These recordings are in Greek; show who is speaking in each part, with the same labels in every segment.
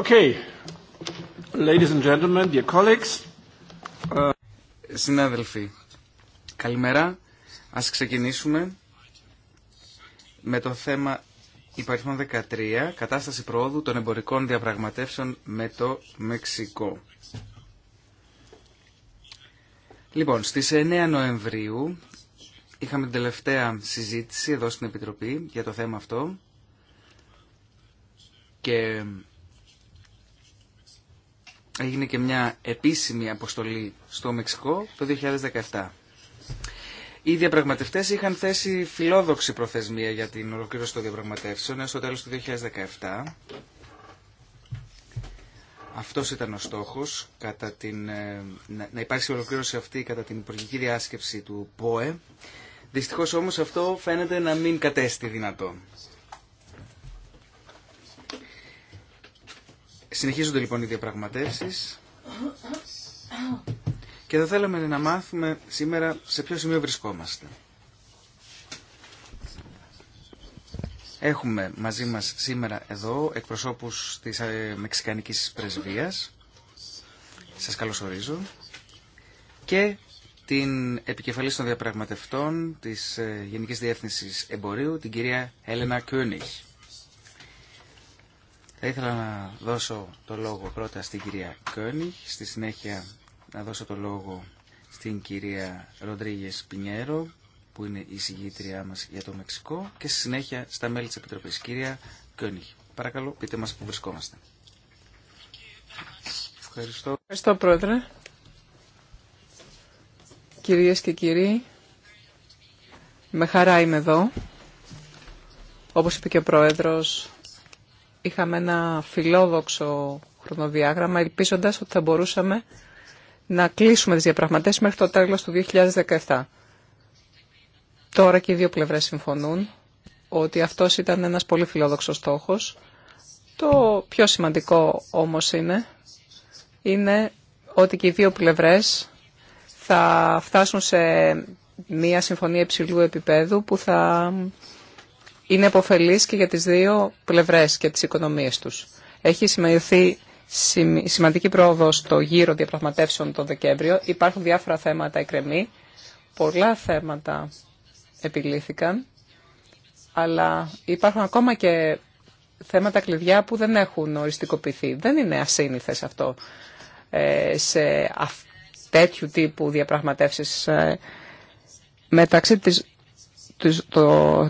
Speaker 1: Uh, Συνάδελφοι, καλημέρα. Ας ξεκινήσουμε με το θέμα υπαριθμών 13, κατάσταση προόδου των εμπορικών διαπραγματεύσεων με το Μεξικό. Λοιπόν, στις 9 Νοεμβρίου είχαμε την τελευταία συζήτηση εδώ στην Επιτροπή για το θέμα αυτό και έγινε και μια επίσημη αποστολή στο Μεξικό το 2017. Οι διαπραγματευτέ είχαν θέσει φιλόδοξη προθεσμία για την ολοκλήρωση των διαπραγματεύσεων έως το τέλος του 2017. Αυτός ήταν ο στόχος, κατά την, ε, να υπάρξει η ολοκλήρωση αυτή κατά την υπουργική διάσκεψη του ΠΟΕ. Δυστυχώς όμως αυτό φαίνεται να μην κατέστη δυνατό. Συνεχίζονται λοιπόν οι διαπραγματεύσεις και θα θέλαμε να μάθουμε σήμερα σε ποιο σημείο βρισκόμαστε. Έχουμε μαζί μας σήμερα εδώ εκπροσώπους της ε, Μεξικανικής Πρεσβείας. Σας καλωσορίζω. Και την επικεφαλής των διαπραγματευτών της ε, Γενικής Διεύθυνσης Εμπορίου, την κυρία Έλενα Κούνιχ. Θα ήθελα να δώσω το λόγο πρώτα στην κυρία Κόνιχ, στη συνέχεια να δώσω το λόγο στην κυρία Ροντρίγε Πινιέρο, που είναι η συγγήτριά μας για το Μεξικό, και στη συνέχεια στα μέλη της Επιτροπής. Κυρία Κόνιχ, παρακαλώ πείτε μας που βρισκόμαστε.
Speaker 2: Ευχαριστώ. Ευχαριστώ πρόεδρε. Κυρίες και κύριοι, με χαρά είμαι εδώ. Όπως είπε και ο πρόεδρος, είχαμε ένα φιλόδοξο χρονοδιάγραμμα, ελπίζοντας ότι θα μπορούσαμε να κλείσουμε τις διαπραγματεύσεις μέχρι το τέλος του 2017. Τώρα και οι δύο πλευρές συμφωνούν ότι αυτός ήταν ένας πολύ φιλόδοξος στόχος. Το πιο σημαντικό όμως είναι, είναι ότι και οι δύο πλευρές θα φτάσουν σε μια συμφωνία υψηλού επίπεδου που θα είναι επωφελής και για τις δύο πλευρές και τις οικονομίες τους. Έχει σημειωθεί σημαντική πρόοδο στο γύρο διαπραγματεύσεων τον Δεκέμβριο. Υπάρχουν διάφορα θέματα εκκρεμή. Πολλά θέματα επιλήθηκαν. Αλλά υπάρχουν ακόμα και θέματα κλειδιά που δεν έχουν οριστικοποιηθεί. Δεν είναι ασύνηθες αυτό ε, σε τέτοιου τύπου διαπραγματεύσεις ε, μεταξύ της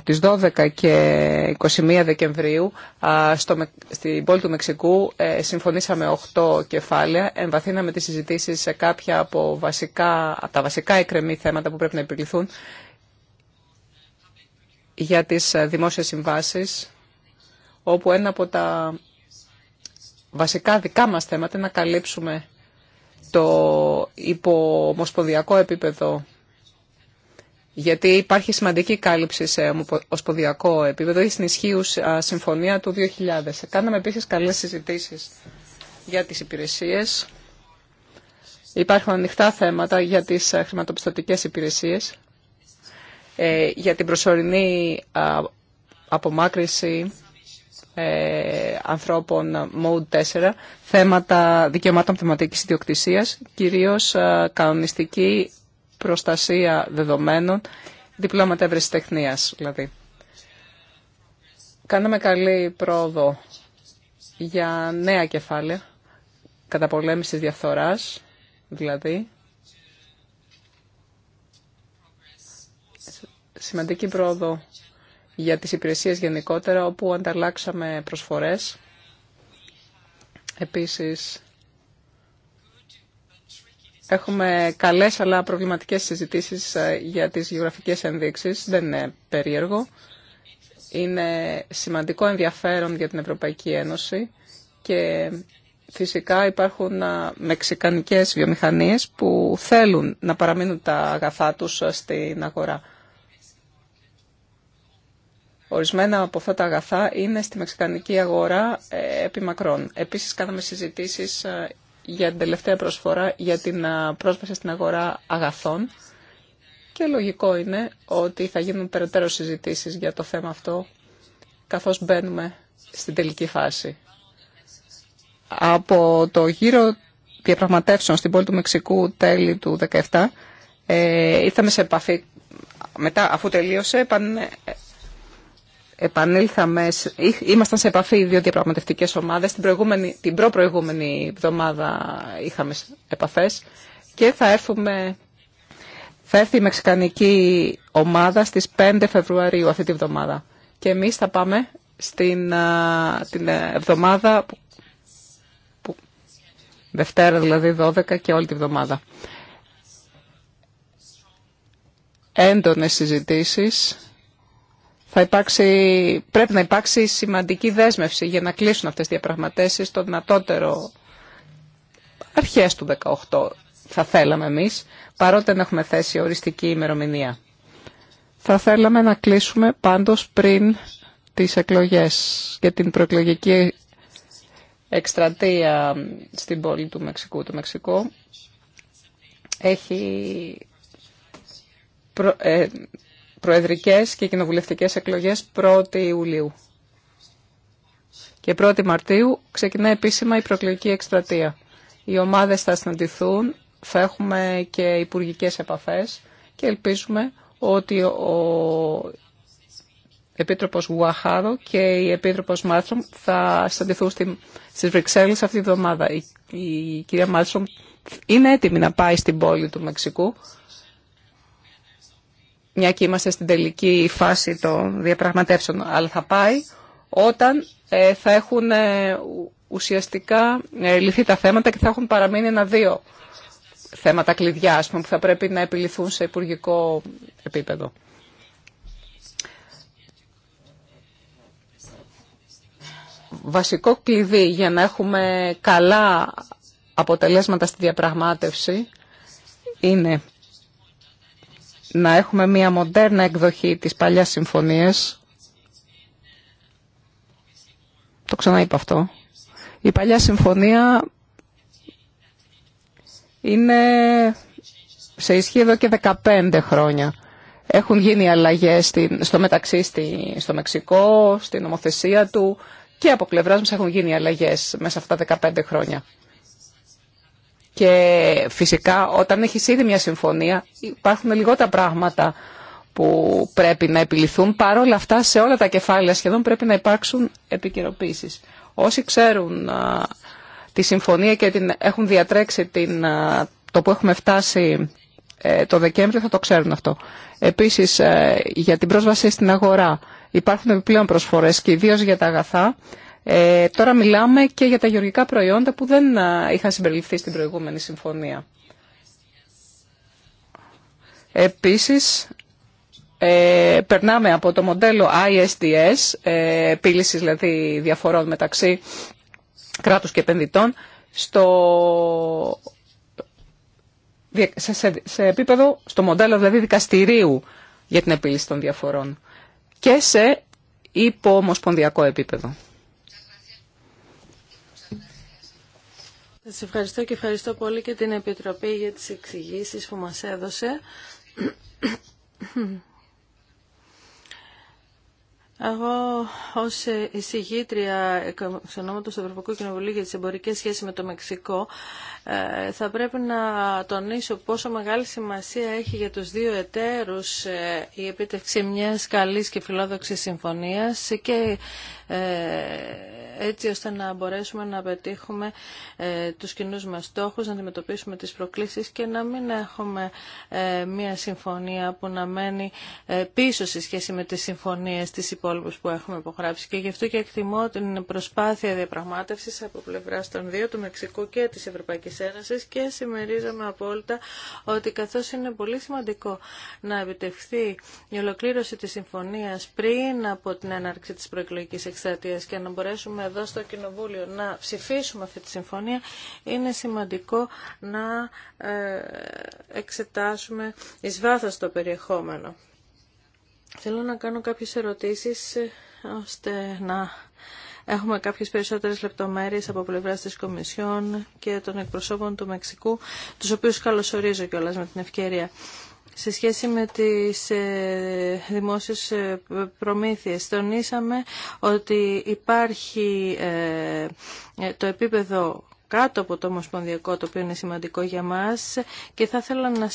Speaker 2: της 12 και 21 Δεκεμβρίου στο, στην πόλη του Μεξικού ε, συμφωνήσαμε 8 κεφάλαια, εμβαθύναμε τις συζητήσεις σε κάποια από, βασικά, τα βασικά εκκρεμή θέματα που πρέπει να επιληθούν για τις ε, δημόσιες συμβάσεις, όπου ένα από τα βασικά δικά μας θέματα είναι να καλύψουμε το υπομοσπονδιακό επίπεδο γιατί υπάρχει σημαντική κάλυψη σε ομοσπονδιακό επίπεδο ή στην ισχύου συμφωνία του 2000. Κάναμε επίσης καλές συζητήσεις για τις υπηρεσίες. Υπάρχουν ανοιχτά θέματα για τις χρηματοπιστωτικές υπηρεσίες, ε, για την προσωρινή απομάκρυση ε, ανθρώπων Mode 4, θέματα δικαιωμάτων πνευματικής ιδιοκτησίας, κυρίως κανονιστική προστασία δεδομένων, διπλώματα ευρεσιτεχνία δηλαδή. Κάναμε καλή πρόοδο για νέα κεφάλαια, καταπολέμηση διαφθοράς, δηλαδή. Σημαντική πρόοδο για τις υπηρεσίες γενικότερα, όπου ανταλλάξαμε προσφορές. Επίσης, Έχουμε καλές αλλά προβληματικές συζητήσεις ε, για τις γεωγραφικές ενδείξεις. Δεν είναι περίεργο. Είναι σημαντικό ενδιαφέρον για την Ευρωπαϊκή Ένωση και φυσικά υπάρχουν ε, μεξικανικές βιομηχανίες που θέλουν να παραμείνουν τα αγαθά τους ε, στην αγορά. Ορισμένα από αυτά τα αγαθά είναι στη μεξικανική αγορά επί μακρόν. Επίσης κάναμε συζητήσεις για την τελευταία προσφορά για την πρόσβαση στην αγορά αγαθών και λογικό είναι ότι θα γίνουν περαιτέρω συζητήσεις για το θέμα αυτό καθώς μπαίνουμε στην τελική φάση. Από το γύρο διαπραγματεύσεων στην πόλη του Μεξικού τέλη του 2017 ε, ήρθαμε σε επαφή μετά αφού τελείωσε επανήλθαμε, ήμασταν σε επαφή οι δύο διαπραγματεύτικέ ομάδες. Την, προηγούμενη, την προπροηγούμενη εβδομάδα είχαμε επαφές και θα έρθουμε... Θα έρθει η Μεξικανική ομάδα στις 5 Φεβρουαρίου αυτή τη εβδομάδα. Και εμείς θα πάμε στην την ε, εβδομάδα, που, Δευτέρα δηλαδή 12 και όλη τη εβδομάδα. Έντονες συζητήσεις θα πρέπει να υπάρξει σημαντική δέσμευση για να κλείσουν αυτές τις διαπραγματεύσεις το δυνατότερο αρχές του 18 θα θέλαμε εμείς, παρότι δεν έχουμε θέσει οριστική ημερομηνία. Θα θέλαμε να κλείσουμε πάντως πριν τις εκλογές και την προεκλογική εκστρατεία στην πόλη του Μεξικού. Το Μεξικό έχει ε, προεδρικές και κοινοβουλευτικές εκλογές 1η Ιουλίου. Και 1η Μαρτίου ξεκινά επίσημα η προεκλογική εκστρατεία. Οι ομάδες θα συναντηθούν, θα έχουμε και υπουργικές επαφές και ελπίζουμε ότι ο Επίτροπος Γουαχάρο και η Επίτροπος Μάρτρομ θα συναντηθούν στις Βρυξέλλες αυτή τη βδομάδα. Η, η κυρία Μάρτρομ είναι έτοιμη να πάει στην πόλη του Μεξικού μια και είμαστε στην τελική φάση των διαπραγματεύσεων, αλλά θα πάει όταν ε, θα έχουν ε, ουσιαστικά ε, λυθεί τα θέματα και θα έχουν παραμείνει ένα-δύο θέματα κλειδιά, ας που θα πρέπει να επιληθούν σε υπουργικό επίπεδο. Βασικό κλειδί για να έχουμε καλά αποτελέσματα στη διαπραγμάτευση είναι να έχουμε μια μοντέρνα εκδοχή της παλιάς συμφωνίας. Το ξαναείπα αυτό. Η παλιά συμφωνία είναι σε ισχύ εδώ και 15 χρόνια. Έχουν γίνει αλλαγές στο μεταξύ στο Μεξικό, στην νομοθεσία του και από πλευράς μας έχουν γίνει αλλαγές μέσα αυτά τα 15 χρόνια. Και φυσικά όταν έχεις ήδη μια συμφωνία υπάρχουν λιγότερα πράγματα που πρέπει να επιληθούν. Παρ' όλα αυτά σε όλα τα κεφάλαια σχεδόν πρέπει να υπάρξουν επικαιροποίησεις. Όσοι ξέρουν τη συμφωνία και την, έχουν διατρέξει την, το που έχουμε φτάσει ε, το Δεκέμβριο θα το ξέρουν αυτό. Επίσης ε, για την πρόσβαση στην αγορά υπάρχουν επιπλέον προσφορές και ιδίω για τα αγαθά ε, τώρα μιλάμε και για τα γεωργικά προϊόντα που δεν είχαν συμπεριληφθεί στην προηγούμενη συμφωνία. Επίσης, ε, περνάμε από το μοντέλο ISDS, ε, επίλυσης δηλαδή διαφορών μεταξύ κράτους και επενδυτών, στο, σε, σε, επίπεδο, στο μοντέλο δηλαδή δικαστηρίου για την επίλυση των διαφορών και σε υπομοσπονδιακό επίπεδο.
Speaker 3: Σας ευχαριστώ και ευχαριστώ πολύ και την Επιτροπή για τις εξηγήσεις που μας έδωσε. Εγώ ως εισηγήτρια εξ νόμο του Ευρωπαϊκού Κοινοβουλίου για τις εμπορικές σχέσεις με το Μεξικό ε, θα πρέπει να τονίσω πόσο μεγάλη σημασία έχει για τους δύο εταίρους ε, η επίτευξη μιας καλής και φιλόδοξης συμφωνίας και ε, έτσι ώστε να μπορέσουμε να πετύχουμε ε, τους κοινούς μας στόχους, να αντιμετωπίσουμε τις προκλήσεις και να μην έχουμε ε, μία συμφωνία που να μένει πίσω σε σχέση με τις συμφωνίες της υπόλοιπης που έχουμε υπογράψει. Και γι' αυτό και εκτιμώ την προσπάθεια διαπραγμάτευσης από πλευρά των δύο, του Μεξικού και της Ευρωπαϊκής Ένωσης και συμμερίζομαι απόλυτα ότι καθώς είναι πολύ σημαντικό να επιτευχθεί η ολοκλήρωση της συμφωνίας πριν από την έναρξη της προεκλογικής εξαρτίας και να μπορέσουμε εδώ στο Κοινοβούλιο να ψηφίσουμε αυτή τη συμφωνία, είναι σημαντικό να ε, εξετάσουμε εις βάθος το περιεχόμενο. Θέλω να κάνω κάποιες ερωτήσεις ε, ώστε να Έχουμε κάποιες περισσότερες λεπτομέρειες από πλευράς της Κομισιόν και των εκπροσώπων του Μεξικού, τους οποίους καλωσορίζω κιόλας με την ευκαιρία σε σχέση με τις ε, δημόσιες ε, προμήθειες. Τονίσαμε ότι υπάρχει ε, το επίπεδο κάτω από το ομοσπονδιακό, το οποίο είναι σημαντικό για μας και θα ήθελα να,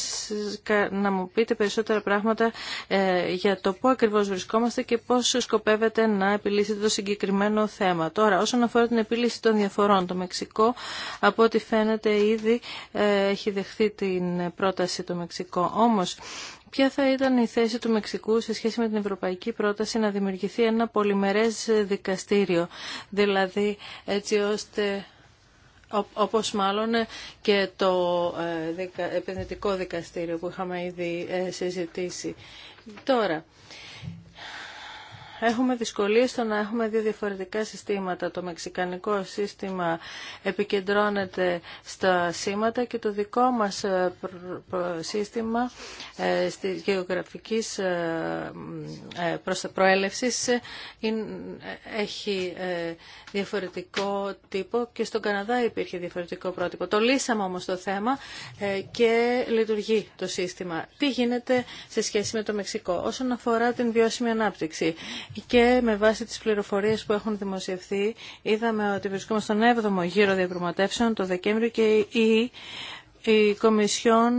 Speaker 3: να μου πείτε περισσότερα πράγματα ε, για το πού ακριβώς βρισκόμαστε και πώς σκοπεύετε να επιλύσετε το συγκεκριμένο θέμα. Τώρα, όσον αφορά την επίλυση των διαφορών, το Μεξικό, από ό,τι φαίνεται ήδη ε, έχει δεχθεί την πρόταση το Μεξικό. Όμως, Ποια θα ήταν η θέση του Μεξικού σε σχέση με την ευρωπαϊκή πρόταση να δημιουργηθεί ένα πολυμερές δικαστήριο, δηλαδή έτσι ώστε όπως μάλλον και το ε, επενδυτικό δικαστήριο που είχαμε ήδη ε, συζητήσει. Τώρα, έχουμε δυσκολίες στο να έχουμε δύο διαφορετικά συστήματα. Το μεξικανικό σύστημα επικεντρώνεται στα σήματα και το δικό μας ε, σύστημα ε, στη γεωγραφική ε, προέλευση έχει διαφορετικό τύπο και στον Καναδά υπήρχε διαφορετικό πρότυπο. Το λύσαμε όμως το θέμα και λειτουργεί το σύστημα. Τι γίνεται σε σχέση με το Μεξικό όσον αφορά την βιώσιμη ανάπτυξη και με βάση τις πληροφορίες που έχουν δημοσιευθεί είδαμε ότι βρισκόμαστε στον 7ο γύρο διαπραγματεύσεων το Δεκέμβριο και η, η Κομισιόν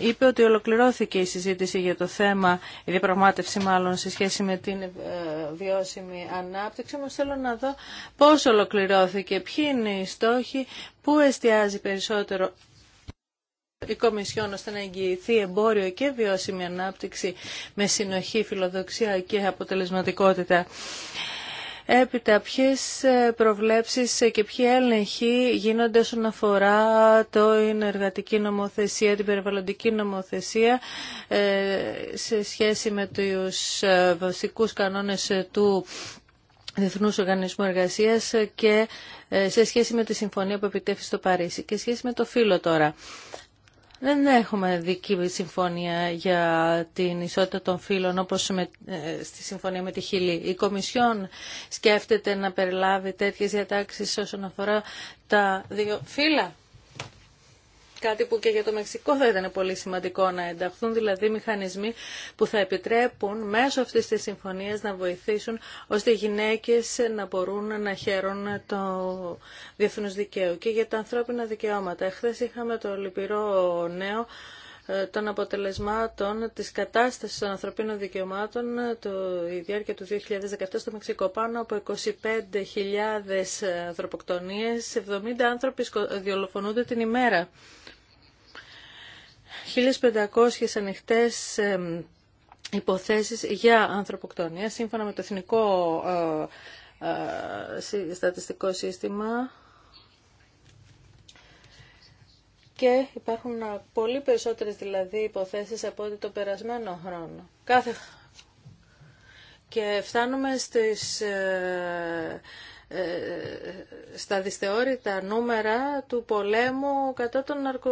Speaker 3: είπε ότι ολοκληρώθηκε η συζήτηση για το θέμα, η διαπραγμάτευση μάλλον σε σχέση με την ε, βιώσιμη ανάπτυξη. Μας θέλω να δω πώς ολοκληρώθηκε, ποιοι είναι οι στόχοι, πού εστιάζει περισσότερο η Κομισιόν ώστε να εγγυηθεί εμπόριο και βιώσιμη ανάπτυξη με συνοχή, φιλοδοξία και αποτελεσματικότητα. Έπειτα, ποιε ε, προβλέψεις και ποιοι έλεγχοι γίνονται όσον αφορά το εργατική νομοθεσία, την περιβαλλοντική νομοθεσία ε, σε σχέση με τους ε, βασικούς κανόνες του Διεθνούς Οργανισμού Εργασίας και σε σχέση με τη συμφωνία που επιτέφθη στο Παρίσι και σχέση με το φύλλο τώρα. Δεν έχουμε δική συμφωνία για την ισότητα των φύλων όπως ε, στη συμφωνία με τη Χιλή. Η Κομισιόν σκέφτεται να περιλάβει τέτοιες διατάξεις όσον αφορά τα δύο φύλλα κάτι που και για το Μεξικό θα ήταν πολύ σημαντικό να ενταχθούν, δηλαδή μηχανισμοί που θα επιτρέπουν μέσω αυτής της συμφωνίας να βοηθήσουν ώστε οι γυναίκες να μπορούν να χαίρουν το διεθνούς δικαίου. Και για τα ανθρώπινα δικαιώματα. Εχθές είχαμε το λυπηρό νέο ε, των αποτελεσμάτων της κατάστασης των ανθρωπίνων δικαιωμάτων ε, το, η διάρκεια του 2017 στο Μεξικό. Πάνω από 25.000 ανθρωποκτονίες, 70 άνθρωποι διολοφονούνται την ημέρα. 1.500 ανοιχτές υποθέσεις για ανθρωποκτονία σύμφωνα με το Εθνικό ε, ε, Στατιστικό Σύστημα και υπάρχουν πολύ περισσότερες δηλαδή υποθέσεις από ό,τι το περασμένο χρόνο. Κάθε... Και φτάνουμε στις ε, ε, στα δυσθεώρητα νούμερα του πολέμου κατά των ναρκο...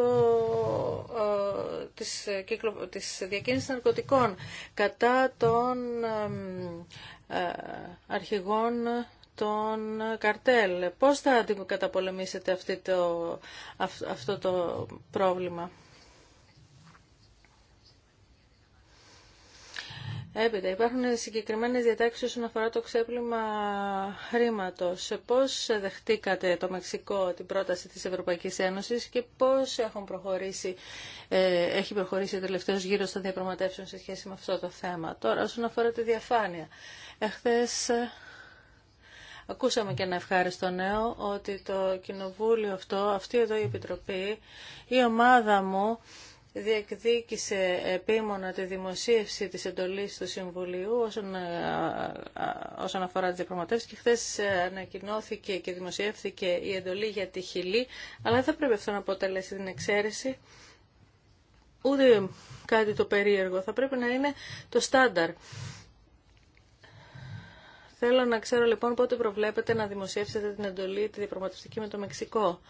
Speaker 3: Ε, της, της διακίνησης ναρκωτικών, κατά των ε, αρχηγών των καρτέλ. Πώς θα καταπολεμήσετε αυτή το... αυτό το πρόβλημα. Έπειτα υπάρχουν συγκεκριμένες διατάξεις όσον αφορά το ξέπλυμα χρήματος. Πώς δεχτήκατε το Μεξικό την πρόταση της Ευρωπαϊκής Ένωσης και πώς έχουν προχωρήσει, ε, έχει προχωρήσει ο τελευταίος γύρος των διαπραγματεύσεων σε σχέση με αυτό το θέμα. Τώρα όσον αφορά τη διαφάνεια. Εχθές ε, Ακούσαμε και ένα ευχάριστο νέο ότι το κοινοβούλιο αυτό, αυτή εδώ η επιτροπή, η ομάδα μου διεκδίκησε επίμονα τη δημοσίευση της εντολής του Συμβουλίου όσον, όσον αφορά τις διαπραγματεύσεις και χθες ανακοινώθηκε και δημοσιεύθηκε η εντολή για τη Χιλή, αλλά δεν θα πρέπει αυτό να αποτελέσει την εξαίρεση ούτε κάτι το περίεργο, θα πρέπει να είναι το στάνταρ. Θέλω να ξέρω λοιπόν πότε προβλέπετε να δημοσιεύσετε την εντολή τη διαπραγματευτική με το Μεξικό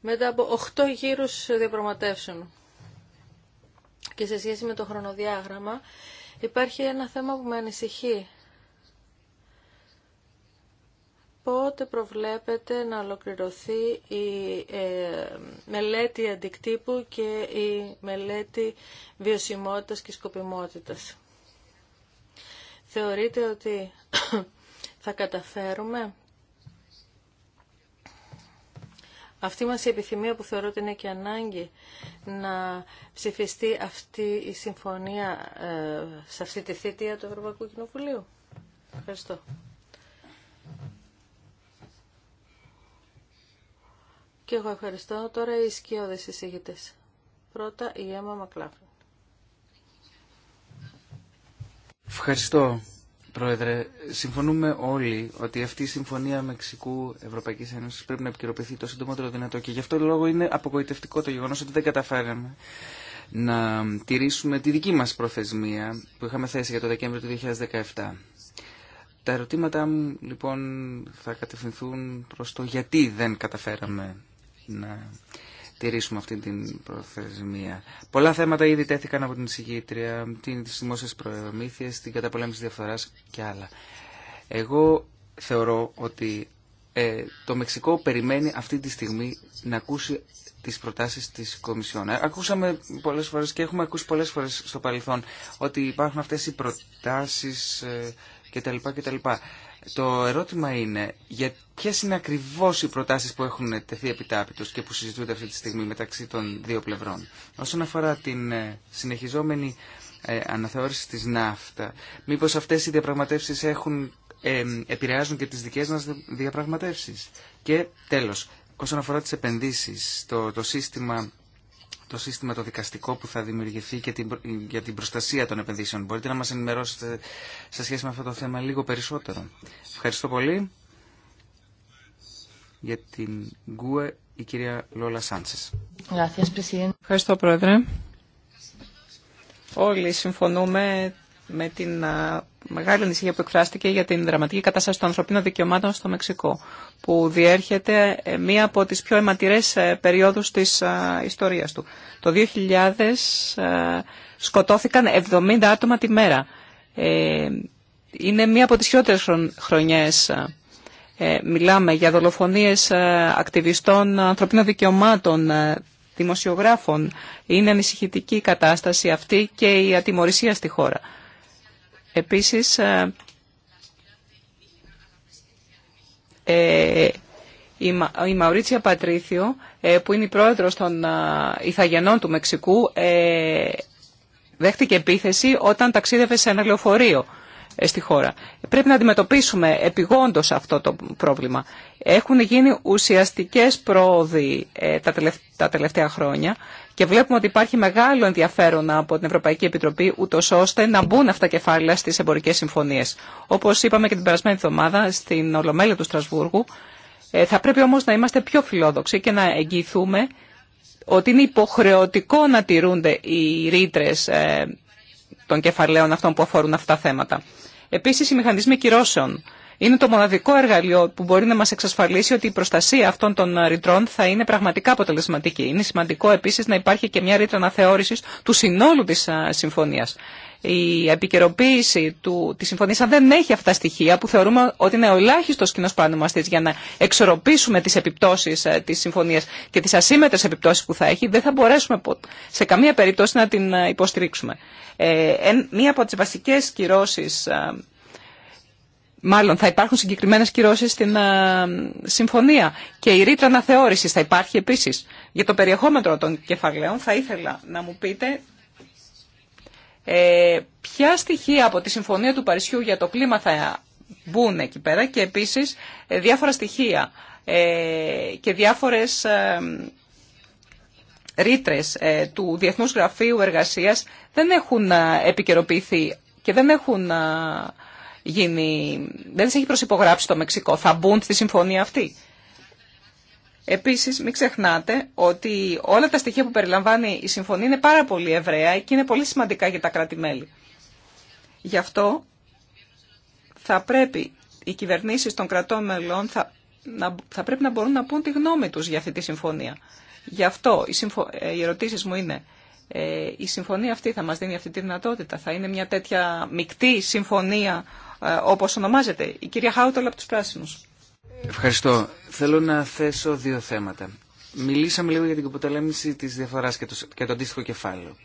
Speaker 3: μετά από 8 γύρους διαπραγματεύσεων και σε σχέση με το χρονοδιάγραμμα υπάρχει ένα θέμα που με ανησυχεί. Πότε προβλέπετε να ολοκληρωθεί η ε, μελέτη αντικτύπου και η μελέτη βιωσιμότητας και σκοπιμότητας. Θεωρείτε ότι θα καταφέρουμε Αυτή μας η επιθυμία που θεωρώ ότι είναι και ανάγκη να ψηφιστεί αυτή η συμφωνία ε, σε αυτή τη θητεία του Ευρωπαϊκού Κοινοβουλίου. Ευχαριστώ. Και εγώ ευχαριστώ. Τώρα οι σκιώδες εισηγητές. Πρώτα η Έμα Μακλάφριν.
Speaker 1: Ευχαριστώ Πρόεδρε, συμφωνούμε όλοι ότι αυτή η συμφωνία Μεξικού Ευρωπαϊκής Ένωση πρέπει να επικυρωθεί το συντομότερο δυνατό και γι' αυτό λόγο είναι απογοητευτικό το γεγονός ότι δεν καταφέραμε να τηρήσουμε τη δική μας προθεσμία που είχαμε θέσει για το Δεκέμβριο του 2017. Τα ερωτήματά μου λοιπόν θα κατευθυνθούν προ το γιατί δεν καταφέραμε να τηρήσουμε αυτή την προθεσμία. Πολλά θέματα ήδη τέθηκαν από την εισηγήτρια, τι δημόσιε προμήθειε, την καταπολέμηση διαφθορά και άλλα. Εγώ θεωρώ ότι ε, το Μεξικό περιμένει αυτή τη στιγμή να ακούσει τις προτάσεις της Κομισιόν. Ε, ακούσαμε πολλές φορές και έχουμε ακούσει πολλές φορές στο παρελθόν ότι υπάρχουν αυτές οι προτάσεις ε, κτλ. κτλ. Το ερώτημα είναι για ποιε είναι ακριβώ οι προτάσει που έχουν τεθεί επιτάπητο και που συζητούνται αυτή τη στιγμή μεταξύ των δύο πλευρών. Όσον αφορά την ε, συνεχιζόμενη ε, αναθεώρηση της ναύτα, μήπως αυτές οι διαπραγματεύσεις έχουν, ε, επηρεάζουν και τις δικές μας διαπραγματεύσεις. Και τέλος, όσον αφορά τις επενδύσεις, το, το σύστημα το σύστημα το δικαστικό που θα δημιουργηθεί και την, για την προστασία των επενδύσεων. Μπορείτε να μας ενημερώσετε σε σχέση με αυτό το θέμα λίγο περισσότερο. Ευχαριστώ πολύ για την ΓΚΟΕ η κυρία Λόλα Σάντσες.
Speaker 3: Ευχαριστώ Πρόεδρε.
Speaker 2: Όλοι
Speaker 1: συμφωνούμε με την
Speaker 2: μεγάλη ανησυχία που εκφράστηκε για την δραματική κατάσταση των ανθρωπίνων δικαιωμάτων στο Μεξικό, που διέρχεται ε, μία από τις πιο αιματηρές ε, περιόδους της ιστορίας του. Το 2000 ε, σκοτώθηκαν 70 άτομα τη μέρα. Είναι μία από τις χειρότερες χρονιές. Μιλάμε για δολοφονίες ακτιβιστών ανθρωπίνων δικαιωμάτων, δημοσιογράφων. Είναι ανησυχητική η κατάσταση αυτή και η ατιμορρησία στη χώρα. Επίσης, ε, ε, η, Μα, η Μαουρίτσια Πατρίθιο, ε, που είναι η πρόεδρος των Ιθαγενών του Μεξικού, δέχτηκε επίθεση όταν ταξίδευε σε ένα λεωφορείο στη χώρα. Πρέπει να αντιμετωπίσουμε επιγόντως αυτό το πρόβλημα. Έχουν γίνει ουσιαστικές πρόοδοι τα τελευταία χρόνια. Και βλέπουμε ότι υπάρχει μεγάλο ενδιαφέρον από την Ευρωπαϊκή Επιτροπή, ούτω ώστε να μπουν αυτά τα κεφάλαια στι εμπορικέ συμφωνίε. Όπω είπαμε και την περασμένη εβδομάδα στην Ολομέλεια του Στρασβούργου, ε, θα πρέπει όμω να είμαστε πιο φιλόδοξοι και να εγγυηθούμε ότι είναι υποχρεωτικό να τηρούνται οι ρήτρε ε, των κεφαλαίων αυτών που αφορούν αυτά τα θέματα. Επίση, οι μηχανισμοί κυρώσεων είναι το μοναδικό εργαλείο που μπορεί να μας εξασφαλίσει ότι η προστασία αυτών των ρητρών θα είναι πραγματικά αποτελεσματική. Είναι σημαντικό επίσης να υπάρχει και μια ρήτρα αναθεώρησης του συνόλου της συμφωνίας. Η επικαιροποίηση του, της συμφωνίας αν δεν έχει αυτά τα στοιχεία που θεωρούμε ότι είναι ο ελάχιστος κοινός πανομαστής για να εξορροπήσουμε τις επιπτώσεις ε, της συμφωνίας και τις ασύμετρες επιπτώσεις που θα έχει, δεν θα μπορέσουμε σε καμία περίπτωση να την ε, υποστηρίξουμε. Ε, μία από τις βασικές κυρώσεις ε, Μάλλον θα υπάρχουν συγκεκριμένες κυρώσεις στην ε, συμφωνία και η ρήτρα αναθεώρηση θα υπάρχει επίσης. Για το περιεχόμενο των κεφαλαίων θα ήθελα να μου πείτε ε, ποια στοιχεία από τη Συμφωνία του Παρισιού για το κλίμα θα μπουν εκεί πέρα και επίσης ε, διάφορα στοιχεία ε, και διάφορες ρήτρες του Διεθνούς Γραφείου Εργασίας δεν έχουν επικαιροποιηθεί και δεν έχουν γίνει, δεν τις έχει προσυπογράψει το Μεξικό. Θα μπουν στη συμφωνία αυτή. Επίσης, μην ξεχνάτε ότι όλα τα στοιχεία που περιλαμβάνει η συμφωνία είναι πάρα πολύ ευραία και είναι πολύ σημαντικά για τα κράτη-μέλη. Γι' αυτό θα πρέπει οι κυβερνήσεις των κρατών μελών θα, να, θα πρέπει να μπορούν να πούν τη γνώμη τους για αυτή τη συμφωνία. Γι' αυτό ε, οι, συμφω... ερωτήσεις μου είναι, ε, η συμφωνία αυτή θα μας δίνει αυτή τη δυνατότητα, θα είναι μια τέτοια μεικτή συμφωνία ε, όπως ονομάζεται. Η κυρία Χάουτολ από τους Πράσινους.
Speaker 1: Ευχαριστώ. Θέλω να θέσω δύο θέματα. Μιλήσαμε λίγο για την υποτελέμηση της διαφοράς και το, και το αντίστοιχο κεφάλαιο.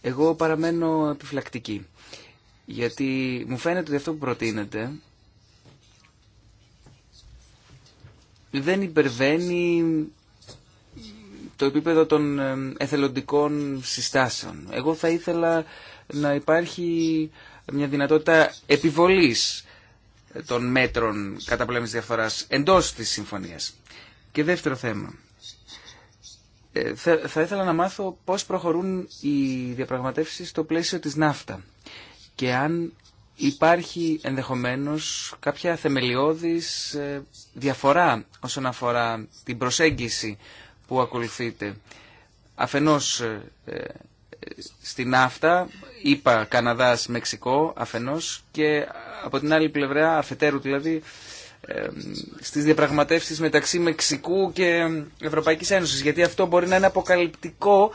Speaker 1: Εγώ παραμένω επιφυλακτική. Γιατί μου φαίνεται ότι αυτό που προτείνεται δεν υπερβαίνει το επίπεδο των ε, εθελοντικών συστάσεων. Εγώ θα ήθελα να υπάρχει μια δυνατότητα επιβολής των μέτρων πολέμης διαφοράς εντός της συμφωνίας. Και δεύτερο θέμα. Ε, θα ήθελα να μάθω πώς προχωρούν οι διαπραγματεύσεις στο πλαίσιο της ναύτα και αν υπάρχει ενδεχομένως κάποια θεμελιώδης ε, διαφορά όσον αφορά την προσέγγιση που ακολουθείτε. Αφενός ε, στην ναύτα, είπα Καναδάς, Μεξικό αφενός και από την άλλη πλευρά, αφετέρου δηλαδή, στις διαπραγματεύσεις μεταξύ Μεξικού και Ευρωπαϊκής Ένωσης γιατί αυτό μπορεί να είναι αποκαλυπτικό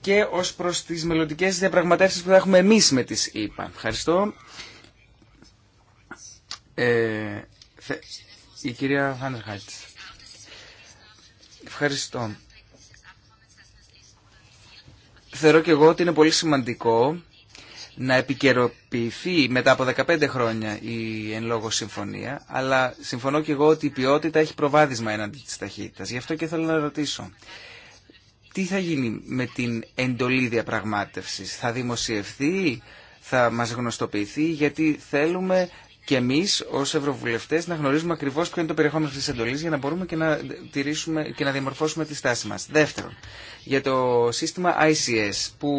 Speaker 1: και ως προς τις μελλοντικέ διαπραγματεύσεις που θα έχουμε εμείς με τις ΗΠΑ. Ευχαριστώ. Ε, η κυρία Φάνερχάτς. Ευχαριστώ θεωρώ και εγώ ότι είναι πολύ σημαντικό να επικαιροποιηθεί μετά από 15 χρόνια η εν λόγω συμφωνία, αλλά συμφωνώ και εγώ ότι η ποιότητα έχει προβάδισμα έναντι της ταχύτητας. Γι' αυτό και θέλω να ρωτήσω. Τι θα γίνει με την εντολή διαπραγμάτευσης, θα δημοσιευθεί, θα μας γνωστοποιηθεί, γιατί θέλουμε και εμείς ως ευρωβουλευτές να γνωρίζουμε ακριβώς ποιο είναι το περιεχόμενο της εντολής για να μπορούμε και να, τηρήσουμε, και να διαμορφώσουμε τη στάση μας. Δεύτερον, για το σύστημα ICS που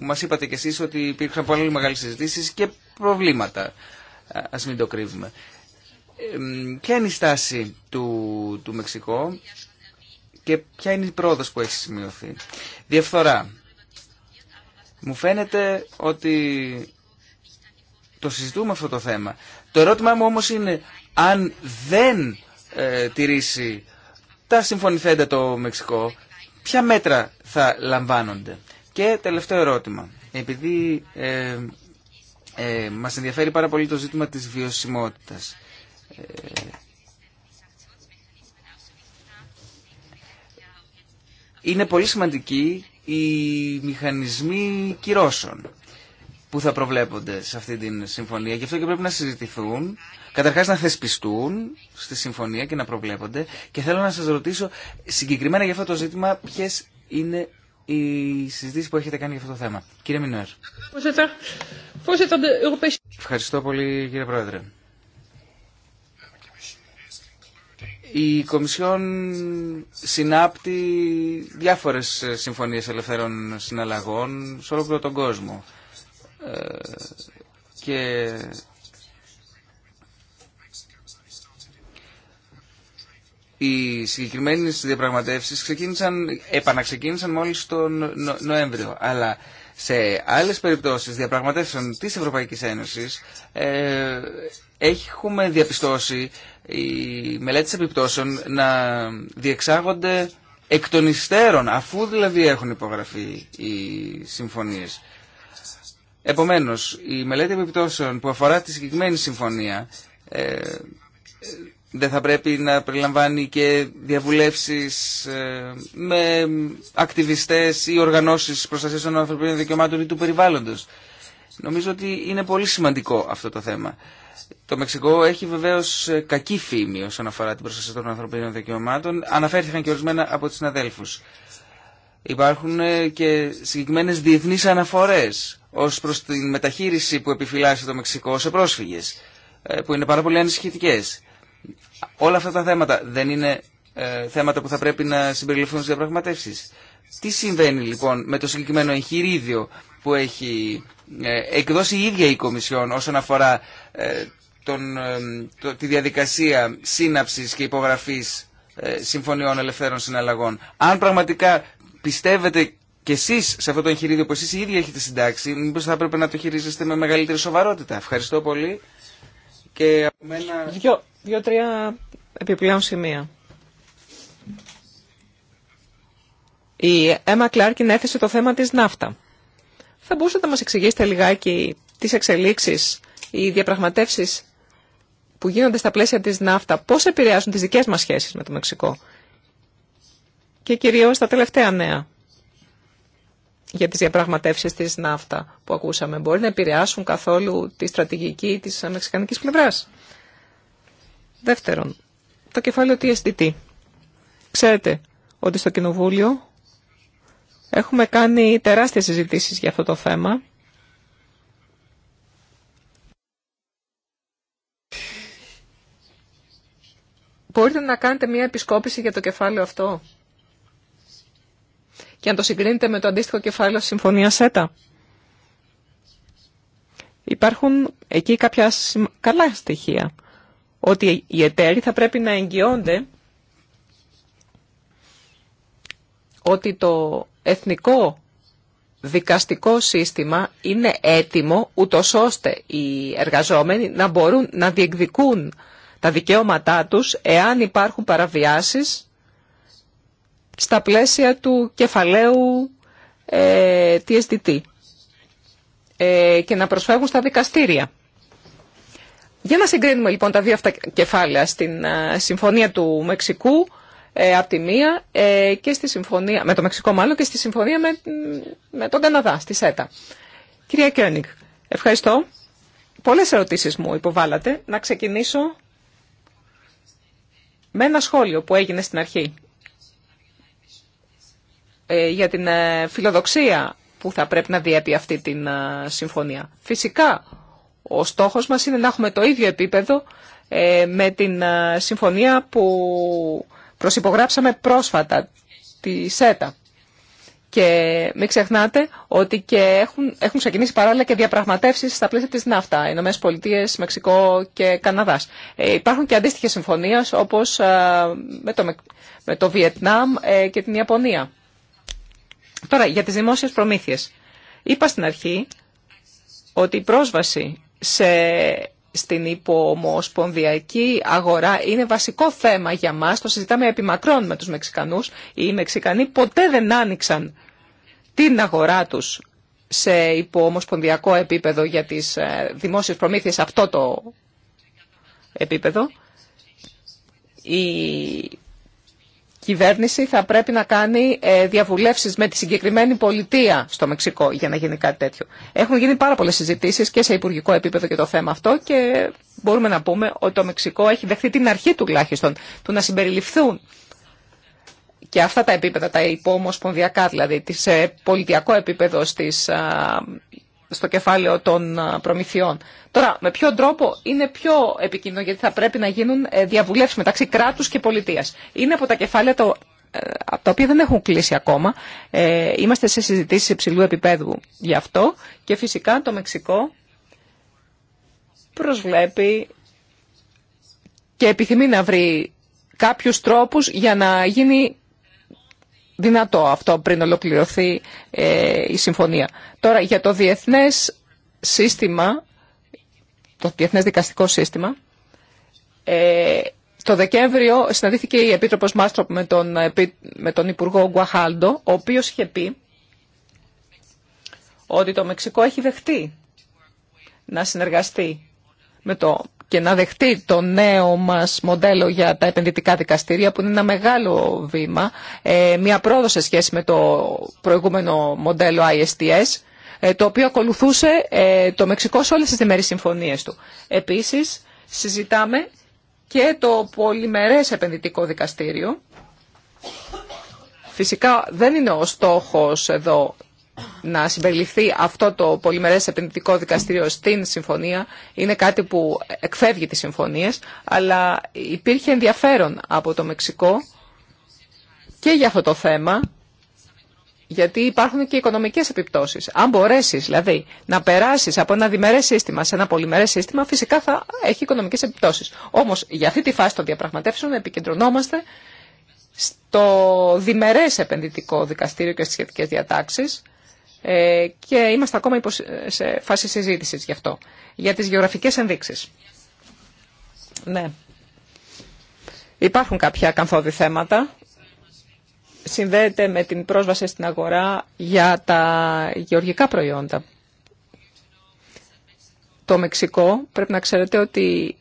Speaker 1: μας είπατε κι εσείς ότι υπήρχαν πολύ μεγάλες συζητήσει και προβλήματα. Ας μην το κρύβουμε. Ποια είναι η στάση του, του Μεξικό και ποια είναι η πρόοδος που έχει σημειωθεί. Διαφθορά. Μου φαίνεται ότι το συζητούμε αυτό το θέμα. Το ερώτημά μου όμως είναι αν δεν ε, τηρήσει τα συμφωνηθέντα το Μεξικό, ποια μέτρα θα λαμβάνονται. Και τελευταίο ερώτημα. Επειδή ε, ε μας ενδιαφέρει πάρα πολύ το ζήτημα της βιωσιμότητας. Ε, είναι πολύ σημαντική οι μηχανισμοί κυρώσεων που θα προβλέπονται σε αυτή την συμφωνία. Γι' αυτό και πρέπει να συζητηθούν, καταρχά να θεσπιστούν στη συμφωνία και να προβλέπονται. Και θέλω να σας ρωτήσω συγκεκριμένα για αυτό το ζήτημα ποιε είναι οι συζητήσει που έχετε κάνει για αυτό το θέμα. Κύριε Μινουέρ. Ευχαριστώ πολύ κύριε Πρόεδρε. Η Κομισιόν συνάπτει διάφορες συμφωνίες ελευθερών συναλλαγών σε όλο τον κόσμο και οι συγκεκριμένε διαπραγματεύσεις ξεκίνησαν, επαναξεκίνησαν μόλις τον Νοέμβριο. Αλλά σε άλλες περιπτώσεις διαπραγματεύσεων της Ευρωπαϊκή Ένωσης ε, έχουμε διαπιστώσει οι μελέτε επιπτώσεων να διεξάγονται εκ των υστέρων, αφού δηλαδή έχουν υπογραφεί οι συμφωνίες. Επομένως, η μελέτη επιπτώσεων που αφορά τη συγκεκριμένη συμφωνία ε, δεν θα πρέπει να περιλαμβάνει και διαβουλεύσεις ε, με ακτιβιστές ή οργανώσεις προστασίας των ανθρωπίνων δικαιωμάτων ή του περιβάλλοντος. Νομίζω ότι είναι πολύ σημαντικό αυτό το θέμα. Το Μεξικό έχει βεβαίω ε, κακή φήμη όσον αφορά την προστασία των ανθρωπίνων δικαιωμάτων. Αναφέρθηκαν και ορισμένα από του συναδέλφου. Υπάρχουν ε, και συγκεκριμένε διεθνεί αναφορέ ω προ τη μεταχείριση που επιφυλάσσει το Μεξικό σε πρόσφυγε, ε, που είναι πάρα πολύ ανησυχητικέ. Όλα αυτά τα θέματα δεν είναι ε, θέματα που θα πρέπει να συμπεριληφθούν στι διαπραγματεύσει. Τι συμβαίνει λοιπόν με το συγκεκριμένο εγχειρίδιο που έχει εκδώσει η ίδια η Κομισιόν όσον αφορά τον, τη διαδικασία σύναψης και υπογραφής συμφωνιών ελευθέρων συναλλαγών. Αν πραγματικά πιστεύετε κι εσείς σε αυτό το εγχειρίδιο που εσείς οι ίδιοι έχετε συντάξει, μήπως θα έπρεπε να το χειρίζεστε με μεγαλύτερη σοβαρότητα. Ευχαριστώ πολύ. Και
Speaker 2: μένα... Δυο, δυο τρία επιπλέον σημεία. Η Έμα Κλάρκιν έθεσε το θέμα της ναύτα. Θα μπορούσατε να μας εξηγήσετε λιγάκι τις εξελίξεις, οι διαπραγματεύσεις που γίνονται στα πλαίσια της ναύτα, πώς επηρεάζουν τις δικές μας σχέσεις με το Μεξικό και κυρίως τα τελευταία νέα για τις διαπραγματεύσεις της ναύτα που ακούσαμε. Μπορεί να επηρεάσουν καθόλου τη στρατηγική της μεξικανικής πλευράς. Δεύτερον, το κεφάλαιο TSDT. Ξέρετε ότι στο Κοινοβούλιο έχουμε κάνει τεράστιες συζητήσεις για αυτό το θέμα. Μπορείτε να κάνετε μια επισκόπηση για το κεφάλαιο αυτό και αν το συγκρίνετε με το αντίστοιχο κεφάλαιο συμφωνία ΣΕΤΑ. Υπάρχουν εκεί κάποια καλά στοιχεία. Ότι οι εταίροι θα πρέπει να εγγυώνται ότι το εθνικό δικαστικό σύστημα είναι έτοιμο ούτω ώστε οι εργαζόμενοι να μπορούν να διεκδικούν τα δικαιώματά τους εάν υπάρχουν παραβιάσεις στα πλαίσια του κεφαλαίου ε, TSDT ε, και να προσφεύγουν στα δικαστήρια. Για να συγκρίνουμε λοιπόν τα δύο αυτά κεφάλαια στην ε, Συμφωνία του Μεξικού ε, από τη μία ε, και στη συμφωνία, με το Μεξικό μάλλον και στη συμφωνία με, με τον Καναδά, στη ΣΕΤΑ. Κυρία Κιόνικ, ευχαριστώ. Πολλές ερωτήσεις μου υποβάλατε. Να ξεκινήσω με ένα σχόλιο που έγινε στην αρχή. Ε, για την ε, φιλοδοξία που θα πρέπει να διέπει αυτή την ε, συμφωνία. Φυσικά, ο στόχος μας είναι να έχουμε το ίδιο επίπεδο με την συμφωνία που προσυπογράψαμε πρόσφατα, τη ΣΕΤΑ. Και μην ξεχνάτε ότι και έχουν, ξεκινήσει παράλληλα και διαπραγματεύσεις στα πλαίσια τη ΝΑΦΤΑ, Ηνωμένες Πολιτείες, Μεξικό και Καναδάς. υπάρχουν και αντίστοιχε συμφωνίε όπως με, το, με Βιετνάμ και την Ιαπωνία. Τώρα, για τις δημόσιες προμήθειες. Είπα στην αρχή ότι η πρόσβαση σε, στην υπομοσπονδιακή αγορά είναι βασικό θέμα για μας. Το συζητάμε μακρόν με τους Μεξικανούς. Οι Μεξικανοί ποτέ δεν άνοιξαν την αγορά τους σε υποομοσπονδιακό επίπεδο για τις ε, δημόσιες προμήθειες αυτό το επίπεδο. Η κυβέρνηση θα πρέπει να κάνει ε, διαβουλεύσεις με τη συγκεκριμένη πολιτεία στο Μεξικό για να γίνει κάτι τέτοιο. Έχουν γίνει πάρα πολλές συζητήσει και σε υπουργικό επίπεδο και το θέμα αυτό και μπορούμε να πούμε ότι το Μεξικό έχει δεχθεί την αρχή τουλάχιστον του να συμπεριληφθούν και αυτά τα επίπεδα, τα υπόμοσπονδιακά δηλαδή, σε πολιτιακό επίπεδο στις στο κεφάλαιο των προμηθειών. Τώρα, με ποιο τρόπο είναι πιο επικίνδυνο, γιατί θα πρέπει να γίνουν ε, διαβουλεύσεις μεταξύ κράτους και πολιτείας. Είναι από τα κεφάλαια το, ε, από τα οποία δεν έχουν κλείσει ακόμα. Ε, είμαστε σε συζητήσεις υψηλού επίπεδου γι' αυτό και φυσικά το Μεξικό προσβλέπει και επιθυμεί να βρει κάποιους τρόπους για να γίνει δυνατό αυτό πριν ολοκληρωθεί ε, η συμφωνία. Τώρα για το διεθνές σύστημα, το διεθνές δικαστικό σύστημα, ε, το Δεκέμβριο συναντήθηκε η Επίτροπος Μάστροπ με τον, ε, με τον Υπουργό Γκουαχάλντο, ο οποίος είχε πει ότι το Μεξικό έχει δεχτεί να συνεργαστεί με το και να δεχτεί το νέο μας μοντέλο για τα επενδυτικά δικαστήρια που είναι ένα μεγάλο βήμα, ε, μια πρόοδο σε σχέση με το προηγούμενο μοντέλο ISTS ε, το οποίο ακολουθούσε ε, το Μεξικό σε όλες τις διμερείς συμφωνίες του. Επίσης, συζητάμε και το πολυμερές επενδυτικό δικαστήριο. Φυσικά δεν είναι ο στόχος εδώ να συμπεριληφθεί αυτό το πολυμερές επενδυτικό δικαστήριο στην συμφωνία είναι κάτι που εκφεύγει τις συμφωνίες, αλλά υπήρχε ενδιαφέρον από το Μεξικό και για αυτό το θέμα, γιατί υπάρχουν και οικονομικές επιπτώσεις. Αν μπορέσεις, δηλαδή, να περάσεις από ένα διμερές σύστημα σε ένα πολυμερές σύστημα, φυσικά θα έχει οικονομικές επιπτώσεις. Όμως, για αυτή τη φάση των διαπραγματεύσεων επικεντρωνόμαστε στο διμερές επενδυτικό δικαστήριο και στις σχετικές διατάξεις, ε, και είμαστε ακόμα σε φάση συζήτησης γι' αυτό, για τις γεωγραφικές ενδείξεις. Ναι. Υπάρχουν κάποια καθόδη θέματα. Συνδέεται με την πρόσβαση στην αγορά για τα γεωργικά προϊόντα. Το Μεξικό πρέπει να ξέρετε ότι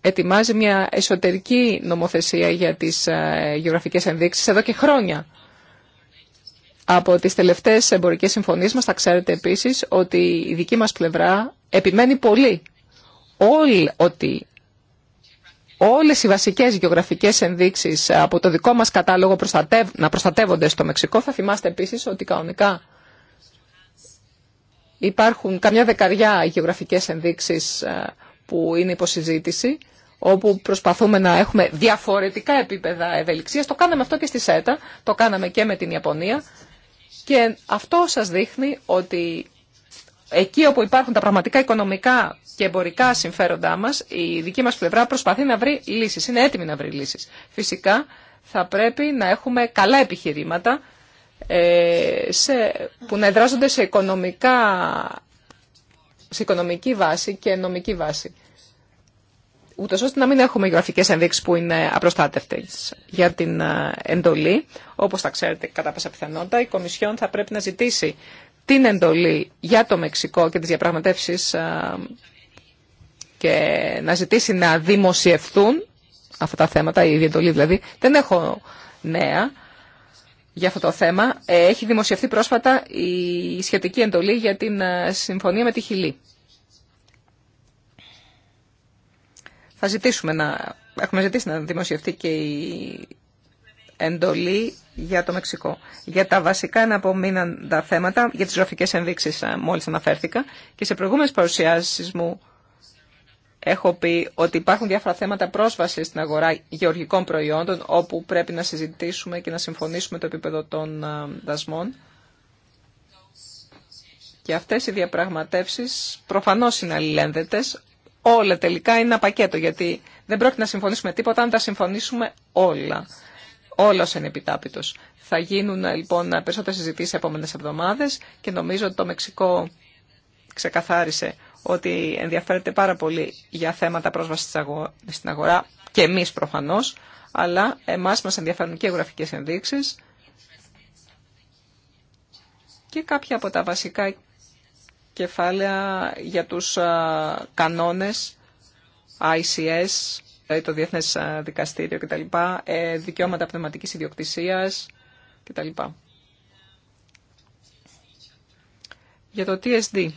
Speaker 2: ετοιμάζει μια εσωτερική νομοθεσία για τις ε, γεωγραφικές ενδείξεις εδώ και χρόνια. Από τις τελευταίες εμπορικές συμφωνίες μας θα ξέρετε επίσης ότι η δική μας πλευρά επιμένει πολύ όλοι ότι όλες οι βασικές γεωγραφικές ενδείξεις από το δικό μας κατάλογο να προστατεύονται στο Μεξικό θα θυμάστε επίσης ότι κανονικά υπάρχουν καμιά δεκαριά γεωγραφικές ενδείξεις ε, που είναι υποσυζήτηση όπου προσπαθούμε να έχουμε διαφορετικά επίπεδα ευελιξίας. Το κάναμε αυτό και στη ΣΕΤΑ, το κάναμε και με την Ιαπωνία. Και αυτό σας δείχνει ότι εκεί όπου υπάρχουν τα πραγματικά οικονομικά και εμπορικά συμφέροντά μας, η δική μας πλευρά προσπαθεί να βρει λύσεις, είναι έτοιμη να βρει λύσεις. Φυσικά θα πρέπει να έχουμε καλά επιχειρήματα ε, σε, που να εδράζονται σε, οικονομικά, σε οικονομική βάση και νομική βάση ούτως ώστε να μην έχουμε γραφικές ενδείξεις που είναι απροστάτευτες για την ε, εντολή. Όπως θα ξέρετε κατά πάσα πιθανότητα, η Κομισιόν θα πρέπει να ζητήσει την εντολή για το Μεξικό και τις διαπραγματεύσεις ε, και να ζητήσει να δημοσιευθούν αυτά τα θέματα, η διεντολή δηλαδή. Δεν έχω νέα για αυτό το θέμα. Ε, έχει δημοσιευθεί πρόσφατα η σχετική εντολή για την συμφωνία με τη Χιλή. Θα ζητήσουμε να... Έχουμε ζητήσει να δημοσιευτεί και η εντολή για το Μεξικό. Για τα βασικά εναπομείναντα θέματα, για τις ζωφικές ενδείξεις ε, μόλις αναφέρθηκα και σε προηγούμενες παρουσιάσεις μου έχω πει ότι υπάρχουν διάφορα θέματα πρόσβαση στην αγορά γεωργικών προϊόντων όπου πρέπει να συζητήσουμε και να συμφωνήσουμε το επίπεδο των ε, δασμών. Και αυτές οι διαπραγματεύσεις προφανώς είναι αλληλένδετες, όλα τελικά είναι ένα πακέτο, γιατί δεν πρόκειται να συμφωνήσουμε τίποτα αν τα συμφωνήσουμε όλα. Όλα είναι επιτάπητο. Θα γίνουν ε, λοιπόν περισσότερες συζητήσεις επόμενε εβδομάδες και νομίζω ότι το Μεξικό ξεκαθάρισε ότι ενδιαφέρεται πάρα πολύ για θέματα πρόσβασης στην αγορά και εμείς προφανώς, αλλά εμάς μα ενδιαφέρουν και γραφικές ενδείξει. και κάποια από τα βασικά κεφάλαια για τους κανόνες ICS, δηλαδή το Διεθνές Δικαστήριο κτλ, ε, δικαιώματα πνευματικής ιδιοκτησίας κτλ. Για το TSD.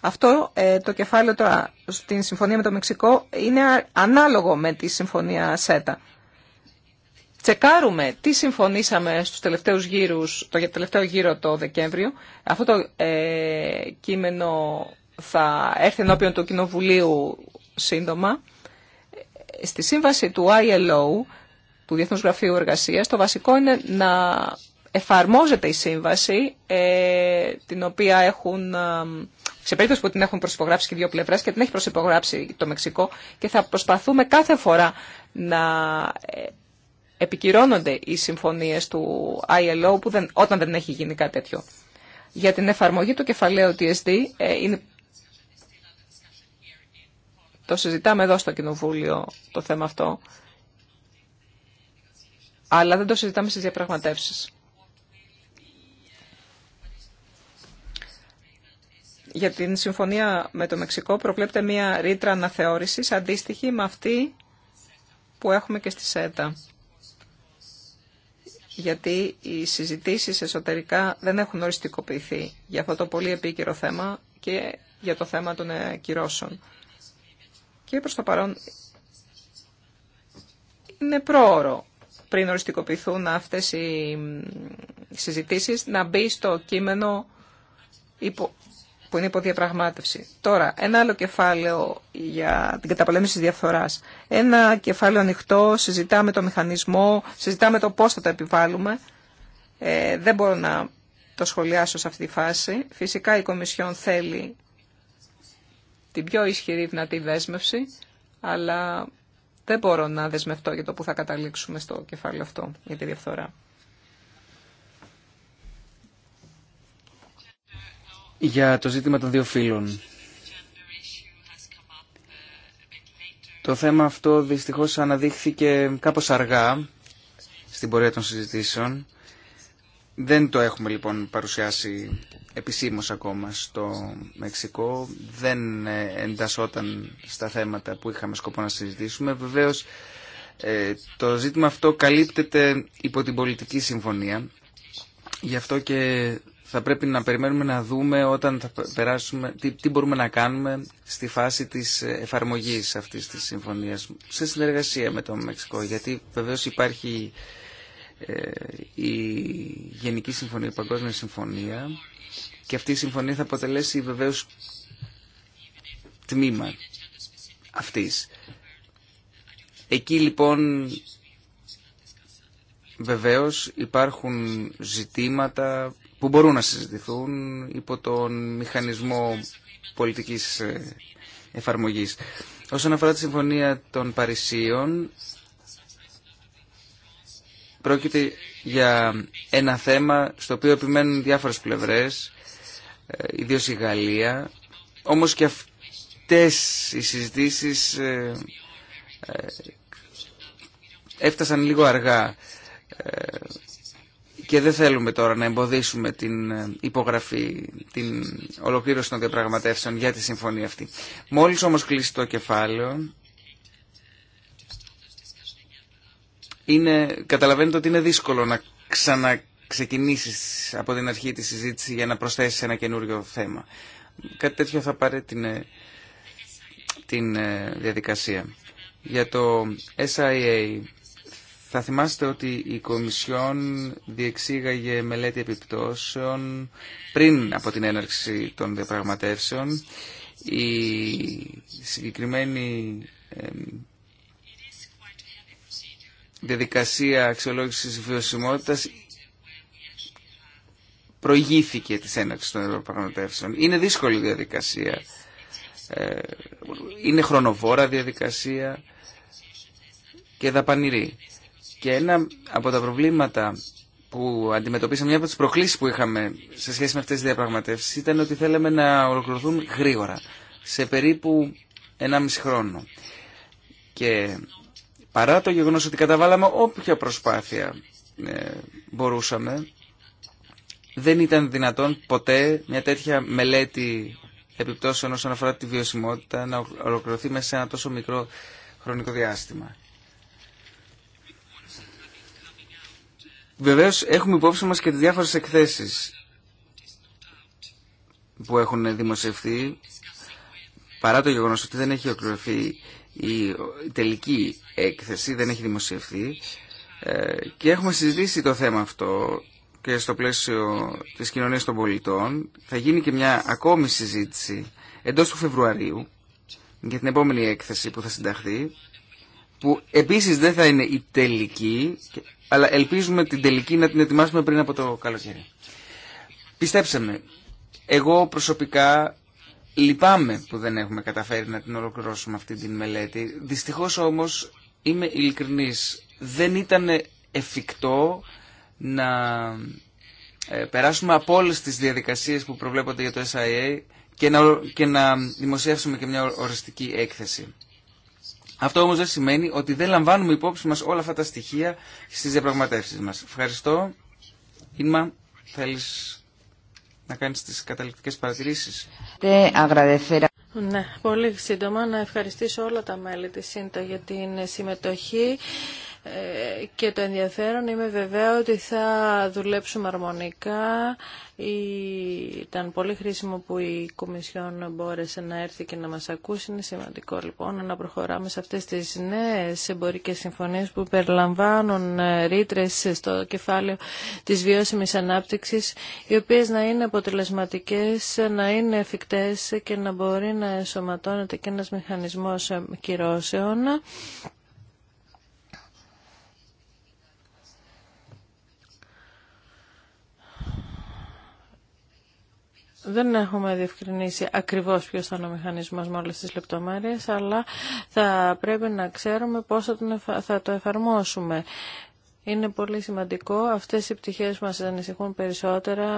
Speaker 2: Αυτό ε, το κεφάλαιο τώρα στην συμφωνία με το Μεξικό είναι ανάλογο με τη συμφωνία ΣΕΤΑ τσεκάρουμε τι συμφωνήσαμε στους τελευταίους γύρους, το τελευταίο γύρο το Δεκέμβριο. Αυτό το ε, κείμενο θα έρθει ενώπιον του Κοινοβουλίου σύντομα. Στη σύμβαση του ILO, του Διεθνούς Γραφείου Εργασίας, το βασικό είναι να εφαρμόζεται η σύμβαση, ε, την οποία έχουν, ε, σε περίπτωση που την έχουν προσυπογράψει και δύο πλευρές και την έχει προσυπογράψει το Μεξικό και θα προσπαθούμε κάθε φορά να επικυρώνονται οι συμφωνίες του ILO που δεν, όταν δεν έχει γίνει κάτι τέτοιο. Για την εφαρμογή του κεφαλαίου TSD ε, είναι... το συζητάμε εδώ στο Κοινοβούλιο το θέμα αυτό, αλλά δεν το συζητάμε στις διαπραγματεύσεις. Για την συμφωνία με το Μεξικό προβλέπεται μία ρήτρα αναθεώρησης αντίστοιχη με αυτή που έχουμε και στη ΣΕΤΑ γιατί οι συζητήσεις εσωτερικά δεν έχουν οριστικοποιηθεί για αυτό το πολύ επίκαιρο θέμα και για το θέμα των ε, κυρώσεων. Και προς το παρόν είναι πρόωρο πριν οριστικοποιηθούν αυτές οι συζητήσεις να μπει στο κείμενο υπο, που είναι υποδιαπραγμάτευση. Τώρα, ένα άλλο κεφάλαιο για την καταπολέμηση της διαφθοράς. Ένα κεφάλαιο ανοιχτό, συζητάμε το μηχανισμό, συζητάμε το πώς θα το επιβάλλουμε. Ε, δεν μπορώ να το σχολιάσω σε αυτή τη φάση. Φυσικά η Κομισιόν θέλει την πιο ισχυρή δυνατή δέσμευση, αλλά δεν μπορώ να δεσμευτώ για το που θα καταλήξουμε στο κεφάλαιο αυτό για τη διαφθορά.
Speaker 1: για το ζήτημα των δύο φύλων. Το θέμα αυτό δυστυχώς αναδείχθηκε κάπως αργά στην πορεία των συζητήσεων. Δεν το έχουμε λοιπόν παρουσιάσει επισήμως ακόμα στο Μεξικό. Δεν ε, εντασσόταν στα θέματα που είχαμε σκοπό να συζητήσουμε. Βεβαίως ε, το ζήτημα αυτό καλύπτεται υπό την πολιτική συμφωνία. Γι' αυτό και θα πρέπει να περιμένουμε να δούμε όταν θα περάσουμε, τι, μπορούμε να κάνουμε στη φάση της ε, εφαρμογής αυτής της συμφωνίας σε συνεργασία με το Μεξικό γιατί βεβαίως υπάρχει ε, η Γενική Συμφωνία, η Παγκόσμια Συμφωνία και αυτή η συμφωνία θα αποτελέσει βεβαίως τμήμα αυτής. Εκεί λοιπόν βεβαίως υπάρχουν ζητήματα που μπορούν να συζητηθούν υπό τον μηχανισμό πολιτικής ε, εφαρμογής. Όσον αφορά τη Συμφωνία των Παρισίων, πρόκειται για ένα θέμα στο οποίο επιμένουν διάφορες πλευρές, ε, ιδίως η Γαλλία, όμως και αυτές οι συζητήσεις ε, έφτασαν λίγο αργά και δεν θέλουμε τώρα να εμποδίσουμε την ε, υπογραφή, την ολοκλήρωση των διαπραγματεύσεων για τη συμφωνία αυτή. Μόλις όμως κλείσει το κεφάλαιο, είναι, καταλαβαίνετε ότι είναι δύσκολο να ξαναξεκινήσεις από την αρχή τη συζήτηση για να προσθέσεις ένα καινούριο θέμα. Κάτι τέτοιο θα πάρει την, ε, την ε, διαδικασία. Για το SIA θα θυμάστε ότι η Κομισιόν διεξήγαγε μελέτη επιπτώσεων πριν από την έναρξη των διαπραγματεύσεων. Η συγκεκριμένη διαδικασία αξιολόγησης βιωσιμότητας προηγήθηκε της έναρξης των διαπραγματεύσεων. Είναι δύσκολη διαδικασία. Ε, είναι χρονοβόρα διαδικασία και δαπανηρή. Και ένα από τα προβλήματα που αντιμετωπίσαμε, μια από τις προκλήσεις που είχαμε σε σχέση με αυτές τι διαπραγματεύσει ήταν ότι θέλαμε να ολοκληρωθούν γρήγορα, σε περίπου 1,5 χρόνο. Και παρά το γεγονός ότι καταβάλαμε όποια προσπάθεια ε, μπορούσαμε, δεν ήταν δυνατόν ποτέ μια τέτοια μελέτη επιπτώσεων όσον αφορά τη βιωσιμότητα να ολοκληρωθεί μέσα σε ένα τόσο μικρό χρονικό διάστημα. Βεβαίω, έχουμε υπόψη μα και τι διάφορε εκθέσει που έχουν δημοσιευθεί παρά το γεγονός ότι δεν έχει ολοκληρωθεί η τελική έκθεση, δεν έχει δημοσιευθεί ε, και έχουμε συζητήσει το θέμα αυτό και στο πλαίσιο της κοινωνίας των πολιτών θα γίνει και μια ακόμη συζήτηση εντός του Φεβρουαρίου για την επόμενη έκθεση που θα συνταχθεί που επίσης δεν θα είναι η τελική αλλά ελπίζουμε την τελική να την ετοιμάσουμε πριν από το καλοκαίρι. Πιστέψτε με, εγώ προσωπικά λυπάμαι που δεν έχουμε καταφέρει να την ολοκληρώσουμε αυτή την μελέτη. Δυστυχώς όμως είμαι ειλικρινής. Δεν ήταν εφικτό να ε, περάσουμε από όλε τι διαδικασίες που προβλέπονται για το SIA και να, και να δημοσιεύσουμε και μια οριστική έκθεση. Αυτό όμως δεν σημαίνει ότι δεν λαμβάνουμε υπόψη μας όλα αυτά τα στοιχεία στις διαπραγματεύσεις μας. Ευχαριστώ. Ίνμα, θέλεις να κάνεις τις καταληκτικές παρατηρήσεις.
Speaker 3: Ναι, πολύ σύντομα να ευχαριστήσω όλα τα μέλη της ΣΥΝΤΑ για την συμμετοχή και το ενδιαφέρον είμαι βεβαία ότι θα δουλέψουμε αρμονικά. Ήταν πολύ χρήσιμο που η Κομισιόν μπόρεσε να έρθει και να μας ακούσει. Είναι σημαντικό λοιπόν να προχωράμε σε αυτές τις νέες εμπορικές συμφωνίες που περιλαμβάνουν ε, ρήτρε στο κεφάλαιο της βιώσιμης ανάπτυξης, οι οποίες να είναι αποτελεσματικές, να είναι εφικτές και να μπορεί να εσωματώνεται και ένας μηχανισμός ε, κυρώσεων Δεν έχουμε διευκρινίσει ακριβώς ποιος θα είναι ο μηχανισμός με όλες τις λεπτομέρειες, αλλά θα πρέπει να ξέρουμε πώς θα το εφαρμόσουμε. Είναι πολύ σημαντικό. Αυτές οι πτυχές μας ανησυχούν περισσότερα,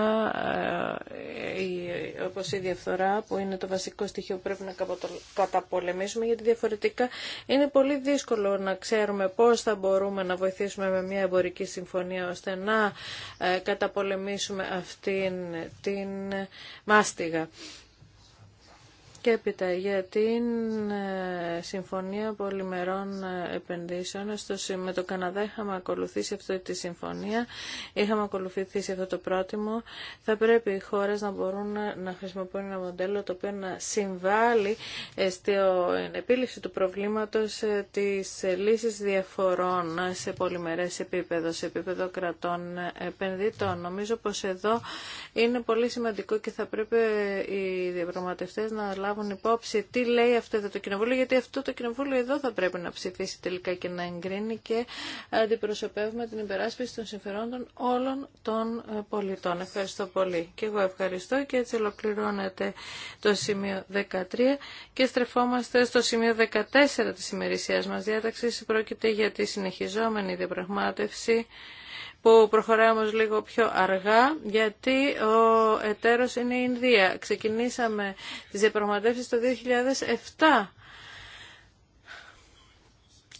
Speaker 3: ε, όπως η διαφθορά που είναι το βασικό στοιχείο που πρέπει να καταπολεμήσουμε, γιατί διαφορετικά είναι πολύ δύσκολο να ξέρουμε πώς θα μπορούμε να βοηθήσουμε με μια εμπορική συμφωνία ώστε να ε, καταπολεμήσουμε αυτήν την μάστιγα και έπειτα για την ε, Συμφωνία Πολυμερών ε, Επενδύσεων. με το Καναδά είχαμε ακολουθήσει αυτή τη συμφωνία, είχαμε ακολουθήσει αυτό το πρότιμο. Θα πρέπει οι χώρες να μπορούν ε, να χρησιμοποιούν ένα μοντέλο το οποίο να συμβάλλει στην επίλυση του προβλήματος της λύσης διαφορών σε πολυμερές επίπεδο, σε επίπεδο κρατών επενδυτών. Νομίζω πως εδώ είναι πολύ σημαντικό και θα πρέπει οι διαπραγματευτές να λάβουν λάβουν υπόψη τι λέει αυτό εδώ το κοινοβούλιο, γιατί αυτό το κοινοβούλιο εδώ θα πρέπει να ψηφίσει τελικά και να εγκρίνει και αντιπροσωπεύουμε την υπεράσπιση των συμφερόντων όλων των ε, πολιτών. Ευχαριστώ πολύ. Και εγώ ευχαριστώ και έτσι ολοκληρώνεται το σημείο 13 και στρεφόμαστε στο σημείο 14 της ημερησίας μας διάταξης. Πρόκειται για τη συνεχιζόμενη διαπραγμάτευση που προχωράει όμως λίγο πιο αργά γιατί ο εταίρος είναι η Ινδία. Ξεκινήσαμε τις διαπραγματεύσεις το 2007.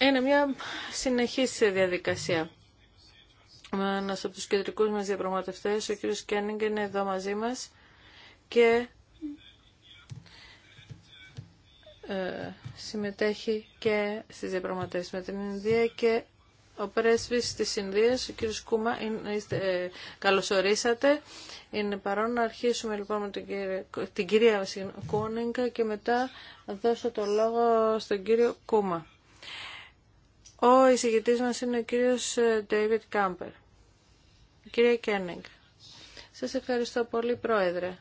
Speaker 3: Είναι μια συνεχής διαδικασία. Ένα από τους κεντρικούς μας διαπραγματευτές, ο κύριος Κένιγκ, είναι εδώ μαζί μας και ε, συμμετέχει και στις διαπραγματεύσεις με την Ινδία και ο πρέσβης της Ινδίας, ο κ. Κούμα, ε, καλωσορίσατε. Είναι παρόν να αρχίσουμε λοιπόν με την κυρία Κούνιγκα και μετά να δώσω το λόγο στον κύριο Κούμα. Ο εισηγητής μας είναι ο κύριος ε, David Κάμπερ. Κυρία Κένιγκ, σας ευχαριστώ πολύ πρόεδρε.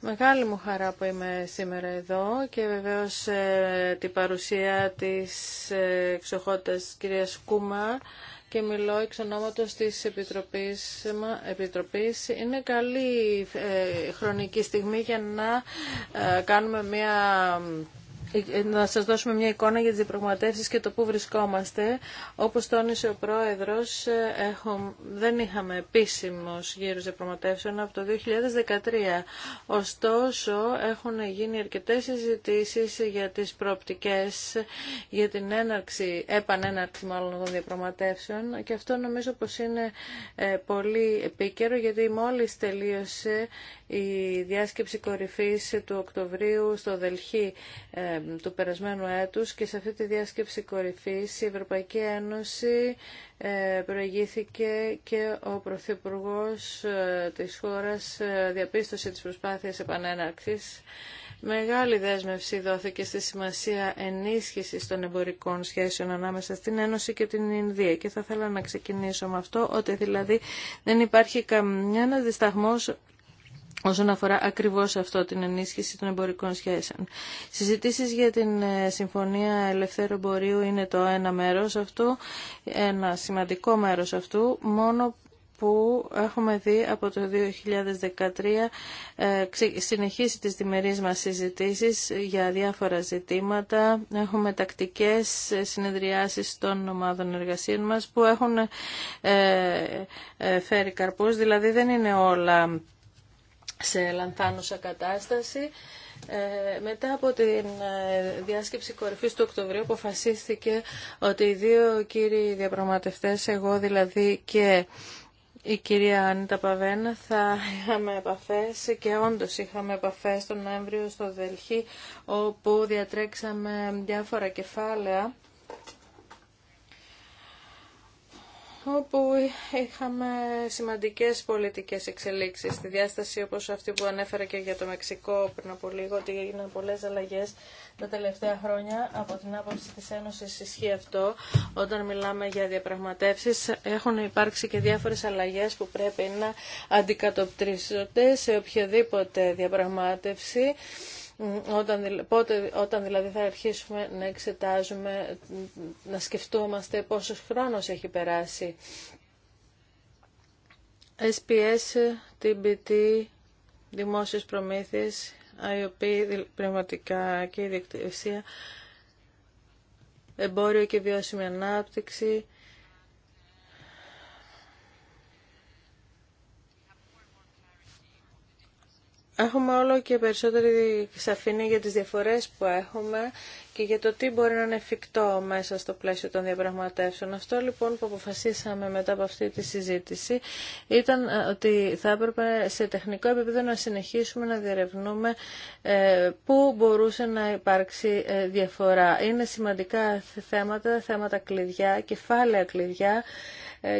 Speaker 3: Μεγάλη μου χαρά που είμαι σήμερα εδώ και βεβαίως ε, την παρουσία της ε, εξοχότητας κυρίας Κούμα και μιλώ εξ ονόματος της Επιτροπής, Επιτροπής. Είναι καλή ε, χρονική στιγμή για να ε, κάνουμε μια ε, ε, να σας δώσουμε μια εικόνα για τις διαπραγματεύσει και το πού βρισκόμαστε. Όπως τόνισε ο Πρόεδρος, ε, έχω, δεν είχαμε επίσημος γύρους διαπραγματεύσεων από το 2013. Ωστόσο, έχουν γίνει αρκετές συζητήσεις για τις προοπτικές, για την έναρξη, επανέναρξη μάλλον των διαπραγματεύσεων και αυτό νομίζω πως είναι πολύ επίκαιρο γιατί μόλις τελείωσε η διάσκεψη κορυφής του Οκτωβρίου στο Δελχή του περασμένου έτους και σε αυτή τη διάσκεψη κορυφής η Ευρωπαϊκή Ένωση ε, προηγήθηκε και ο Πρωθυπουργός ε, της χώρας ε, διαπίστωσε τις προσπάθειες επανέναρξης. Μεγάλη δέσμευση δόθηκε στη σημασία ενίσχυσης των εμπορικών σχέσεων ανάμεσα στην Ένωση και την Ινδία και θα ήθελα να ξεκινήσω με αυτό ότι δηλαδή δεν υπάρχει καμιά δισταγμός όσον αφορά ακριβώς αυτό την ενίσχυση των εμπορικών σχέσεων. Συζητήσεις για την ε, Συμφωνία Ελευθέρου Μπορείου είναι το ένα μέρος αυτού, ένα σημαντικό μέρος αυτού, μόνο που έχουμε δει από το 2013 ε, συνεχίσει τις διμερείς μας συζητήσεις για διάφορα ζητήματα. Έχουμε τακτικές ε, συνεδριάσεις των ομάδων εργασίων μας που έχουν φέρει καρπούς, δηλαδή δεν είναι όλα σε λανθάνουσα κατάσταση. Ε, μετά από την ε, διάσκεψη κορυφής του Οκτωβρίου αποφασίστηκε ότι οι δύο κύριοι διαπραγματευτές, εγώ δηλαδή και η κυρία Άννητα Παβένα θα είχαμε επαφές και όντως είχαμε επαφές τον Νοέμβριο στο Δελχή όπου διατρέξαμε διάφορα κεφάλαια όπου είχαμε σημαντικές πολιτικές εξελίξεις στη διάσταση όπως αυτή που ανέφερα και για το Μεξικό πριν από λίγο ότι έγιναν πολλές αλλαγές τα τελευταία χρόνια από την άποψη της Ένωσης ισχύει αυτό όταν μιλάμε για διαπραγματεύσεις έχουν υπάρξει και διάφορες αλλαγές που πρέπει να αντικατοπτρίζονται σε οποιαδήποτε διαπραγμάτευση όταν, όταν δηλαδή θα αρχίσουμε να εξετάζουμε, να σκεφτόμαστε πόσος χρόνος έχει περάσει. SPS, TBT, δημόσιες προμήθειες, IOP, πνευματικά και η εμπόριο και βιώσιμη ανάπτυξη, Έχουμε όλο και περισσότερη σαφήνεια για τις διαφορές που έχουμε και για το τι μπορεί να είναι εφικτό μέσα στο πλαίσιο των διαπραγματεύσεων. Αυτό λοιπόν που αποφασίσαμε μετά από αυτή τη συζήτηση ήταν ε, ότι θα έπρεπε σε τεχνικό επίπεδο να συνεχίσουμε να διερευνούμε ε, πού μπορούσε να υπάρξει ε, διαφορά. Είναι σημαντικά θέματα, θέματα κλειδιά, κεφάλαια κλειδιά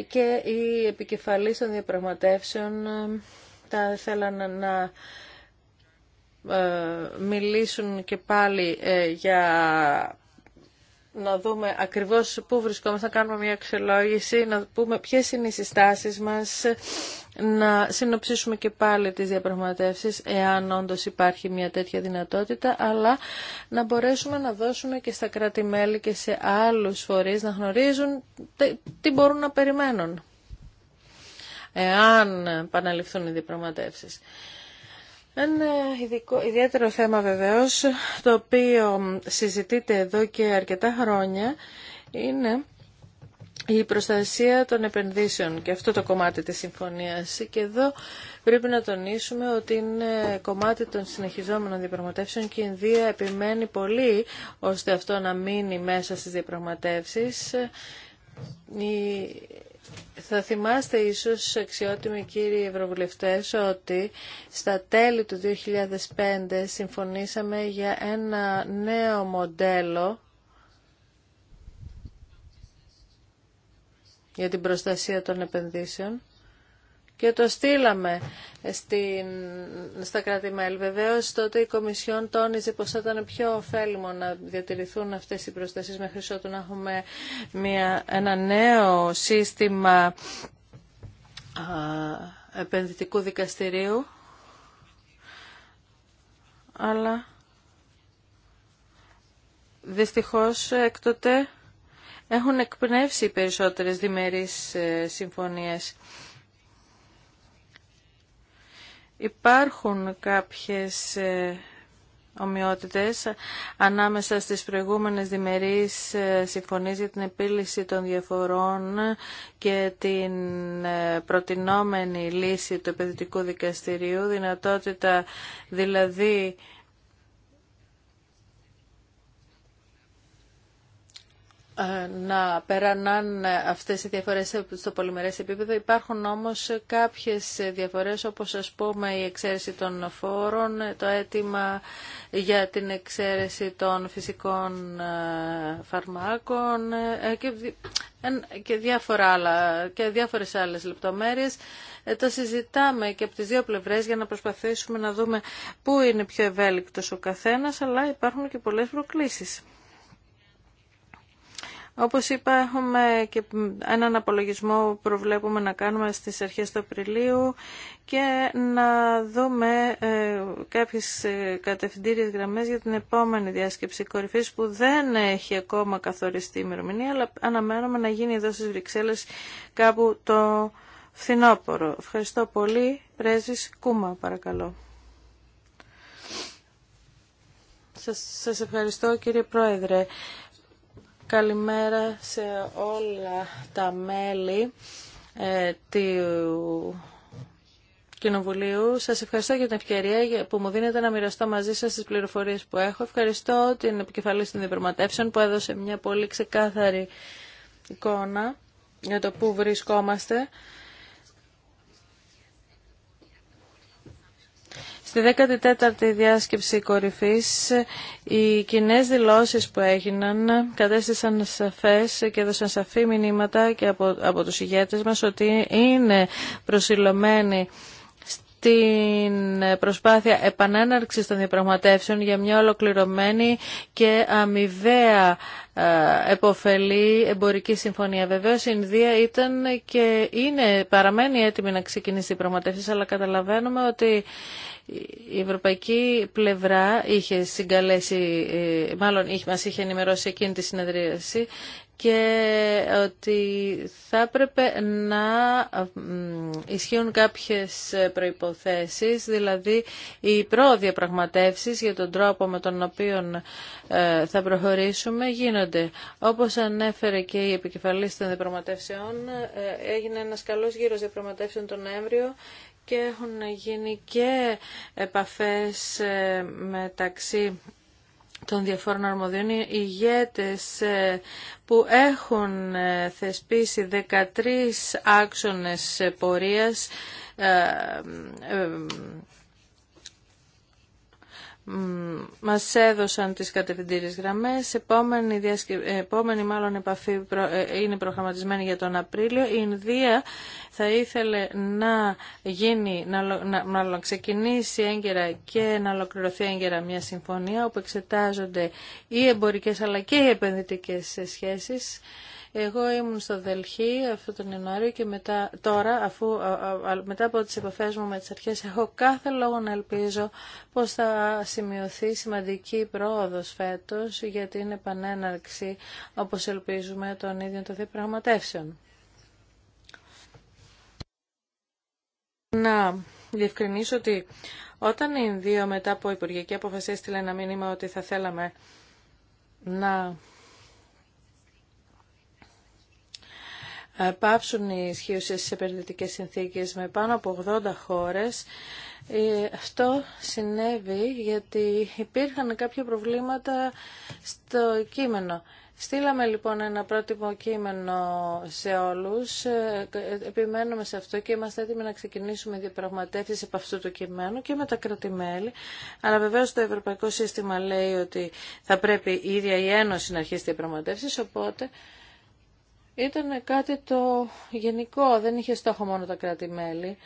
Speaker 3: και η επικεφαλής των διαπραγματεύσεων τα θέλαν να ε, μιλήσουν και πάλι ε, για να δούμε ακριβώς πού βρισκόμαστε, να κάνουμε μια αξιολόγηση, να πούμε ποιες είναι οι συστάσεις μας, να συνοψίσουμε και πάλι τις διαπραγματεύσεις, εάν όντως υπάρχει μια τέτοια δυνατότητα, αλλά να μπορέσουμε να δώσουμε και στα κράτη-μέλη και σε άλλους φορείς να γνωρίζουν τι μπορούν να περιμένουν, εάν επαναληφθούν οι διαπραγματεύσεις. Ένα ιδιαίτερο θέμα βεβαίως, το οποίο συζητείται εδώ και αρκετά χρόνια, είναι η προστασία των επενδύσεων και αυτό το κομμάτι της συμφωνίας. Και εδώ πρέπει να τονίσουμε ότι είναι κομμάτι των συνεχιζόμενων διαπραγματεύσεων και η Ινδία επιμένει πολύ ώστε αυτό να μείνει μέσα στις διαπραγματεύσεις. Θα θυμάστε ίσως αξιότιμοι κύριοι Ευρωβουλευτές ότι στα τέλη του 2005 συμφωνήσαμε για ένα νέο μοντέλο για την προστασία των επενδύσεων και το στείλαμε στην, στα κράτη-μέλη. Βεβαίω, τότε η Κομισιόν τόνιζε πω θα ήταν πιο ωφέλιμο να διατηρηθούν αυτέ οι προστασίε μέχρι ότου να έχουμε μια, ένα νέο σύστημα επενδυτικού δικαστηρίου. Αλλά δυστυχώς έκτοτε έχουν εκπνεύσει οι περισσότερες διμερείς ε, συμφωνίες. Υπάρχουν κάποιες ε, ομοιότητες ανάμεσα στις προηγούμενες διμερείς ε, συμφωνίες για την επίλυση των διαφορών και την ε, προτινόμενη λύση του επενδυτικού δικαστηρίου, δυνατότητα δηλαδή Ε, να περανάν αυτές οι διαφορές στο πολυμερές επίπεδο. Υπάρχουν όμως κάποιες διαφορές όπως ας πούμε η εξαίρεση των φόρων, το αίτημα για την εξαίρεση των φυσικών ε, φαρμάκων ε, και διάφορα άλλα, και διάφορες άλλες λεπτομέρειες. Το συζητάμε και από τις δύο πλευρές για να προσπαθήσουμε να δούμε πού είναι πιο ευέλικτος ο καθένας, αλλά υπάρχουν και πολλές προκλήσεις. Όπως είπα, έχουμε και έναν απολογισμό που προβλέπουμε να κάνουμε στις αρχές του Απριλίου και να δούμε ε, κάποιες ε, κατευθυντήριες γραμμές για την επόμενη διάσκεψη κορυφής που δεν έχει ακόμα καθοριστεί η ημερομηνία, αλλά αναμένουμε να γίνει εδώ στις Βρυξέλλες κάπου το φθινόπωρο. Ευχαριστώ πολύ. Πρέζης Κούμα, παρακαλώ. Σας, ευχαριστώ κύριε Πρόεδρε. Καλημέρα σε όλα τα μέλη ε, του Κοινοβουλίου. Σας ευχαριστώ για την ευκαιρία που μου δίνετε να μοιραστώ μαζί σας τις πληροφορίες που έχω. Ευχαριστώ την επικεφαλή των διαπραγματεύσεων που έδωσε μια πολύ ξεκάθαρη εικόνα για το πού βρισκόμαστε Στη 14η διάσκεψη κορυφής οι κοινέ δηλώσεις που έγιναν κατέστησαν σαφές και έδωσαν σαφή μηνύματα και από, από τους ηγέτες μας ότι είναι προσιλωμένοι στην προσπάθεια επανέναρξης των διαπραγματεύσεων για μια ολοκληρωμένη και αμοιβαία ε, εποφελή εμπορική συμφωνία. Βεβαίως η Ινδία ήταν και είναι, παραμένει έτοιμη να ξεκινήσει διαπραγματεύσεις, αλλά καταλαβαίνουμε ότι η ευρωπαϊκή πλευρά είχε συγκαλέσει, ε, μάλλον μας είχε ενημερώσει εκείνη τη συνεδρίαση και ότι θα έπρεπε να ισχύουν κάποιες προϋποθέσεις, δηλαδή οι προδιαπραγματεύσεις για τον τρόπο με τον οποίο ε, θα προχωρήσουμε γίνονται. Όπως ανέφερε και η επικεφαλής των διαπραγματεύσεων, ε, έγινε ένας καλός γύρος διαπραγματεύσεων τον Νοέμβριο και έχουν γίνει και επαφές ε, μεταξύ των διαφόρων αρμοδίων οι ηγέτες ε, που έχουν ε, θεσπίσει 13 άξονες πορείας μας έδωσαν τις κατευθυντήριες γραμμές. Επόμενη, ε, Επόμενη μάλλον επαφή ε, είναι προγραμματισμένη για τον Απρίλιο. Η Ινδία θα ήθελε να, γίνει, να, να, να ξεκινήσει έγκαιρα και να ολοκληρωθεί έγκαιρα μια συμφωνία όπου εξετάζονται οι εμπορικές αλλά και οι επενδυτικές σχέσεις. Εγώ ήμουν στο Δελχή αυτόν τον Ιανουάριο και μετά, τώρα, αφού, μετά από τις επαφές μου με τις αρχές, έχω κάθε λόγο να ελπίζω πως θα σημειωθεί σημαντική πρόοδος φέτος για την επανέναρξη, όπως ελπίζουμε, των ίδιων των διαπραγματεύσεων. Να διευκρινίσω ότι όταν οι δύο μετά από υπουργική αποφασία στείλανε ένα μήνυμα ότι θα θέλαμε να πάψουν οι ισχύουσες επενδυτικές συνθήκες με πάνω από 80 χώρες. Ε, αυτό συνέβη γιατί υπήρχαν κάποια προβλήματα στο κείμενο. Στείλαμε λοιπόν ένα πρότυπο κείμενο σε όλους, ε, επιμένουμε σε αυτό και είμαστε έτοιμοι να ξεκινήσουμε διαπραγματεύσεις από αυτού του κειμένου και με τα κρατημέλη. Αλλά βεβαίως το Ευρωπαϊκό Σύστημα λέει ότι θα πρέπει η ίδια η Ένωση να αρχίσει διαπραγματεύσεις, οπότε ήταν κάτι το γενικό, δεν είχε στόχο μόνο τα κράτη-μέλη.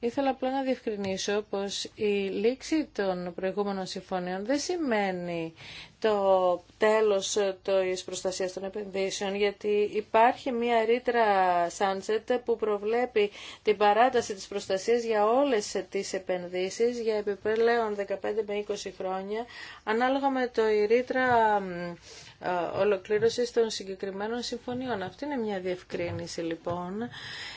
Speaker 3: Ήθελα απλά να διευκρινίσω πως η λήξη των προηγούμενων συμφωνίων δεν σημαίνει το τέλος της προστασίας των επενδύσεων, γιατί υπάρχει μια ρήτρα sunset που προβλέπει την παράταση της προστασίας για όλες τις επενδύσεις για επιπλέον 15 με 20 χρόνια, ανάλογα με το η ρήτρα ε, ολοκλήρωσης των συγκεκριμένων συμφωνιών. Αυτή είναι μια διευκρίνηση λοιπόν.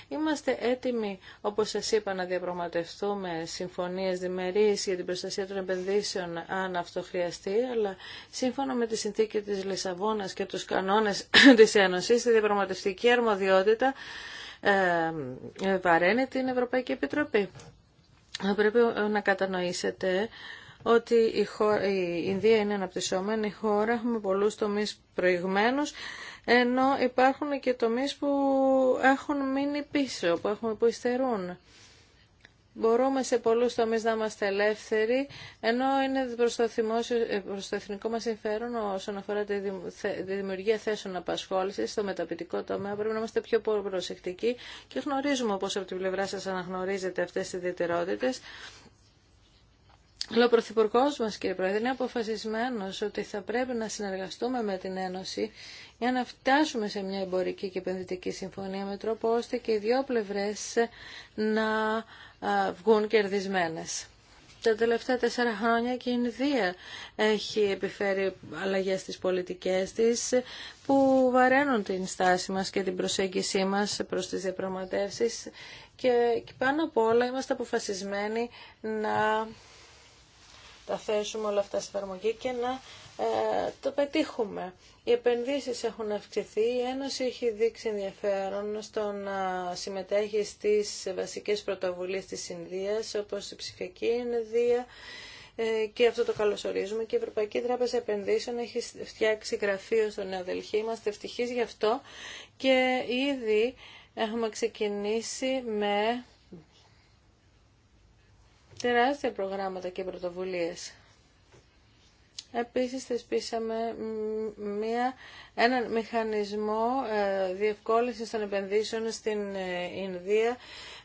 Speaker 3: Είμαστε έτοιμοι, όπως σας είπα, να διαπραγματευτούμε συμφωνίες διμερείς για την προστασία των επενδύσεων, αν αυτό χρειαστεί, αλλά Σύμφωνα με τη συνθήκη της Λισαβόνας και τους κανόνες της Ένωσης, η διαπραγματευτική αρμοδιότητα ε, ε, βαραίνει την Ευρωπαϊκή Επιτροπή. Πρέπει ε, να κατανοήσετε ότι η, Ινδία είναι αναπτυσσόμενη χώρα με πολλούς τομείς προηγμένους, ενώ υπάρχουν και τομείς που έχουν μείνει πίσω, που, έχουν, που υστερούν μπορούμε σε πολλούς τομείς να είμαστε ελεύθεροι, ενώ είναι προς το, θυμόσιο, ε, το εθνικό μας συμφέρον όσον αφορά τη δημιουργία θέσεων απασχόλησης στο μεταπητικό τομέα. Πρέπει να είμαστε πιο προσεκτικοί και γνωρίζουμε πώς από την πλευρά σας αναγνωρίζετε αυτές τις ιδιαιτερότητες. Ο Πρωθυπουργό μα, κύριε Πρόεδρε, είναι αποφασισμένο ότι θα πρέπει να συνεργαστούμε με την Ένωση για να φτάσουμε σε μια εμπορική και επενδυτική συμφωνία με τρόπο ώστε και οι δύο πλευρέ να βγουν κερδισμένες. Τα τελευταία τέσσερα χρόνια και η Ινδία έχει επιφέρει αλλαγές στις πολιτικές της που βαραίνουν την στάση μας και την προσέγγισή μας προς τις διαπραγματεύσεις και πάνω απ' όλα είμαστε αποφασισμένοι να τα θέσουμε όλα αυτά σε εφαρμογή και να ε, το πετύχουμε. Οι επενδύσεις έχουν αυξηθεί, η Ένωση έχει δείξει ενδιαφέρον στο να συμμετέχει στις βασικές πρωτοβουλίες της Ινδίας, όπως η ψηφιακή Ινδία, ε, και αυτό το καλωσορίζουμε και η Ευρωπαϊκή Τράπεζα Επενδύσεων έχει φτιάξει γραφείο στο Νέο Δελχή. Είμαστε ευτυχείς γι' αυτό και ήδη έχουμε ξεκινήσει με τεράστια προγράμματα και πρωτοβουλίες. Επίσης θεσπίσαμε μια, έναν μηχανισμό ε, διευκόλυνσης των επενδύσεων στην ε, Ινδία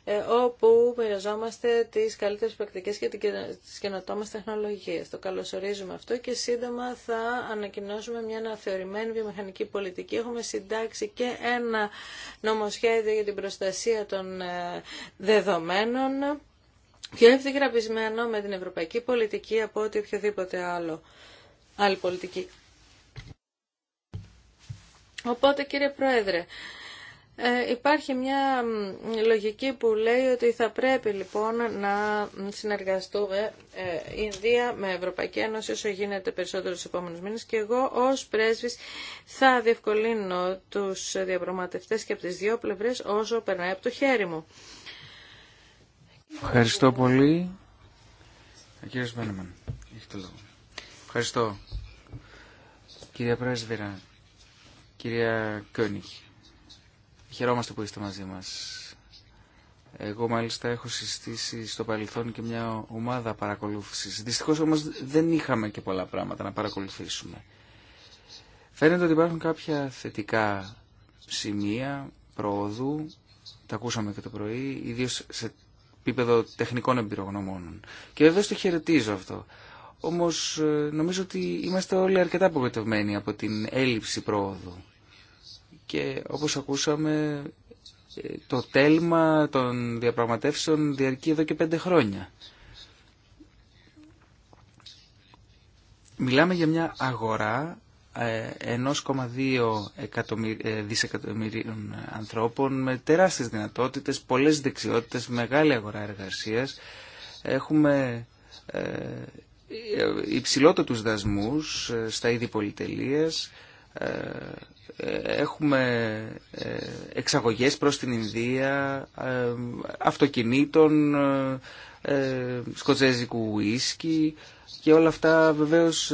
Speaker 3: ε, όπου μοιραζόμαστε τις καλύτερες πρακτικές και τις καινοτόμες τεχνολογίες. Το καλωσορίζουμε αυτό και σύντομα θα ανακοινώσουμε μια αναθεωρημένη βιομηχανική πολιτική. Έχουμε συντάξει και ένα νομοσχέδιο για την προστασία των ε, δεδομένων πιο ευθυγραμμισμένο με την ευρωπαϊκή πολιτική από ό,τι οποιοδήποτε άλλο άλλη πολιτική. Οπότε κύριε Πρόεδρε, ε, υπάρχει μια λογική που λέει ότι θα πρέπει λοιπόν να συνεργαστούμε ε, Ινδία με Ευρωπαϊκή Ένωση όσο γίνεται περισσότερο στους επόμενους μήνες και εγώ ως πρέσβης θα διευκολύνω τους διαπραγματευτές και από τις δύο πλευρές όσο περνάει από το χέρι μου.
Speaker 1: Ευχαριστώ πολύ. Ε, κύριε Ευχαριστώ Κυρία Πρέσβυρα, κυρία Κόνιχ, χαιρόμαστε που είστε μαζί μας. Εγώ μάλιστα έχω συστήσει στο παρελθόν και μια ομάδα παρακολούθησης. Δυστυχώς όμως δεν είχαμε και πολλά πράγματα να παρακολουθήσουμε. Φαίνεται ότι υπάρχουν κάποια θετικά σημεία προόδου, τα ακούσαμε και το πρωί, ιδίως σε επίπεδο τεχνικών εμπειρογνωμών. Και εδώ το χαιρετίζω αυτό. Όμως ε, νομίζω ότι είμαστε όλοι αρκετά απογοητευμένοι από την έλλειψη πρόοδου. Και όπως ακούσαμε ε, το τέλμα των διαπραγματεύσεων διαρκεί εδώ και πέντε χρόνια. Μιλάμε για μια αγορά 1,2 ε, δισεκατομμυρίων ανθρώπων με τεράστιες δυνατότητες, πολλές δεξιότητες, μεγάλη αγορά εργασίας. Έχουμε υψηλότερους δασμούς ε, στα είδη πολυτελείας, ε, ε, έχουμε εξαγωγές προς την Ινδία, αυτοκινήτων, σκοτζέζικου ουίσκι και όλα αυτά βεβαίως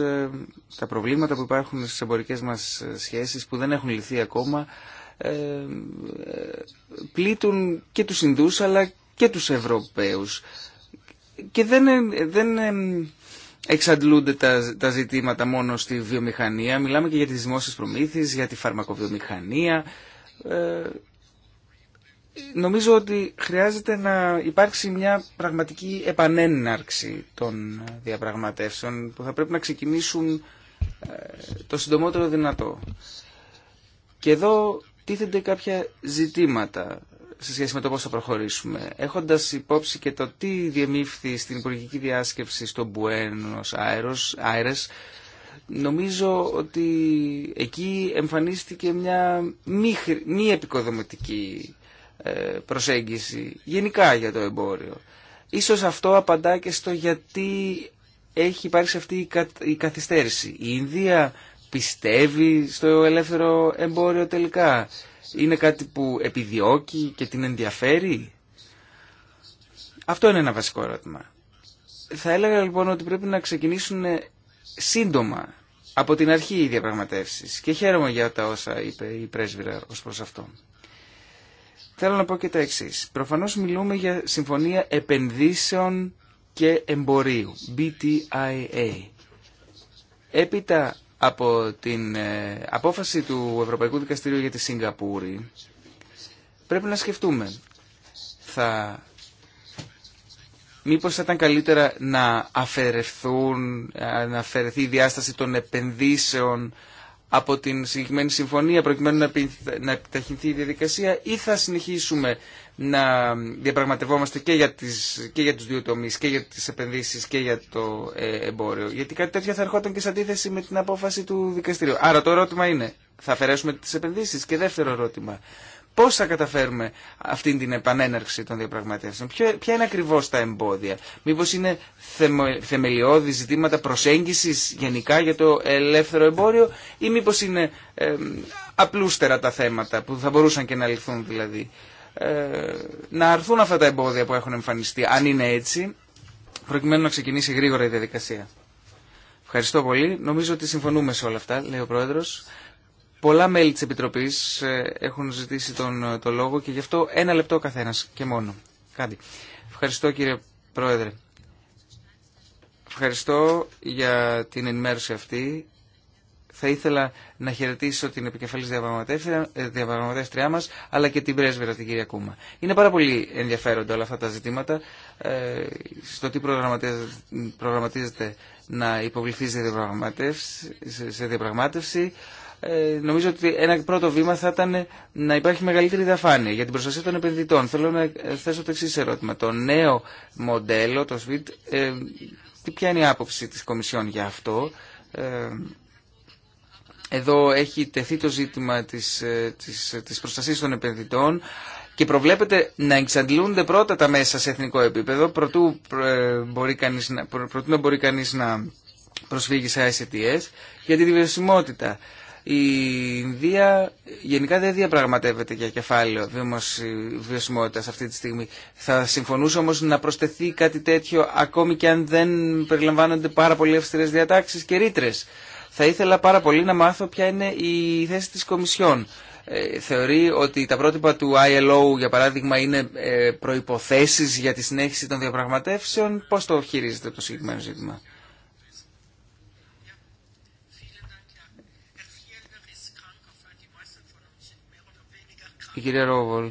Speaker 1: τα προβλήματα που υπάρχουν στις εμπορικές μας σχέσεις που δεν έχουν λυθεί ακόμα πλήττουν και τους Ινδούς αλλά και τους Ευρωπαίους και δεν, δεν εξαντλούνται τα, τα ζητήματα μόνο στη βιομηχανία. Μιλάμε και για τις δημόσιες προμήθειες, για τη φαρμακοβιομηχανία. Ε, νομίζω ότι χρειάζεται να υπάρξει μια πραγματική επανέναρξη των διαπραγματεύσεων που θα πρέπει να ξεκινήσουν ε, το συντομότερο δυνατό. Και εδώ τίθενται κάποια ζητήματα σε σχέση με το πώ θα προχωρήσουμε. Έχοντας υπόψη και το τι διεμήφθη στην υπουργική διάσκεψη στο Μπουένο Άιρε, νομίζω ότι εκεί εμφανίστηκε μια μη, μη επικοδομητική ε, προσέγγιση γενικά για το εμπόριο. Ίσως αυτό απαντά και στο γιατί έχει υπάρξει αυτή η καθυστέρηση. Η Ινδία πιστεύει στο ελεύθερο εμπόριο τελικά. Είναι κάτι που επιδιώκει και την ενδιαφέρει. Αυτό είναι ένα βασικό ερώτημα. Θα έλεγα λοιπόν ότι πρέπει να ξεκινήσουν σύντομα από την αρχή οι διαπραγματεύσει και χαίρομαι για τα όσα είπε η πρέσβυρα ως προς αυτό. Θέλω να πω και τα εξή. Προφανώς μιλούμε για Συμφωνία Επενδύσεων και Εμπορίου, BTIA. Έπειτα από την ε, απόφαση του Ευρωπαϊκού Δικαστηρίου για τη Σιγκαπούρη πρέπει να σκεφτούμε θα μήπως θα ήταν καλύτερα να αφαιρεθούν να αφαιρεθεί η διάσταση των επενδύσεων από την συγκεκριμένη συμφωνία προκειμένου να επιταχυνθεί η διαδικασία ή θα συνεχίσουμε να διαπραγματευόμαστε και για, τις, και για τους δύο τομείς, και για τις επενδύσεις και για το ε, εμπόριο. Γιατί κάτι τέτοιο θα ερχόταν και σε αντίθεση με την απόφαση του δικαστηρίου. Άρα το ερώτημα είναι, θα αφαιρέσουμε τις επενδύσεις και δεύτερο ερώτημα. Πώ θα καταφέρουμε αυτή την επανέναρξη των διαπραγματεύσεων, Ποια είναι ακριβώ τα εμπόδια, Μήπω είναι θεμελιώδη ζητήματα προσέγγιση γενικά για το ελεύθερο εμπόριο, ή μήπω είναι απλούστερα τα θέματα που θα μπορούσαν και να λυθούν δηλαδή. Ε, να αρθούν αυτά τα εμπόδια που έχουν εμφανιστεί, αν είναι έτσι, προκειμένου να ξεκινήσει γρήγορα η διαδικασία. Ευχαριστώ πολύ. Νομίζω ότι συμφωνούμε σε όλα αυτά, λέει ο Πρόεδρος. Πολλά μέλη της Επιτροπής ε, έχουν ζητήσει τον, ε, το λόγο και γι' αυτό ένα λεπτό καθένας και μόνο. Κάντε. Ευχαριστώ κύριε Πρόεδρε. Ευχαριστώ για την ενημέρωση αυτή. Θα ήθελα να χαιρετήσω την επικεφαλής ε, διαπραγματεύτριά μας, αλλά και την πρέσβερα την κυρία Κούμα. Είναι πάρα πολύ ενδιαφέροντα όλα αυτά τα ζητήματα, ε, στο τι προγραμματίζεται, να υποβληθεί σε διαπραγμάτευση. Σε διαπραγμάτευση. Ε, νομίζω ότι ένα πρώτο βήμα θα ήταν να υπάρχει μεγαλύτερη διαφάνεια για την προστασία των επενδυτών. Θέλω να θέσω το εξή ερώτημα. Το νέο μοντέλο, το SWIT, ε, ποια είναι η άποψη της Κομισιόν για αυτό. Ε, εδώ έχει τεθεί το ζήτημα της, ε, της, της προστασίας των επενδυτών και προβλέπεται να εξαντλούνται πρώτα τα μέσα σε εθνικό επίπεδο προτού, μπορεί κανείς, προτού να μπορεί κανείς να προσφύγει σε ICTS για τη διαβιωσιμότητα. Η Ινδία γενικά δεν διαπραγματεύεται για κεφάλαιο βιωσιμότητα αυτή τη στιγμή. Θα συμφωνούσε όμω να προσθεθεί κάτι τέτοιο ακόμη και αν δεν περιλαμβάνονται πάρα πολύ αυστηρέ διατάξει και ρήτρε. Θα ήθελα πάρα πολύ να μάθω ποια είναι η θέση της Κομισιόν. Ε, θεωρεί ότι τα πρότυπα του ILO, για παράδειγμα, είναι ε, προϋποθέσεις για τη συνέχιση των διαπραγματεύσεων. Πώς το χειρίζεται το συγκεκριμένο ζήτημα. κυρία Ρόβολ.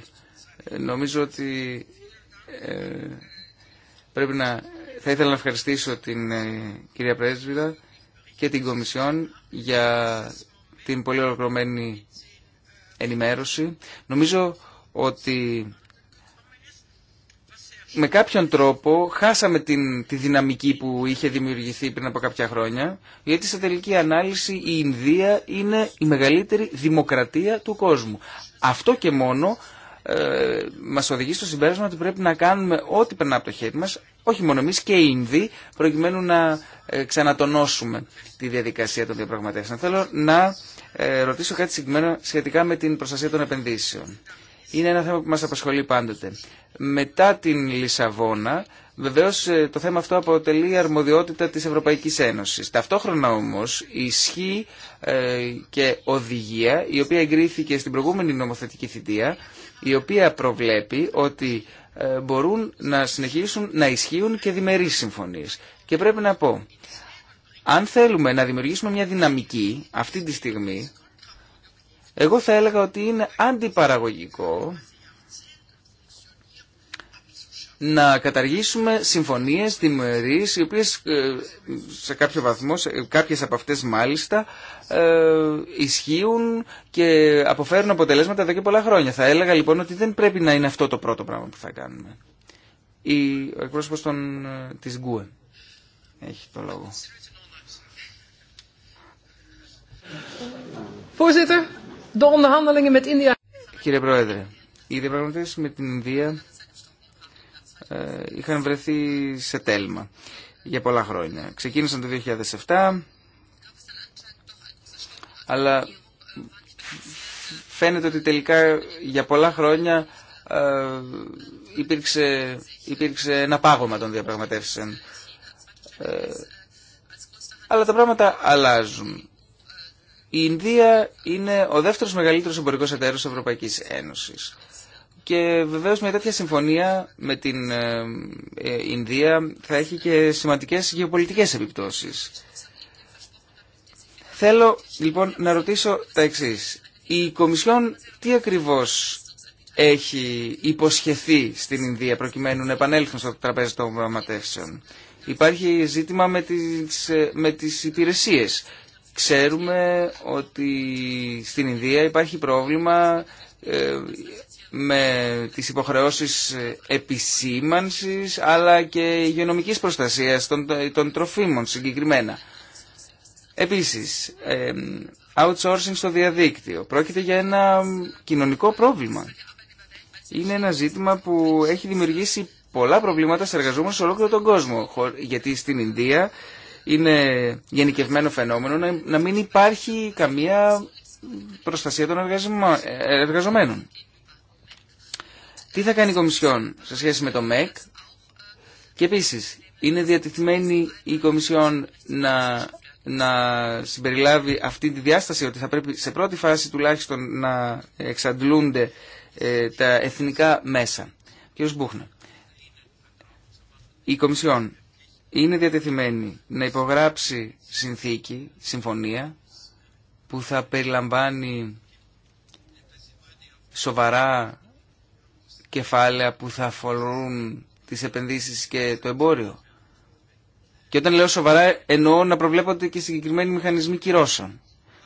Speaker 1: Ε, νομίζω ότι ε, πρέπει να... Θα ήθελα να ευχαριστήσω την ε, κυρία Πρέσβηδα και την Κομισιόν για την πολύ ολοκληρωμένη ενημέρωση. Νομίζω ότι με κάποιον τρόπο χάσαμε την, τη δυναμική που είχε δημιουργηθεί πριν από κάποια χρόνια, γιατί σε τελική ανάλυση η Ινδία είναι η μεγαλύτερη δημοκρατία του κόσμου. Αυτό και μόνο ε, μας οδηγεί στο συμπέρασμα ότι πρέπει να κάνουμε ό,τι περνά από το χέρι μας, όχι μόνο εμείς και οι Ινδοί, προκειμένου να ε, ξανατονώσουμε τη διαδικασία των διαπραγματεύσεων. Θέλω να ε, ρωτήσω κάτι συγκεκριμένο σχετικά με την προστασία των επενδύσεων είναι ένα θέμα που μας απασχολεί πάντοτε. Μετά την Λισαβόνα, βεβαίως ε, το θέμα αυτό αποτελεί αρμοδιότητα της Ευρωπαϊκής Ένωσης. Ταυτόχρονα όμως ισχύει ε, και οδηγία, η οποία εγκρίθηκε στην προηγούμενη νομοθετική θητεία, η οποία προβλέπει ότι ε, μπορούν να συνεχίσουν να ισχύουν και διμερείς συμφωνίες. Και πρέπει να πω, αν θέλουμε να δημιουργήσουμε μια δυναμική αυτή τη στιγμή, εγώ θα έλεγα ότι είναι αντιπαραγωγικό να καταργήσουμε συμφωνίες δημιουργίες, οι οποίες ε, σε κάποιο βαθμό, κάποιες από αυτές μάλιστα, ε, ισχύουν και αποφέρουν αποτελέσματα εδώ και πολλά χρόνια. Θα έλεγα λοιπόν ότι δεν πρέπει να είναι αυτό το πρώτο πράγμα που θα κάνουμε. Η, ο εκπρόσωπος των, ε, της Γκουε έχει το λόγο. είστε. Κύριε Πρόεδρε, οι διαπραγματεύσει με την Ινδία ε, είχαν βρεθεί σε τέλμα για πολλά χρόνια. Ξεκίνησαν το 2007, αλλά φαίνεται ότι τελικά για πολλά χρόνια ε, υπήρξε, υπήρξε ένα πάγωμα των διαπραγματεύσεων. Ε, αλλά τα πράγματα αλλάζουν. Η Ινδία είναι ο δεύτερος μεγαλύτερος εμπορικός εταίρος της Ευρωπαϊκής Ένωσης. Και βεβαίως μια τέτοια συμφωνία με την ε, ε, Ινδία θα έχει και σημαντικές γεωπολιτικές επιπτώσεις. Θέλω λοιπόν να ρωτήσω τα εξής. Η Κομισιόν τι ακριβώς έχει υποσχεθεί στην Ινδία προκειμένου να επανέλθουν στο τραπέζι των πραγματεύσεων. Υπάρχει ζήτημα με τις, ε, με τις υπηρεσίες. Ξέρουμε ότι στην Ινδία υπάρχει πρόβλημα ε, με τις υποχρεώσεις επισήμανσης αλλά και υγειονομικής προστασίας των, των τροφίμων συγκεκριμένα. Επίσης, ε, outsourcing στο διαδίκτυο. Πρόκειται για ένα κοινωνικό πρόβλημα. Είναι ένα ζήτημα που έχει δημιουργήσει πολλά προβλήματα σε εργαζόμενους σε ολόκληρο τον κόσμο. Γιατί στην Ινδία είναι γενικευμένο φαινόμενο να μην υπάρχει καμία προστασία των εργαζομένων. Τι θα κάνει η Κομισιόν σε σχέση με το ΜΕΚ και επίσης είναι διατηρημένη η Κομισιόν να, να συμπεριλάβει αυτή τη διάσταση ότι θα πρέπει σε πρώτη φάση τουλάχιστον να εξαντλούνται ε, τα εθνικά μέσα. Κύριος Μπούχνα, η Κομισιόν είναι διατεθειμένη να υπογράψει συνθήκη, συμφωνία, που θα περιλαμβάνει σοβαρά κεφάλαια που θα αφορούν τις επενδύσεις και το εμπόριο. Και όταν λέω σοβαρά εννοώ να προβλέπονται και συγκεκριμένοι μηχανισμοί κυρώσεων.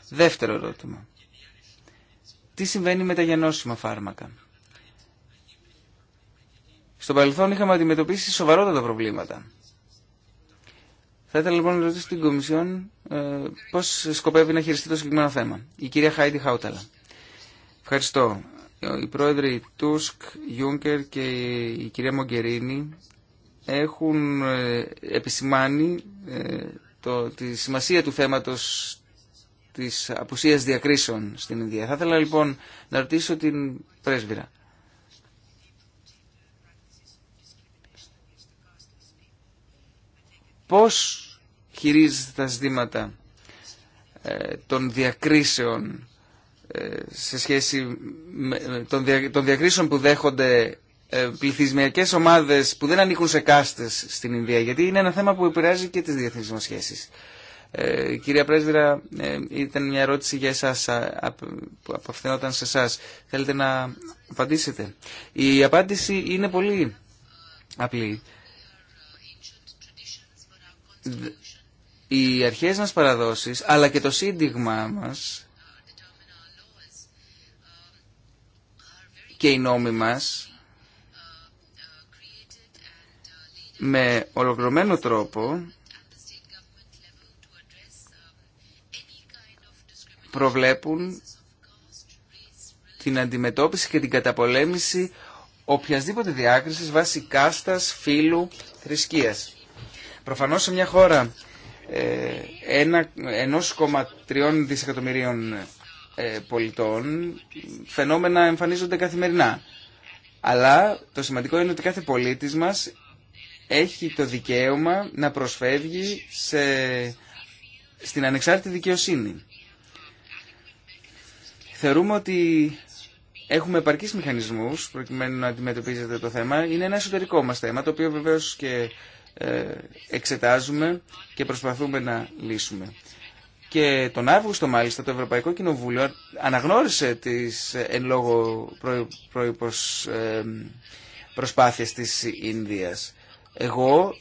Speaker 1: Δεύτερο ερώτημα. Τι συμβαίνει με τα γενώσιμα φάρμακα. Στο παρελθόν είχαμε αντιμετωπίσει σοβαρότατα προβλήματα θα ήθελα λοιπόν να ρωτήσω την Κομισιόν ε, πώς σκοπεύει να χειριστεί το συγκεκριμένο θέμα. Η κυρία Χάιντι Χάουταλα. Ευχαριστώ. Οι πρόεδροι Τούσκ, Γιούγκερ και η κυρία Μογκερίνη έχουν ε, επισημάνει ε, το, τη σημασία του θέματος της απουσίας διακρίσεων στην Ινδία. Θα ήθελα λοιπόν να ρωτήσω την πρέσβυρα. Πώς χειρίζεται τα ζητήματα ε, των διακρίσεων ε, σε σχέση με ε, των διακρίσεων που δέχονται πληθυσμιακές ομάδες που δεν ανήκουν σε κάστες στην Ινδία γιατί είναι ένα θέμα που επηρεάζει και τις διεθνείς μας σχέσεις. κυρία Πρέσβυρα, ε, ήταν μια ερώτηση για εσάς, που απευθυνόταν σε εσά. Θέλετε να απαντήσετε. Η απάντηση είναι πολύ απλή οι αρχές μας παραδόσεις αλλά και το σύνδειγμα μας και οι νόμοι μας με ολοκληρωμένο τρόπο προβλέπουν την αντιμετώπιση και την καταπολέμηση οποιασδήποτε διάκρισης βάσει κάστας, φύλου, θρησκείας. Προφανώς σε μια χώρα 1,3 ε, δισεκατομμυρίων ε, πολιτών φαινόμενα εμφανίζονται καθημερινά. Αλλά το σημαντικό είναι ότι κάθε πολίτης μας έχει το δικαίωμα να προσφεύγει σε, στην ανεξάρτητη δικαιοσύνη. Θεωρούμε ότι έχουμε επαρκείς μηχανισμούς προκειμένου να αντιμετωπίζεται το θέμα. Είναι ένα εσωτερικό μας θέμα, το οποίο βεβαίως και ε, εξετάζουμε και προσπαθούμε να λύσουμε. Και τον Αύγουστο μάλιστα το Ευρωπαϊκό Κοινοβούλιο αναγνώρισε τις ε, εν λόγω προϋπος ε, προσπάθειες της Ινδίας. Εγώ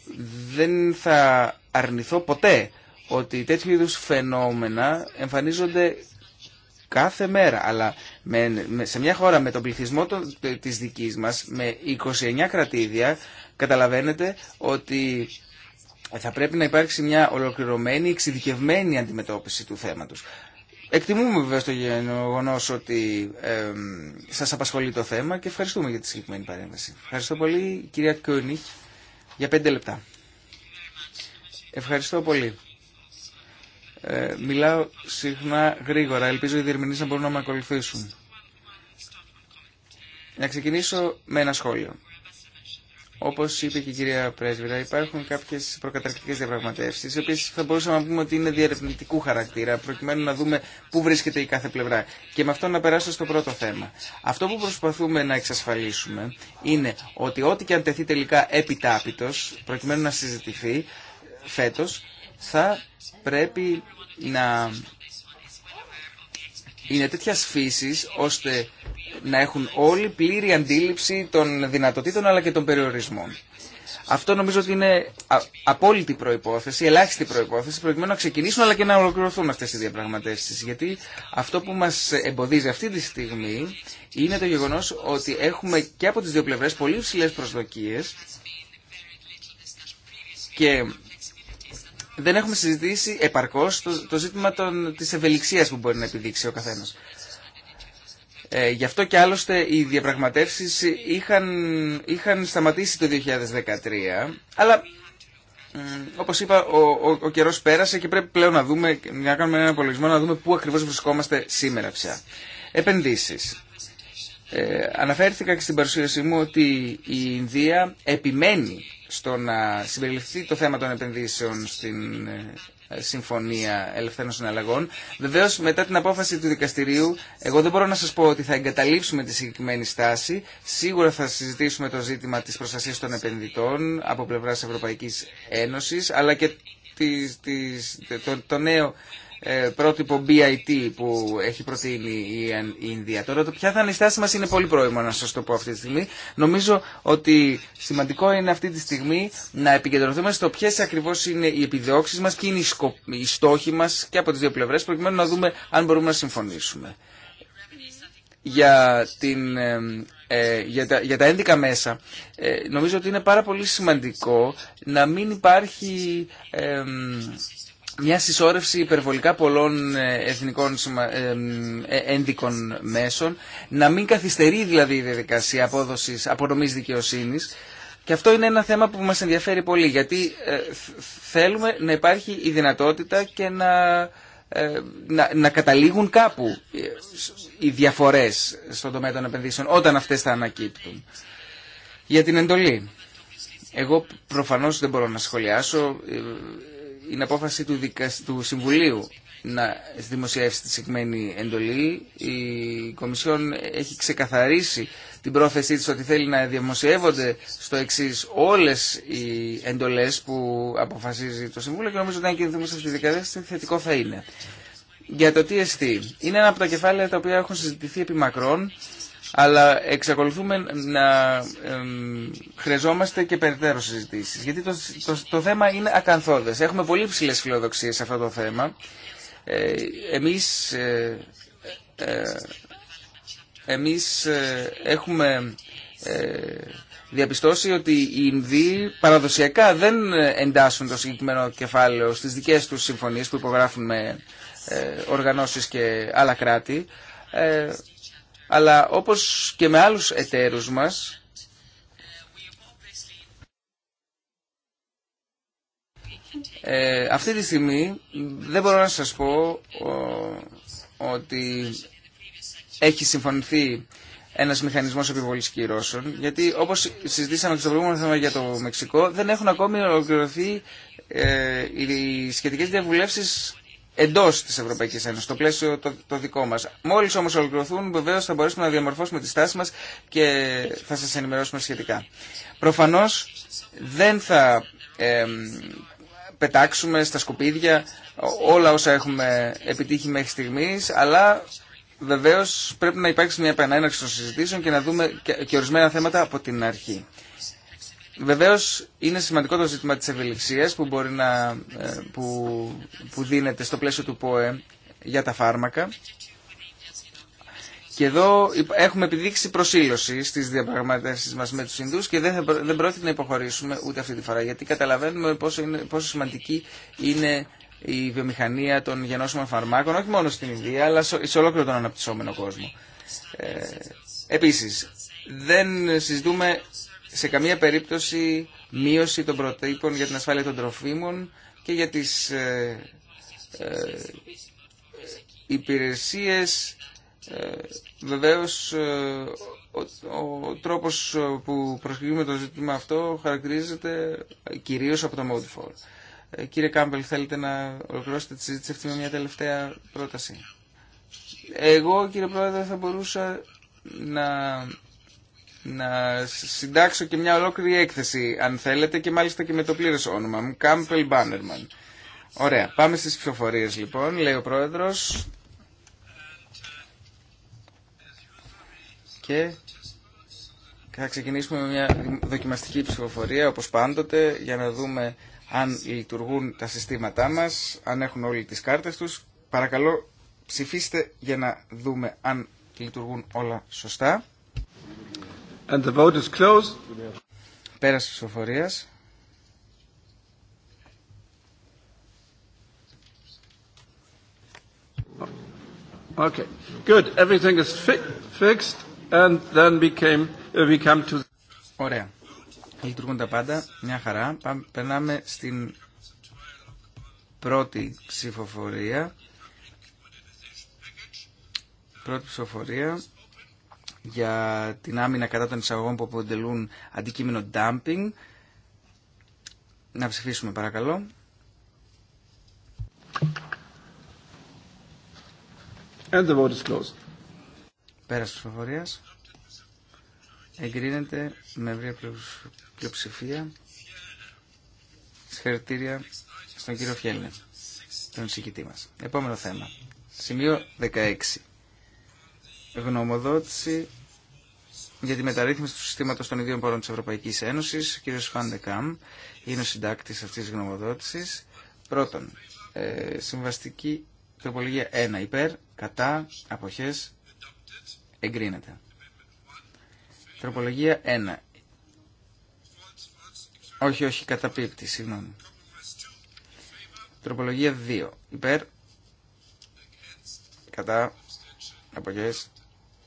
Speaker 1: δεν θα αρνηθώ ποτέ ότι τέτοιου είδου φαινόμενα εμφανίζονται κάθε μέρα. Αλλά σε μια χώρα με τον πληθυσμό της δικής μας, με 29 κρατήδια, καταλαβαίνετε ότι θα πρέπει να υπάρξει μια ολοκληρωμένη, εξειδικευμένη αντιμετώπιση του θέματος. Εκτιμούμε βέβαια στο γεγονό ότι ε, σας απασχολεί το θέμα και ευχαριστούμε για τη συγκεκριμένη παρέμβαση. Ευχαριστώ πολύ κυρία Κιόνιχ για πέντε λεπτά. Ευχαριστώ πολύ. Ε, μιλάω συχνά γρήγορα. Ελπίζω οι διερμηνείς να μπορούν να με ακολουθήσουν. Να ξεκινήσω με ένα σχόλιο. Όπω είπε και η κυρία Πρέσβυρα, υπάρχουν κάποιε προκαταρκτικέ διαπραγματεύσει, οι οποίε θα μπορούσαμε να πούμε ότι είναι διαρευνητικού χαρακτήρα, προκειμένου να δούμε πού βρίσκεται η κάθε πλευρά. Και με αυτό να περάσω στο πρώτο θέμα. Αυτό που προσπαθούμε να εξασφαλίσουμε είναι ότι ό,τι και αν τεθεί τελικά επιτάπητο, προκειμένου να συζητηθεί φέτο, θα πρέπει να είναι τέτοια φύση ώστε να έχουν όλοι πλήρη αντίληψη των δυνατοτήτων αλλά και των περιορισμών. Αυτό νομίζω ότι είναι απόλυτη προϋπόθεση, ελάχιστη προϋπόθεση προκειμένου να ξεκινήσουν αλλά και να ολοκληρωθούν αυτές οι διαπραγματεύσεις Γιατί αυτό που μας εμποδίζει αυτή τη στιγμή είναι το γεγονός ότι έχουμε και από τις δύο πλευρές πολύ ψηλέ προσδοκίε και δεν έχουμε συζητήσει επαρκώς το, το ζήτημα της ευελιξίας που μπορεί να επιδείξει ο καθένας. Ε, γι' αυτό και άλλωστε οι διαπραγματεύσεις είχαν, είχαν σταματήσει το 2013, αλλά όπως είπα ο, ο, ο καιρός πέρασε και πρέπει πλέον να δούμε, να κάνουμε ένα απολογισμό, να δούμε πού ακριβώς βρισκόμαστε σήμερα πια. Επενδύσεις. Ε, αναφέρθηκα και στην παρουσίασή μου ότι η Ινδία επιμένει στο να συμπεριληφθεί το θέμα των επενδύσεων στην ε, συμφωνία ελευθέρων συναλλαγών. Βεβαίω, μετά την απόφαση του δικαστηρίου, εγώ δεν μπορώ να σα πω ότι θα εγκαταλείψουμε τη συγκεκριμένη στάση. Σίγουρα θα συζητήσουμε το ζήτημα τη προστασία των επενδυτών από πλευρά Ευρωπαϊκή Ένωση, αλλά και το, νέο ε, πρότυπο BIT που έχει προτείνει η Ινδία. Τώρα το ποια θα είναι η στάση μας είναι πολύ πρόημο να σας το πω αυτή τη στιγμή. Νομίζω ότι σημαντικό είναι αυτή τη στιγμή να επικεντρωθούμε στο ποιε ακριβώς είναι οι επιδιώξεις μας και είναι οι στόχοι μας και από τις δύο πλευρές προκειμένου να δούμε αν μπορούμε να συμφωνήσουμε. Για, την, ε, για, τα, για τα μέσα ε, νομίζω ότι είναι πάρα πολύ σημαντικό να μην υπάρχει μια συσσόρευση υπερβολικά πολλών ε, εθνικών ε, ε, ένδικων μέσων, να μην καθυστερεί δηλαδή η διαδικασία απόδοσης, απονομής δικαιοσύνης. Και αυτό είναι ένα θέμα που μας ενδιαφέρει πολύ, γιατί θέλουμε να υπάρχει η δυνατότητα και να, να, να καταλήγουν κάπου οι διαφορές στον τομέα των επενδύσεων, όταν αυτές θα ανακύπτουν. Για την εντολή. Εγώ προφανώς δεν μπορώ να σχολιάσω είναι απόφαση του, του Συμβουλίου να δημοσιεύσει τη συγκεκριμένη εντολή. Η Κομισιόν έχει ξεκαθαρίσει την πρόθεσή της ότι θέλει να δημοσιεύονται στο εξή όλες οι εντολές που αποφασίζει το Συμβούλιο και νομίζω ότι αν κινηθούμε σε αυτή τη δικαδέστηση θετικό θα είναι. Για το TST. Είναι ένα από τα κεφάλαια τα οποία έχουν συζητηθεί επί μακρόν αλλά εξακολουθούμε να εμ, χρειαζόμαστε και περαιτέρω συζητήσει. Γιατί το, το, θέμα είναι ακαθόδε. Έχουμε πολύ ψηλέ φιλοδοξίε σε αυτό το θέμα. Ε, εμείς, ε, ε, εμείς ε, έχουμε διαπιστώσει ότι οι Ινδοί παραδοσιακά δεν εντάσσουν το συγκεκριμένο κεφάλαιο στις δικές τους συμφωνίες που υπογράφουν με οργανώσεις και άλλα κράτη αλλά όπως και με άλλους εταίρους μας, ε, αυτή τη στιγμή δεν μπορώ να σας πω ότι έχει συμφωνηθεί ένας μηχανισμός επιβολής κυρώσεων, γιατί όπως συζητήσαμε στο προηγούμενο θέμα για το Μεξικό, δεν έχουν ακόμη ολοκληρωθεί ε, οι σχετικές διαβουλεύσεις εντό τη Ευρωπαϊκή Ένωση, στο πλαίσιο το, δικό μα. Μόλι όμω ολοκληρωθούν, βεβαίω θα μπορέσουμε να διαμορφώσουμε τη στάση μα και θα σα ενημερώσουμε σχετικά. Προφανώ δεν θα πετάξουμε στα σκουπίδια όλα όσα έχουμε επιτύχει μέχρι στιγμή, αλλά βεβαίω πρέπει να υπάρξει μια επανέναρξη των συζητήσεων και να δούμε και ορισμένα θέματα από την αρχή. Βεβαίω είναι σημαντικό το ζήτημα τη ευελιξία που, ε, που, που δίνεται στο πλαίσιο του ΠΟΕ για τα φάρμακα. Και εδώ έχουμε επιδείξει προσήλωση στι διαπραγματεύσει μα με του Ινδού και δεν, δεν πρόκειται να υποχωρήσουμε ούτε αυτή τη φορά. Γιατί καταλαβαίνουμε πόσο, είναι, πόσο σημαντική είναι η βιομηχανία των γενώσιμων φαρμάκων, όχι μόνο στην Ινδία, αλλά σε ολόκληρο τον αναπτυσσόμενο κόσμο. Ε, Επίση, δεν συζητούμε σε καμία περίπτωση μείωση των προτύπων για την ασφάλεια των τροφίμων και για τις ε, ε, υπηρεσίες. Ε, βεβαίως ε, ο, ο τρόπος που προσκυγούμε το ζήτημα αυτό χαρακτηρίζεται κυρίως από το Modifor. Ε, κύριε Κάμπελ, θέλετε να ολοκληρώσετε τη συζήτηση αυτή με μια τελευταία πρόταση. Εγώ, κύριε Πρόεδρε, θα μπορούσα να να συντάξω και μια ολόκληρη έκθεση, αν θέλετε, και μάλιστα και με το πλήρες όνομα μου, Κάμπελ Μπάνερμαν. Ωραία, πάμε στις ψηφοφορίες λοιπόν, λέει ο πρόεδρο. Και θα ξεκινήσουμε με μια δοκιμαστική ψηφοφορία, όπως πάντοτε, για να δούμε αν λειτουργούν τα συστήματά μας, αν έχουν όλοι τις κάρτες τους. Παρακαλώ, ψηφίστε για να δούμε αν λειτουργούν όλα σωστά. And the vote is closed. Πέρασε Πέρας ψηφοφορίας. Okay. Good. Everything is fi fixed and then we came uh, we come to... Ωραία. Λειτουργούν τα πάντα. Μια χαρά. Πάμε, περνάμε στην πρώτη ψηφοφορία. Πρώτη ψηφοφορία για την άμυνα κατά των εισαγωγών που αποτελούν αντικείμενο dumping. Να ψηφίσουμε παρακαλώ. And the vote is closed. Πέρας της προφορίας. Εγκρίνεται με ευρία πλειοψηφία. Συγχαρητήρια στον κύριο Φιέλνε, τον συγκητή μας. Επόμενο θέμα. Σημείο 16 γνωμοδότηση για τη μεταρρύθμιση του συστήματος των ιδίων πόρων τη ευρωπαϊκή Ένωση, Ο κ. Φαντεκάμ είναι ο συντάκτη αυτής τη γνωμοδότηση. Πρώτον, ε, συμβαστική τροπολογία 1 υπέρ, κατά, αποχές, εγκρίνεται. Τροπολογία 1. Όχι, όχι, καταπίπτει, συγγνώμη. Τροπολογία 2. Υπέρ, κατά, αποχές,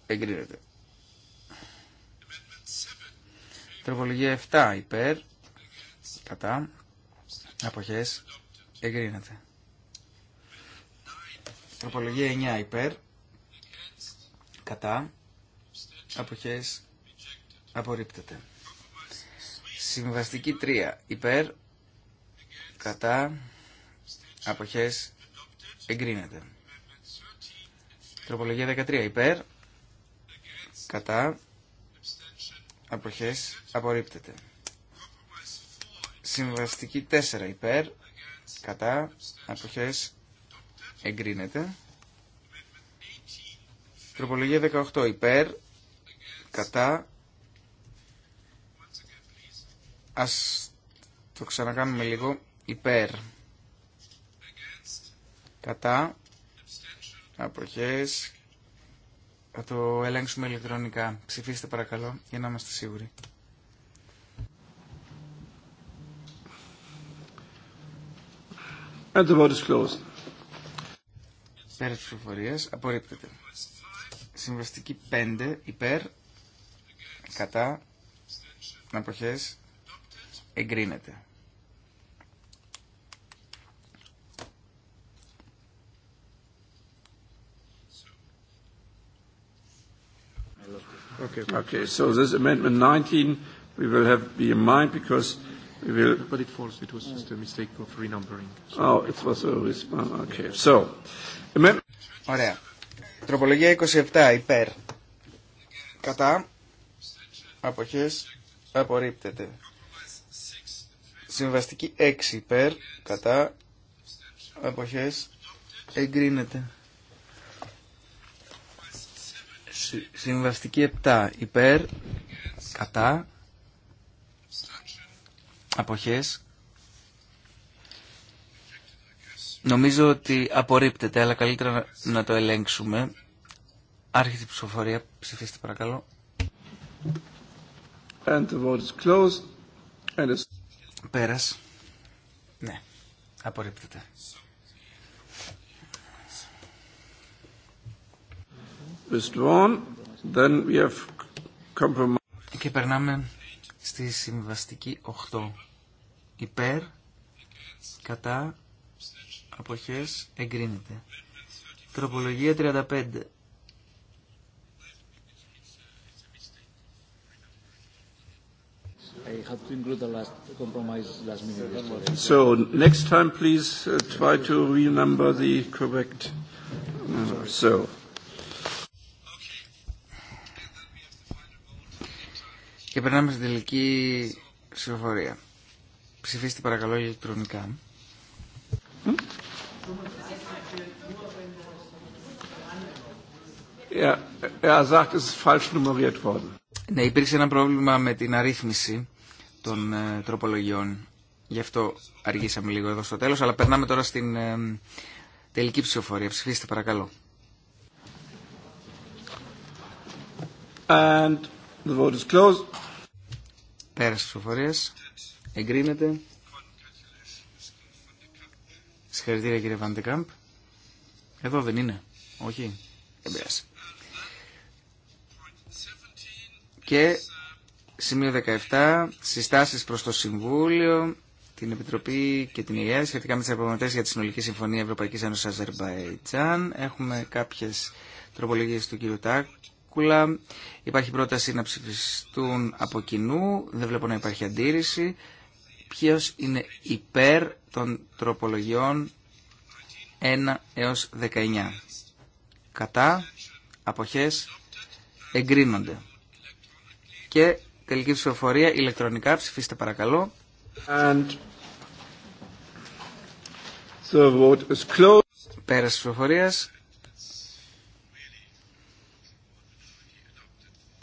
Speaker 1: εγκρίνεται. Τροπολογία 7 υπέρ, κατά, αποχές, εγκρίνεται. Τροπολογία 9 υπέρ, κατά, αποχές, απορρίπτεται. Συμβαστική 3 υπέρ, κατά, αποχές, εγκρίνεται. Τροπολογία 13 υπέρ, κατά αποχές απορρίπτεται. Συμβαστική 4 υπέρ κατά αποχές εγκρίνεται. Τροπολογία 18 υπέρ κατά ας το ξανακάνουμε λίγο υπέρ κατά αποχές θα το ελέγξουμε ηλεκτρονικά. Ψηφίστε παρακαλώ για να είμαστε σίγουροι. And the vote Πέρα τη ψηφοφορία, απορρίπτεται. Συμβαστική 5 υπέρ, κατά, αποχές, εγκρίνεται. Okay. Okay. So this amendment 19, we will have be in mind because we will. But it falls. It was just a mistake of renumbering. Oh, it was a response. Okay. So. Ωραία. Τροπολογία 27 υπέρ. Κατά. Αποχές. Απορρίπτεται. Συμβαστική 6 υπέρ. Κατά. Αποχές. Εγκρίνεται. Συμβαστική 7 υπέρ, κατά, αποχές. Νομίζω ότι απορρίπτεται, αλλά καλύτερα να το ελέγξουμε. Άρχισε η ψηφοφορία, ψηφίστε παρακαλώ. And the closed. Πέρας. Ναι, απορρίπτεται. Then we have και περνάμε στη συμβαστική 8. Υπέρ, κατά, αποχές, εγκρίνεται. Τροπολογία 35. I have to include the last compromise last minute. So next time, please uh, try to renumber the correct. Uh, so. Και περνάμε στην τελική ψηφοφορία. Ψηφίστε παρακαλώ ηλεκτρονικά. Er, er ναι, υπήρξε ένα πρόβλημα με την αρρύθμιση των ε, τροπολογιών. Γι' αυτό αργήσαμε λίγο εδώ στο τέλος, αλλά περνάμε τώρα στην ε, τελική ψηφοφορία. Ψηφίστε παρακαλώ. And the vote is closed. Πέρας ψηφοφορία. Εγκρίνεται. Συγχαρητήρια κύριε Βαντεκάμπ. Εδώ δεν είναι. Όχι. Δεν πειράζει. Και σημείο 17. Συστάσεις προς το Συμβούλιο, την Επιτροπή και την ΕΕ. σχετικά με τις απομονωτές για τη Συνολική Συμφωνία Ευρωπαϊκής Ένωσης Αζερβαϊτζάν. Έχουμε κάποιες τροπολογίες του κύριου Τάκ Υπάρχει πρόταση να ψηφιστούν από κοινού. Δεν βλέπω να υπάρχει αντίρρηση. Ποιο είναι υπέρ των τροπολογιών 1 έως 19. Κατά, αποχές, εγκρίνονται. Και τελική ψηφοφορία ηλεκτρονικά. Ψηφίστε παρακαλώ. And the vote is closed. Πέρας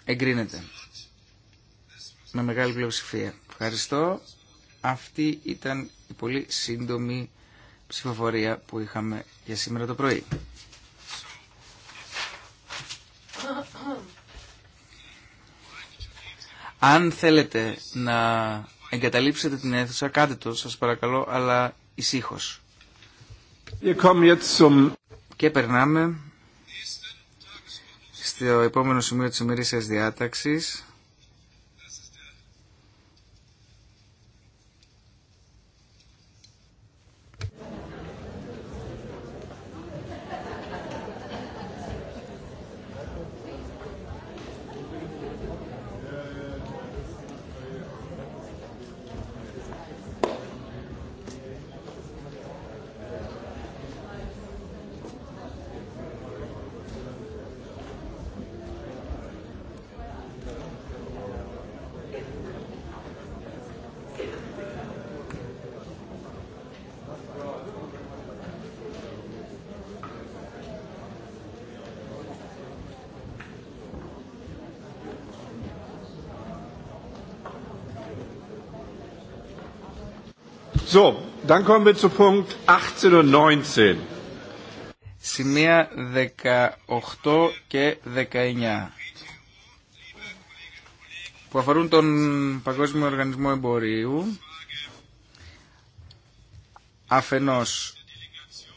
Speaker 1: Εγκρίνεται. Με μεγάλη πλειοψηφία. Ευχαριστώ. Αυτή ήταν η πολύ σύντομη ψηφοφορία που είχαμε για σήμερα το πρωί. Αν θέλετε να εγκαταλείψετε την αίθουσα, κάντε το, σας παρακαλώ, αλλά ησύχως. Και περνάμε στο επόμενο σημείο της ημερήσιας διάταξης
Speaker 3: Dann kommen wir zu Punkt 18 und 19.
Speaker 1: Σημεία 18 και 19 που αφορούν τον Παγκόσμιο Οργανισμό Εμπορίου αφενός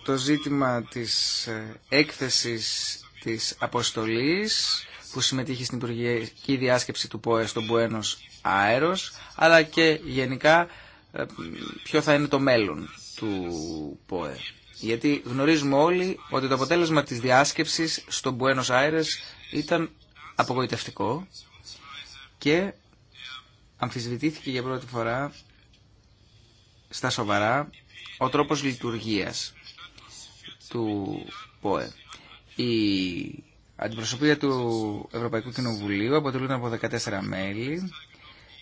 Speaker 1: το ζήτημα της ε, έκθεσης της αποστολής που συμμετείχε στην υπουργική διάσκεψη του ΠΟΕ στον Πουένος Αέρος αλλά και γενικά ε, ποιο θα είναι το μέλλον του ΠΟΕ. Γιατί γνωρίζουμε όλοι ότι το αποτέλεσμα της διάσκεψης στον Buenos Aires ήταν απογοητευτικό και αμφισβητήθηκε για πρώτη φορά στα σοβαρά ο τρόπος λειτουργίας του ΠΟΕ. Η αντιπροσωπεία του Ευρωπαϊκού Κοινοβουλίου αποτελούν από 14 μέλη.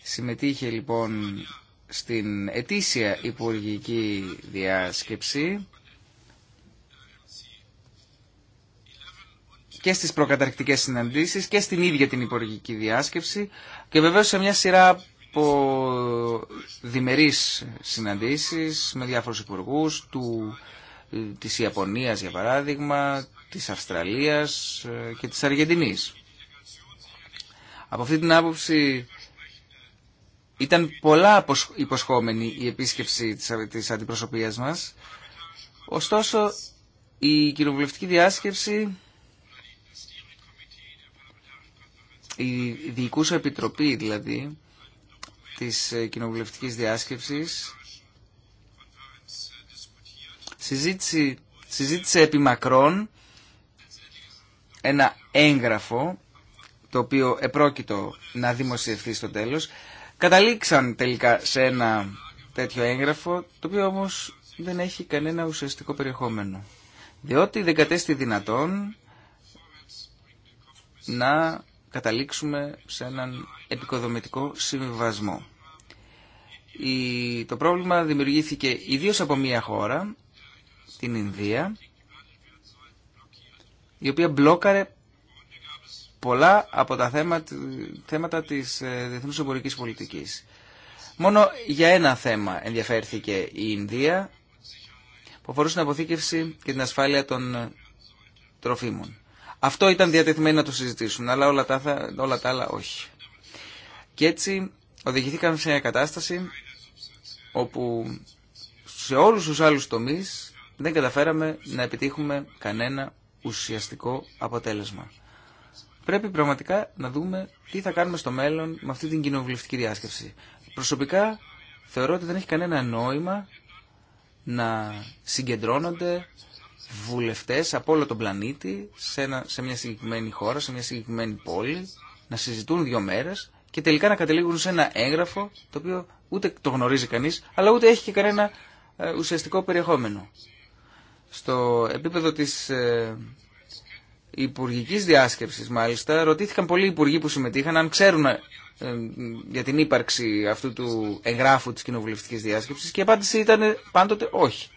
Speaker 1: Συμμετείχε λοιπόν στην ετήσια υπουργική διάσκεψη και στις προκαταρκτικές συναντήσεις και στην ίδια την υπουργική διάσκεψη και βεβαίως σε μια σειρά από διμερείς συναντήσεις με διάφορους υπουργούς του, της Ιαπωνίας για παράδειγμα, της Αυστραλίας ε, και της Αργεντινής. Από αυτή την άποψη ήταν πολλά υποσχόμενη η επίσκεψη της αντιπροσωπείας μας. Ωστόσο, η κοινοβουλευτική διάσκεψη, η διοικούσα επιτροπή δηλαδή της ε, κοινοβουλευτικής διάσκεψης, συζήτησε, συζήτησε επί μακρόν ένα έγγραφο το οποίο επρόκειτο να δημοσιευθεί στο τέλος καταλήξαν τελικά σε ένα τέτοιο έγγραφο, το οποίο όμως δεν έχει κανένα ουσιαστικό περιεχόμενο. Διότι δεν κατέστη δυνατόν να καταλήξουμε σε έναν επικοδομητικό συμβιβασμό. Η, το πρόβλημα δημιουργήθηκε ιδίως από μία χώρα, την Ινδία, η οποία μπλόκαρε πολλά από τα θέματα, θέματα της ε, διεθνούς εμπορικής πολιτικής. Μόνο για ένα θέμα ενδιαφέρθηκε η Ινδία, που αφορούσε την αποθήκευση και την ασφάλεια των ε, τροφίμων. Αυτό ήταν διατεθειμένοι να το συζητήσουν, αλλά όλα τα, όλα τα άλλα όχι. Και έτσι οδηγήθηκαν σε μια κατάσταση όπου σε όλους τους άλλους τομείς δεν καταφέραμε να επιτύχουμε κανένα ουσιαστικό αποτέλεσμα πρέπει πραγματικά να δούμε τι θα κάνουμε στο μέλλον με αυτή την κοινοβουλευτική διάσκεψη. Προσωπικά θεωρώ ότι δεν έχει κανένα νόημα να συγκεντρώνονται βουλευτές από όλο τον πλανήτη σε, ένα, σε μια συγκεκριμένη χώρα, σε μια συγκεκριμένη πόλη, να συζητούν δύο μέρες και τελικά να καταλήγουν σε ένα έγγραφο το οποίο ούτε το γνωρίζει κανείς, αλλά ούτε έχει και κανένα ε, ουσιαστικό περιεχόμενο. Στο επίπεδο της ε, υπουργικής διάσκεψης μάλιστα ρωτήθηκαν πολλοί υπουργοί που συμμετείχαν αν ξέρουν ε, για την ύπαρξη αυτού του εγγράφου της κοινοβουλευτικής διάσκεψης και η απάντηση ήταν πάντοτε όχι.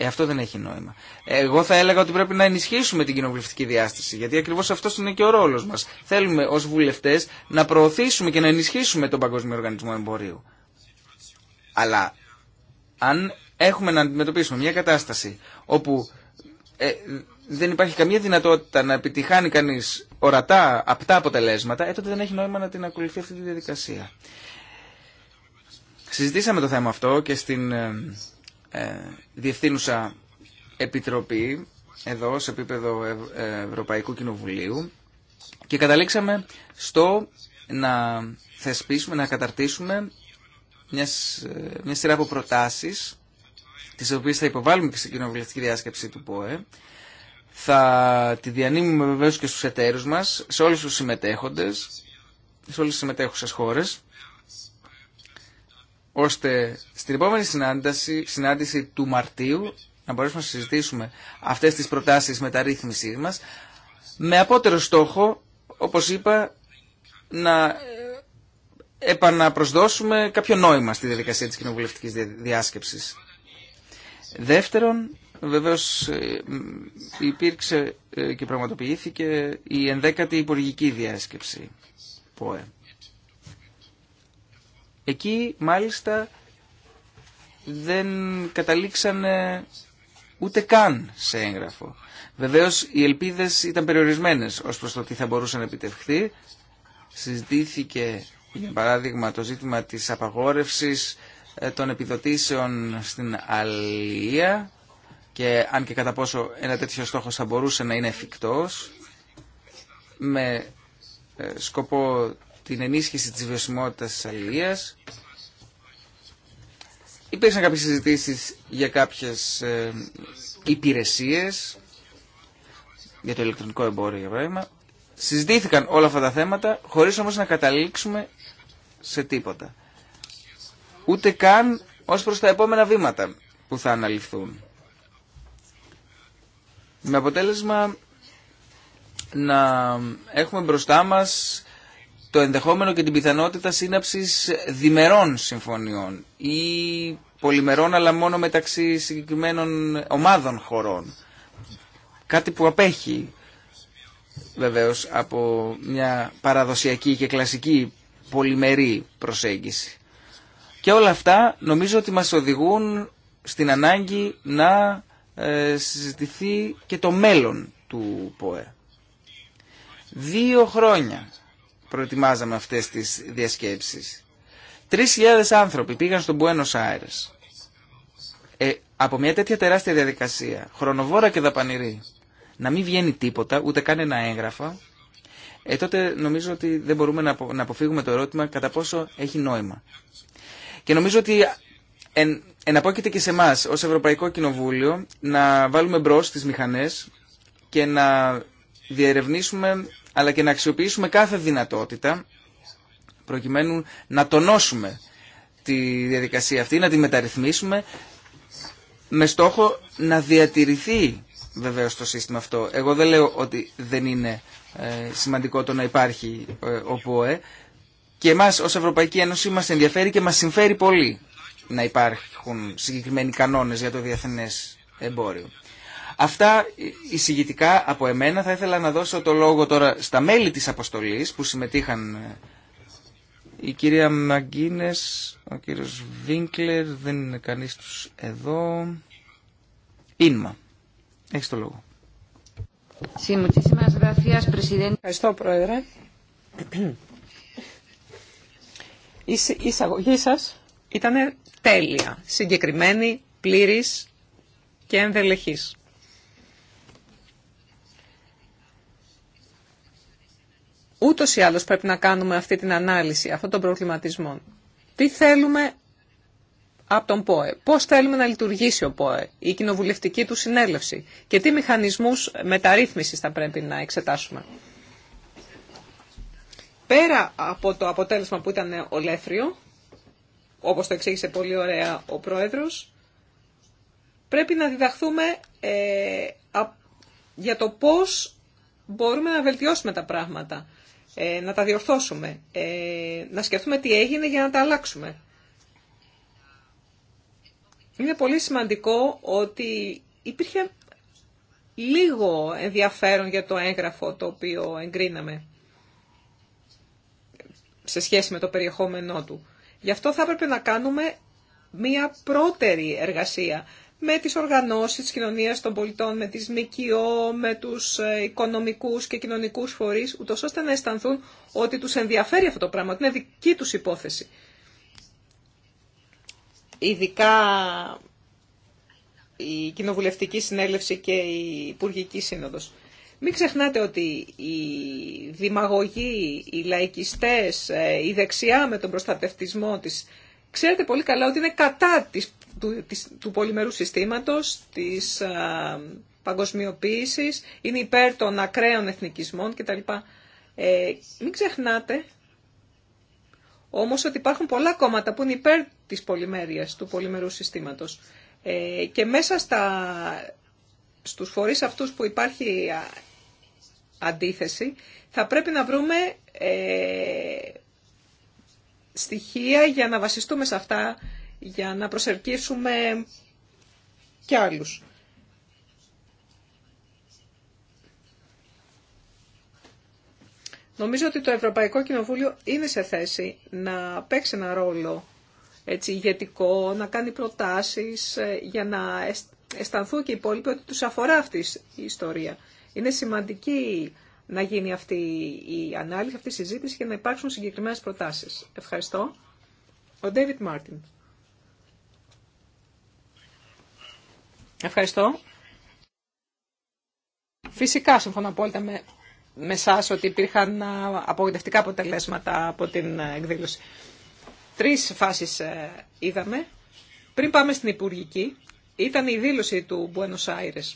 Speaker 1: Ε, αυτό δεν έχει νόημα. Εγώ θα έλεγα ότι πρέπει να ενισχύσουμε την κοινοβουλευτική διάσταση, γιατί ακριβώ αυτό είναι και ο ρόλο μα. Θέλουμε ω βουλευτέ να προωθήσουμε και να ενισχύσουμε τον Παγκόσμιο Οργανισμό Εμπορίου. Αλλά αν έχουμε να αντιμετωπίσουμε μια κατάσταση όπου ε, δεν υπάρχει καμία δυνατότητα να επιτυχάνει κανεί ορατά, απτά αποτελέσματα, ε, τότε δεν έχει νόημα να την ακολουθεί αυτή τη διαδικασία. Συζητήσαμε το θέμα αυτό και στην ε, ε Διευθύνουσα Επιτροπή, εδώ σε επίπεδο ε, Ευρωπαϊκού Κοινοβουλίου, και καταλήξαμε στο να θεσπίσουμε, να καταρτήσουμε μια, ε, μια σειρά από προτάσεις τις οποίες θα υποβάλουμε και στην κοινοβουλευτική διάσκεψη του ΠΟΕ θα τη διανύμουμε βεβαίω και στους εταίρους μας, σε όλους τους συμμετέχοντες, σε όλες τις συμμετέχουσες χώρες, ώστε στην επόμενη συνάντηση, συνάντηση του Μαρτίου να μπορέσουμε να συζητήσουμε αυτές τις προτάσεις ρύθμισή μας, με απότερο στόχο, όπως είπα, να επαναπροσδώσουμε κάποιο νόημα στη διαδικασία της κοινοβουλευτικής διάσκεψης. Δεύτερον, Βεβαίω, ε, υπήρξε ε, και πραγματοποιήθηκε η ενδέκατη υπουργική διάσκεψη ΠΟΕ. Εκεί μάλιστα δεν καταλήξανε ούτε καν σε έγγραφο. Βεβαίως οι ελπίδες ήταν περιορισμένες ως προς το τι θα μπορούσε να επιτευχθεί. Συζητήθηκε για παράδειγμα το ζήτημα της απαγόρευσης ε, των επιδοτήσεων στην Αλία και αν και κατά πόσο ένα τέτοιο στόχος θα μπορούσε να είναι εφικτός με ε, σκοπό την ενίσχυση της βιωσιμότητας της αλληλείας. Υπήρξαν κάποιες συζητήσει για κάποιες ε, υπηρεσίες, για το ηλεκτρονικό εμπόριο για παράδειγμα. Συζητήθηκαν όλα αυτά τα θέματα χωρίς όμως να καταλήξουμε σε τίποτα. Ούτε καν ως προς τα επόμενα βήματα που θα αναλυθούν. Με αποτέλεσμα να έχουμε μπροστά μας το ενδεχόμενο και την πιθανότητα σύναψης διμερών συμφωνιών ή πολυμερών αλλά μόνο μεταξύ συγκεκριμένων ομάδων χωρών. Κάτι που απέχει βεβαίως από μια παραδοσιακή και κλασική πολυμερή προσέγγιση. Και όλα αυτά νομίζω ότι μας οδηγούν στην ανάγκη να ε, συζητηθεί και το μέλλον του ΠΟΕ. Δύο χρόνια προετοιμάζαμε αυτές τις διασκέψεις. Τρεις χιλιάδες άνθρωποι πήγαν στον Buenos Aires. Ε, από μια τέτοια τεράστια διαδικασία, χρονοβόρα και δαπανηρή, να μην βγαίνει τίποτα, ούτε καν ένα έγγραφα, ε, τότε νομίζω ότι δεν μπορούμε να αποφύγουμε το ερώτημα κατά πόσο έχει νόημα. Και νομίζω ότι εναπόκειται και σε εμά ω Ευρωπαϊκό Κοινοβούλιο να βάλουμε μπρο τι μηχανέ και να διερευνήσουμε αλλά και να αξιοποιήσουμε κάθε δυνατότητα προκειμένου να τονώσουμε τη διαδικασία αυτή, να τη μεταρρυθμίσουμε με στόχο να διατηρηθεί βεβαίως το σύστημα αυτό. Εγώ δεν λέω ότι δεν είναι ε, σημαντικό το να υπάρχει ε, ο ΠΟΕ και εμάς ως Ευρωπαϊκή Ένωση μας ενδιαφέρει και μας συμφέρει πολύ να υπάρχουν συγκεκριμένοι κανόνες για το διεθνές εμπόριο. Αυτά εισηγητικά από εμένα θα ήθελα να δώσω το λόγο τώρα στα μέλη της αποστολής που συμμετείχαν η κυρία Μαγκίνες, ο κύριος Βίνκλερ, δεν είναι κανείς τους εδώ. Ίνμα, έχεις το λόγο.
Speaker 2: Ευχαριστώ Πρόεδρε. Η εισαγωγή σας ήταν τέλεια, συγκεκριμένη, πλήρης και ενδελεχής. Ούτως ή άλλως πρέπει να κάνουμε αυτή την ανάλυση αυτών τον προβληματισμό. Τι θέλουμε από τον ΠΟΕ, πώς θέλουμε να λειτουργήσει ο ΠΟΕ, η κοινοβουλευτική του συνέλευση και τι μηχανισμούς μεταρρύθμισης θα πρέπει να εξετάσουμε. Πέρα από το αποτέλεσμα που ήταν ολέθριο, όπως το εξήγησε πολύ ωραία ο Πρόεδρος, πρέπει να διδαχθούμε ε, για το πώς μπορούμε να βελτιώσουμε τα πράγματα, ε, να τα διορθώσουμε, ε, να σκεφτούμε τι έγινε για να τα αλλάξουμε. Είναι πολύ σημαντικό ότι υπήρχε λίγο ενδιαφέρον για το έγγραφο το οποίο εγκρίναμε σε σχέση με το περιεχόμενό του. Γι' αυτό θα έπρεπε να κάνουμε μία πρώτερη εργασία με τις οργανώσεις της κοινωνίας των πολιτών, με τις ΜΚΟ, με τους ε, οικονομικούς και κοινωνικούς φορείς, ούτως ώστε να αισθανθούν ότι τους ενδιαφέρει αυτό το πράγμα, ότι είναι δική τους υπόθεση. Ειδικά η Κοινοβουλευτική Συνέλευση και η Υπουργική Σύνοδος. Μην ξεχνάτε ότι οι δημαγωγοί, οι λαϊκιστές, ε, η δεξιά με τον προστατευτισμό της, ξέρετε πολύ καλά ότι είναι κατά της, του, του πολυμερού συστήματος, της παγκοσμιοποίησης, είναι υπέρ των ακραίων εθνικισμών κτλ. Ε, μην ξεχνάτε όμως ότι υπάρχουν πολλά κόμματα που είναι υπέρ της πολυμέρειας, του πολυμερού συστήματος. Ε, και μέσα στα στους φορείς αυτούς που υπάρχει αντίθεση, θα πρέπει να βρούμε ε, στοιχεία για να βασιστούμε σε αυτά, για να προσερκίσουμε και άλλους. Νομίζω ότι το Ευρωπαϊκό Κοινοβούλιο είναι σε θέση να παίξει ένα ρόλο έτσι, ηγετικό, να κάνει προτάσεις ε, για να αισθανθούν και οι υπόλοιποι ότι τους αφορά αυτή η ιστορία. Είναι σημαντική να γίνει αυτή η ανάλυση, αυτή η συζήτηση και να υπάρξουν συγκεκριμένες προτάσεις. Ευχαριστώ. Ο David Μάρτιν. Ευχαριστώ. Φυσικά συμφωνώ απόλυτα με, με εσά ότι υπήρχαν απογοητευτικά αποτελέσματα από την ε, εκδήλωση. Τρεις φάσεις ε, είδαμε. Πριν πάμε στην Υπουργική, ήταν η δήλωση του Buenos Aires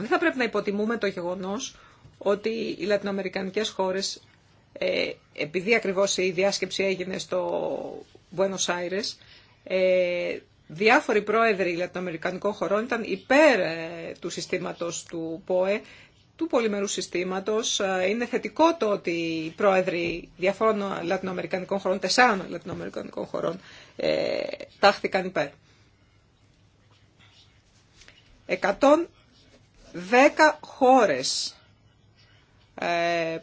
Speaker 2: δεν θα πρέπει να υποτιμούμε το γεγονός ότι οι λατινοαμερικανικές χώρες, ε, επειδή ακριβώς η διάσκεψη έγινε στο Buenos Aires, ε, διάφοροι πρόεδροι λατινοαμερικανικών χωρών ήταν υπέρ ε, του συστήματος του ΠΟΕ, του πολυμερού συστήματος. Είναι θετικό το ότι οι πρόεδροι διαφόρων λατινοαμερικανικών χωρών, τεσσάρων λατινοαμερικανικών χωρών, τάχθηκαν υπέρ. Δέκα χώρες ε,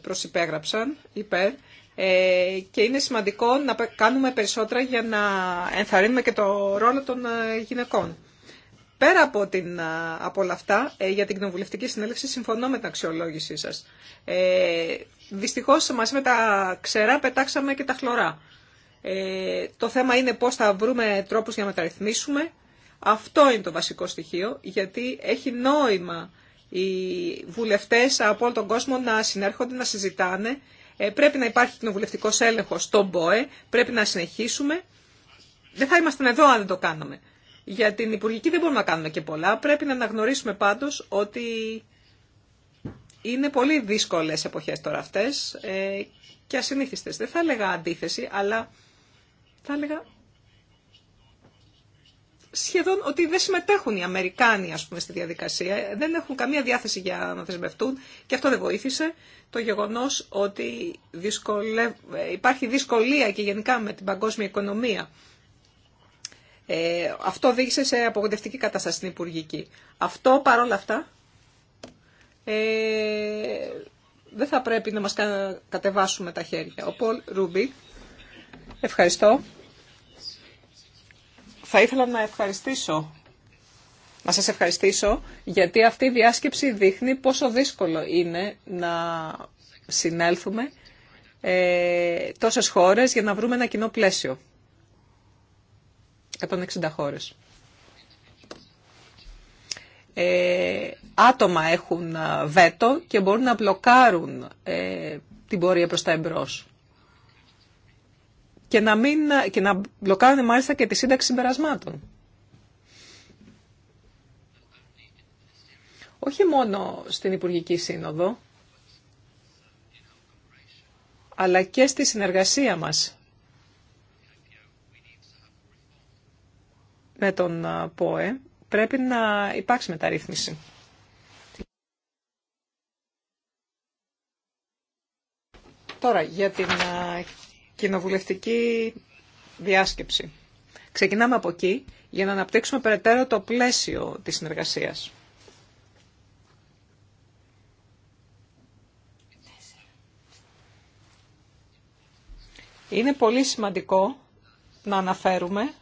Speaker 2: προσυπέγραψαν υπέρ ε, και είναι σημαντικό να κάνουμε περισσότερα για να ενθαρρύνουμε και το ρόλο των ε, γυναικών. Πέρα από, την, από όλα αυτά, για την κοινοβουλευτική συνέλευση συμφωνώ με την αξιολόγησή σας. Ε, δυστυχώς μαζί με τα ξερά πετάξαμε και τα χλωρά. Ε, το θέμα είναι πώς θα βρούμε τρόπους για να μεταρρυθμίσουμε αυτό είναι το βασικό στοιχείο, γιατί έχει νόημα οι βουλευτές από όλο τον κόσμο να συνέρχονται, να συζητάνε. Ε, πρέπει να υπάρχει κοινοβουλευτικό έλεγχος στον ΠΟΕ, πρέπει να συνεχίσουμε. Δεν θα ήμασταν εδώ αν δεν το κάναμε. Για την Υπουργική δεν μπορούμε να κάνουμε και πολλά. Πρέπει να αναγνωρίσουμε πάντως ότι είναι πολύ δύσκολες εποχές τώρα αυτές ε, και ασυνήθιστες. Δεν θα έλεγα αντίθεση, αλλά θα έλεγα σχεδόν ότι δεν συμμετέχουν οι Αμερικάνοι ας πούμε, στη διαδικασία, δεν έχουν καμία διάθεση για να δεσμευτούν και αυτό δεν βοήθησε το γεγονός ότι δυσκολε... υπάρχει δυσκολία και γενικά με την παγκόσμια οικονομία. Ε, αυτό οδήγησε σε απογοητευτική κατάσταση στην Υπουργική. Αυτό παρόλα αυτά ε, δεν θα πρέπει να μας κατεβάσουμε τα χέρια. Ο Πολ Ρούμπι, ευχαριστώ. Θα ήθελα να ευχαριστήσω, να σας ευχαριστήσω, γιατί αυτή η διάσκεψη δείχνει πόσο δύσκολο είναι να συνέλθουμε ε, τόσες χώρες για να βρούμε ένα κοινό πλαίσιο. 160 χώρες. Ε, άτομα έχουν ε, βέτο και μπορούν να μπλοκάρουν ε, την πορεία προς τα εμπρός και να, μην, και να μπλοκάρουν μάλιστα και τη σύνταξη συμπερασμάτων. Όχι μόνο στην Υπουργική Σύνοδο, αλλά και στη συνεργασία μας με τον ΠΟΕ πρέπει να υπάρξει μεταρρύθμιση. Τώρα, για την κοινοβουλευτική διάσκεψη. Ξεκινάμε από εκεί για να αναπτύξουμε περαιτέρω το πλαίσιο της συνεργασίας. Είναι πολύ σημαντικό να αναφέρουμε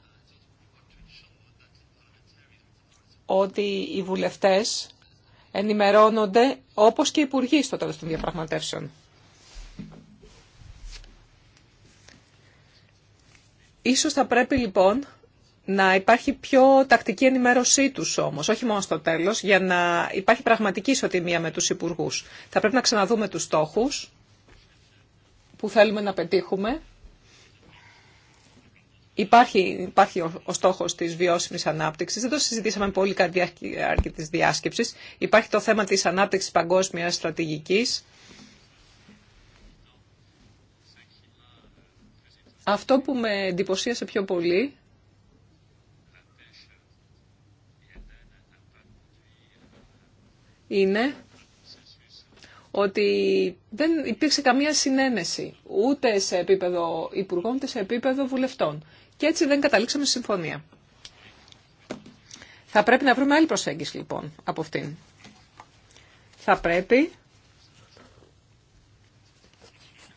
Speaker 2: ότι οι βουλευτές ενημερώνονται όπως και οι υπουργοί στο τέλος των διαπραγματεύσεων. Ίσως θα πρέπει λοιπόν να υπάρχει πιο τακτική ενημέρωσή του όμω, όχι μόνο στο τέλος, για να υπάρχει πραγματική ισοτιμία με τους υπουργού. Θα πρέπει να ξαναδούμε τους στόχους που θέλουμε να πετύχουμε. Υπάρχει, υπάρχει ο, ο στόχος της βιώσιμης ανάπτυξης. Δεν το συζητήσαμε πολύ κατά τη διάρκεια Υπάρχει το θέμα της ανάπτυξης παγκόσμιας στρατηγικής Αυτό που με εντυπωσίασε πιο πολύ είναι ότι δεν υπήρξε καμία συνένεση ούτε σε επίπεδο υπουργών, ούτε σε επίπεδο βουλευτών. Και έτσι δεν καταλήξαμε συμφωνία. Θα πρέπει να βρούμε άλλη προσέγγιση λοιπόν από αυτήν. Θα πρέπει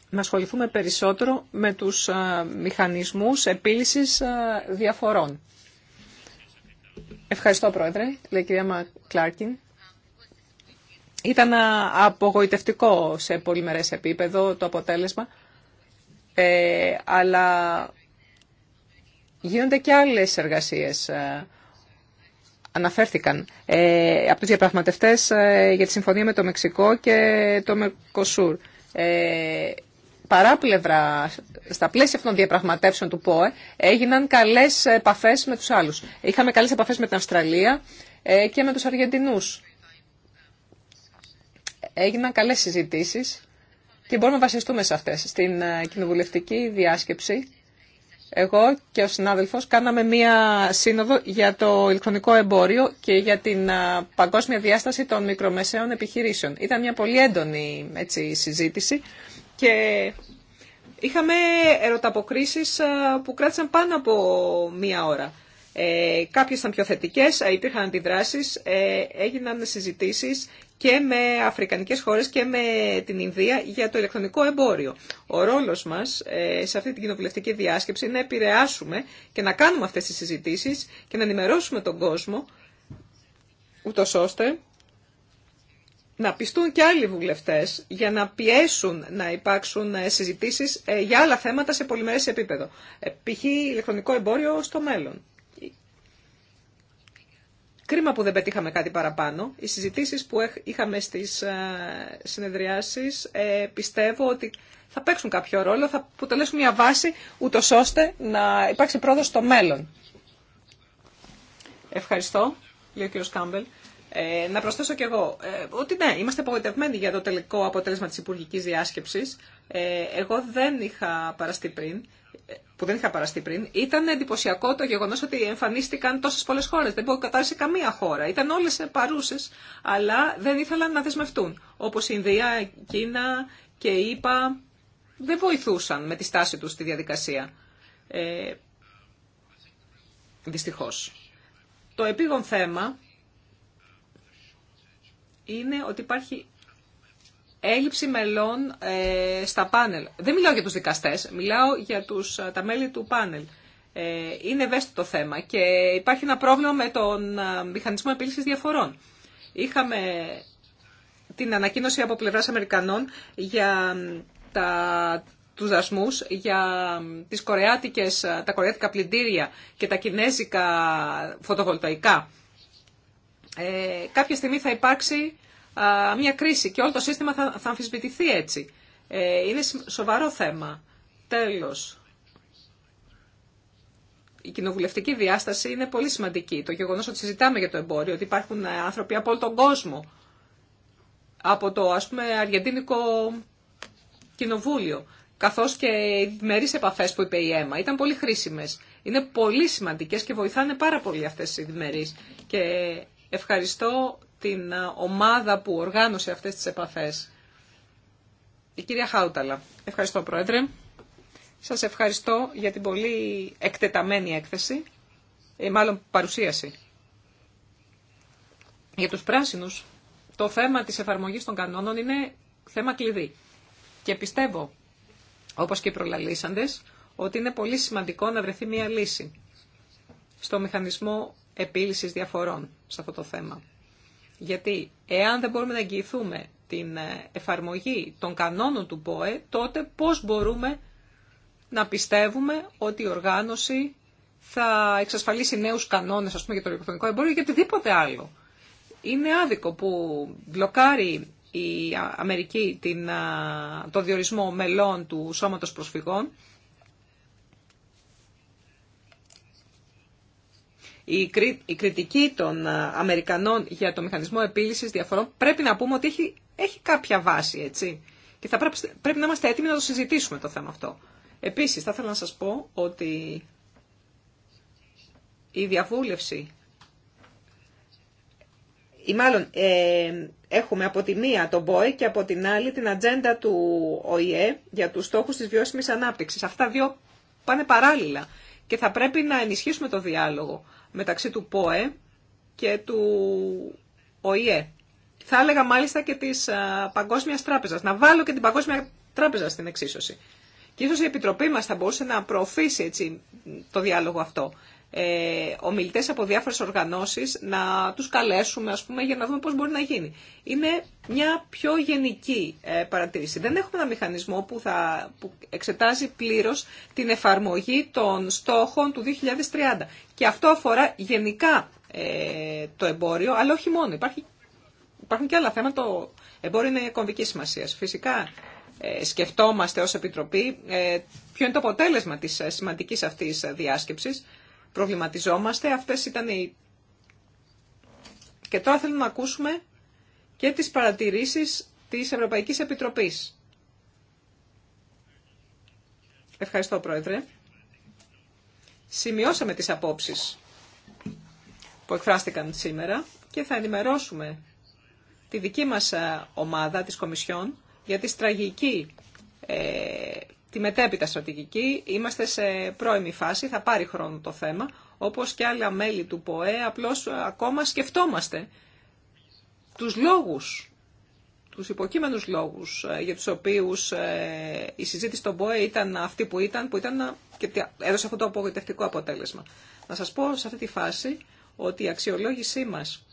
Speaker 2: να ασχοληθούμε περισσότερο με τους ε, μηχανισμούς επίλυσης ε, διαφορών. Ευχαριστώ, Πρόεδρε, λέει η κυρία Μακλάρκιν. Ήταν ε, απογοητευτικό σε πολυμερές επίπεδο το αποτέλεσμα, αλλά γίνονται και άλλες εργασίες αναφέρθηκαν από τους διαπραγματευτές για τη συμφωνία με το Μεξικό και το Μεκοσούρ παράπλευρα, στα πλαίσια αυτών των διαπραγματεύσεων του ΠΟΕ, έγιναν καλές επαφές με τους άλλους. Είχαμε καλές επαφές με την Αυστραλία ε, και με τους Αργεντινούς. Έγιναν καλές συζητήσεις και μπορούμε να βασιστούμε σε αυτές. Στην ε, κοινοβουλευτική διάσκεψη, εγώ και ο συνάδελφος κάναμε μία σύνοδο για το ηλεκτρονικό εμπόριο και για την ε, παγκόσμια διάσταση των μικρομεσαίων επιχειρήσεων. Ήταν μια πολύ έντονη έτσι, συζήτηση και είχαμε ερωταποκρίσεις που κράτησαν πάνω από μία ώρα. Ε, κάποιες ήταν πιο θετικές, υπήρχαν αντιδράσεις, ε, έγιναν συζητήσεις και με αφρικανικές χώρες και με την Ινδία για το ηλεκτρονικό εμπόριο. Ο ρόλος μας ε, σε αυτή την κοινοβουλευτική διάσκεψη είναι να επηρεάσουμε και να κάνουμε αυτές τις συζητήσεις και να ενημερώσουμε τον κόσμο, ούτω ώστε να πιστούν και άλλοι βουλευτές για να πιέσουν να υπάρξουν ε, συζητήσεις ε, για άλλα θέματα σε πολυμερές επίπεδο. Ε, π.χ. ηλεκτρονικό εμπόριο στο μέλλον. Κρίμα που δεν πετύχαμε κάτι παραπάνω. Οι συζητήσεις που είχαμε στις συνεδριάσεις πιστεύω ότι θα παίξουν κάποιο ρόλο, θα αποτελέσουν μια βάση ούτω ώστε να υπάρξει πρόοδος στο μέλλον. Ευχαριστώ, λέει ο κ. Κάμπελ. Ε, να προσθέσω κι εγώ ε, ότι ναι, είμαστε απογοητευμένοι για το τελικό αποτέλεσμα της Υπουργικής Διάσκεψης. Ε, εγώ δεν είχα παραστεί πριν, ε, που δεν είχα παραστεί πριν. Ήταν εντυπωσιακό το γεγονό ότι εμφανίστηκαν τόσε πολλέ χώρε. Δεν κατάρρισε καμία χώρα. Ήταν όλε παρούσε, αλλά δεν ήθελαν να δεσμευτούν. Όπω η Ινδία, η Κίνα και η ΙΠΑ δεν βοηθούσαν με τη στάση του στη διαδικασία. Ε, δυστυχώς. Το επίγον θέμα είναι ότι υπάρχει έλλειψη μελών ε, στα πάνελ. Δεν μιλάω για τους δικαστές, μιλάω για τους, ε, τα μέλη του πάνελ. Ε, είναι ευαίσθητο θέμα και υπάρχει ένα πρόβλημα με τον ε, μηχανισμό επίλυσης διαφορών. Είχαμε την ανακοίνωση από πλευράς Αμερικανών για τα, τους δασμούς, για τις κορεάτικες, τα κορεάτικα πλυντήρια και τα κινέζικα φωτοβολταϊκά ε, κάποια στιγμή θα υπάρξει α, μια κρίση και όλο το σύστημα θα, θα αμφισβητηθεί έτσι. Ε, είναι σοβαρό θέμα. Τέλος. Η κοινοβουλευτική διάσταση είναι πολύ σημαντική. Το γεγονός ότι συζητάμε για το εμπόριο, ότι υπάρχουν ε, άνθρωποι από όλο τον κόσμο, από το ας πούμε αργεντίνικο κοινοβούλιο, καθώς και οι διμερείς επαφές που είπε η ΕΜΑ, ήταν πολύ χρήσιμες. Είναι πολύ σημαντικές και βοηθάνε πάρα πολύ αυτές οι διμερείς. Και Ευχαριστώ την ε, ομάδα που οργάνωσε αυτές τις επαφές. Η κυρία Χάουταλα. Ευχαριστώ, Πρόεδρε. Σας ευχαριστώ για την πολύ εκτεταμένη έκθεση, ή ε, μάλλον παρουσίαση. Για τους πράσινους, το θέμα της εφαρμογής των κανόνων είναι θέμα κλειδί. Και πιστεύω, όπως και οι προλαλήσαντες, ότι είναι πολύ σημαντικό να βρεθεί μια λύση στο μηχανισμό επίλυσης διαφορών σε αυτό το θέμα. Γιατί εάν δεν μπορούμε να εγγυηθούμε την ε, εφαρμογή των κανόνων του ΠΟΕ, τότε πώς μπορούμε να πιστεύουμε ότι η οργάνωση θα εξασφαλίσει νέους κανόνες ας πούμε, για το ηλεκτρονικό εμπόριο ή για οτιδήποτε άλλο. Είναι άδικο που μπλοκάρει η Αμερική την, το διορισμό μελών του Σώματος Προσφυγών η κριτική των ε, Αμερικανών για το μηχανισμό επίλυσης διαφορών πρέπει να πούμε ότι έχει, έχει κάποια βάση, έτσι. Και θα πρέπει, πρέπει να είμαστε έτοιμοι να το συζητήσουμε το θέμα αυτό. Επίσης, θα ήθελα να σας πω ότι η διαβούλευση ή μάλλον ε, έχουμε από τη μία τον ΠΟΕ και από την άλλη την ατζέντα του ΟΗΕ για τους στόχους της βιώσιμης ανάπτυξης. Αυτά δύο πάνε παράλληλα και θα πρέπει να ενισχύσουμε το διάλογο μεταξύ του ΠΟΕ και του ΟΗΕ. Θα έλεγα μάλιστα και της Παγκόσμιας Τράπεζας. Να βάλω και την Παγκόσμια Τράπεζα στην εξίσωση. Και ίσως η Επιτροπή μας θα μπορούσε να προωθήσει έτσι, το διάλογο αυτό ε, από διάφορες οργανώσεις να τους καλέσουμε ας πούμε, για να δούμε πώς μπορεί να γίνει. Είναι μια πιο γενική ε, παρατήρηση. Δεν έχουμε ένα μηχανισμό που, θα, που εξετάζει πλήρως την εφαρμογή των στόχων του 2030. Και αυτό αφορά γενικά ε, το εμπόριο, αλλά όχι μόνο. Υπάρχει, υπάρχουν και άλλα θέματα. Το εμπόριο είναι κομβική σημασία. Φυσικά ε, σκεφτόμαστε ως Επιτροπή ποιο είναι το αποτέλεσμα της σημαντικής αυτής διάσκεψης προβληματιζόμαστε. Αυτές ήταν οι... Και τώρα θέλουμε να ακούσουμε και τις παρατηρήσεις της Ευρωπαϊκής Επιτροπής. Ευχαριστώ, Πρόεδρε. Σημειώσαμε τις απόψεις που εκφράστηκαν σήμερα και θα ενημερώσουμε τη δική μας ε, ομάδα της Κομισιόν για τη στραγική ε, τη μετέπειτα στρατηγική. Είμαστε σε πρώιμη φάση, θα πάρει χρόνο το θέμα, όπως και άλλα μέλη του ΠΟΕ, απλώς ακόμα σκεφτόμαστε τους λόγους, τους υποκείμενους λόγους ε, για τους οποίους ε, η συζήτηση στον ΠΟΕ ήταν αυτή που ήταν, που ήταν και έδωσε αυτό το απογοητευτικό αποτέλεσμα. Να σας πω σε αυτή τη φάση ότι η αξιολόγησή μας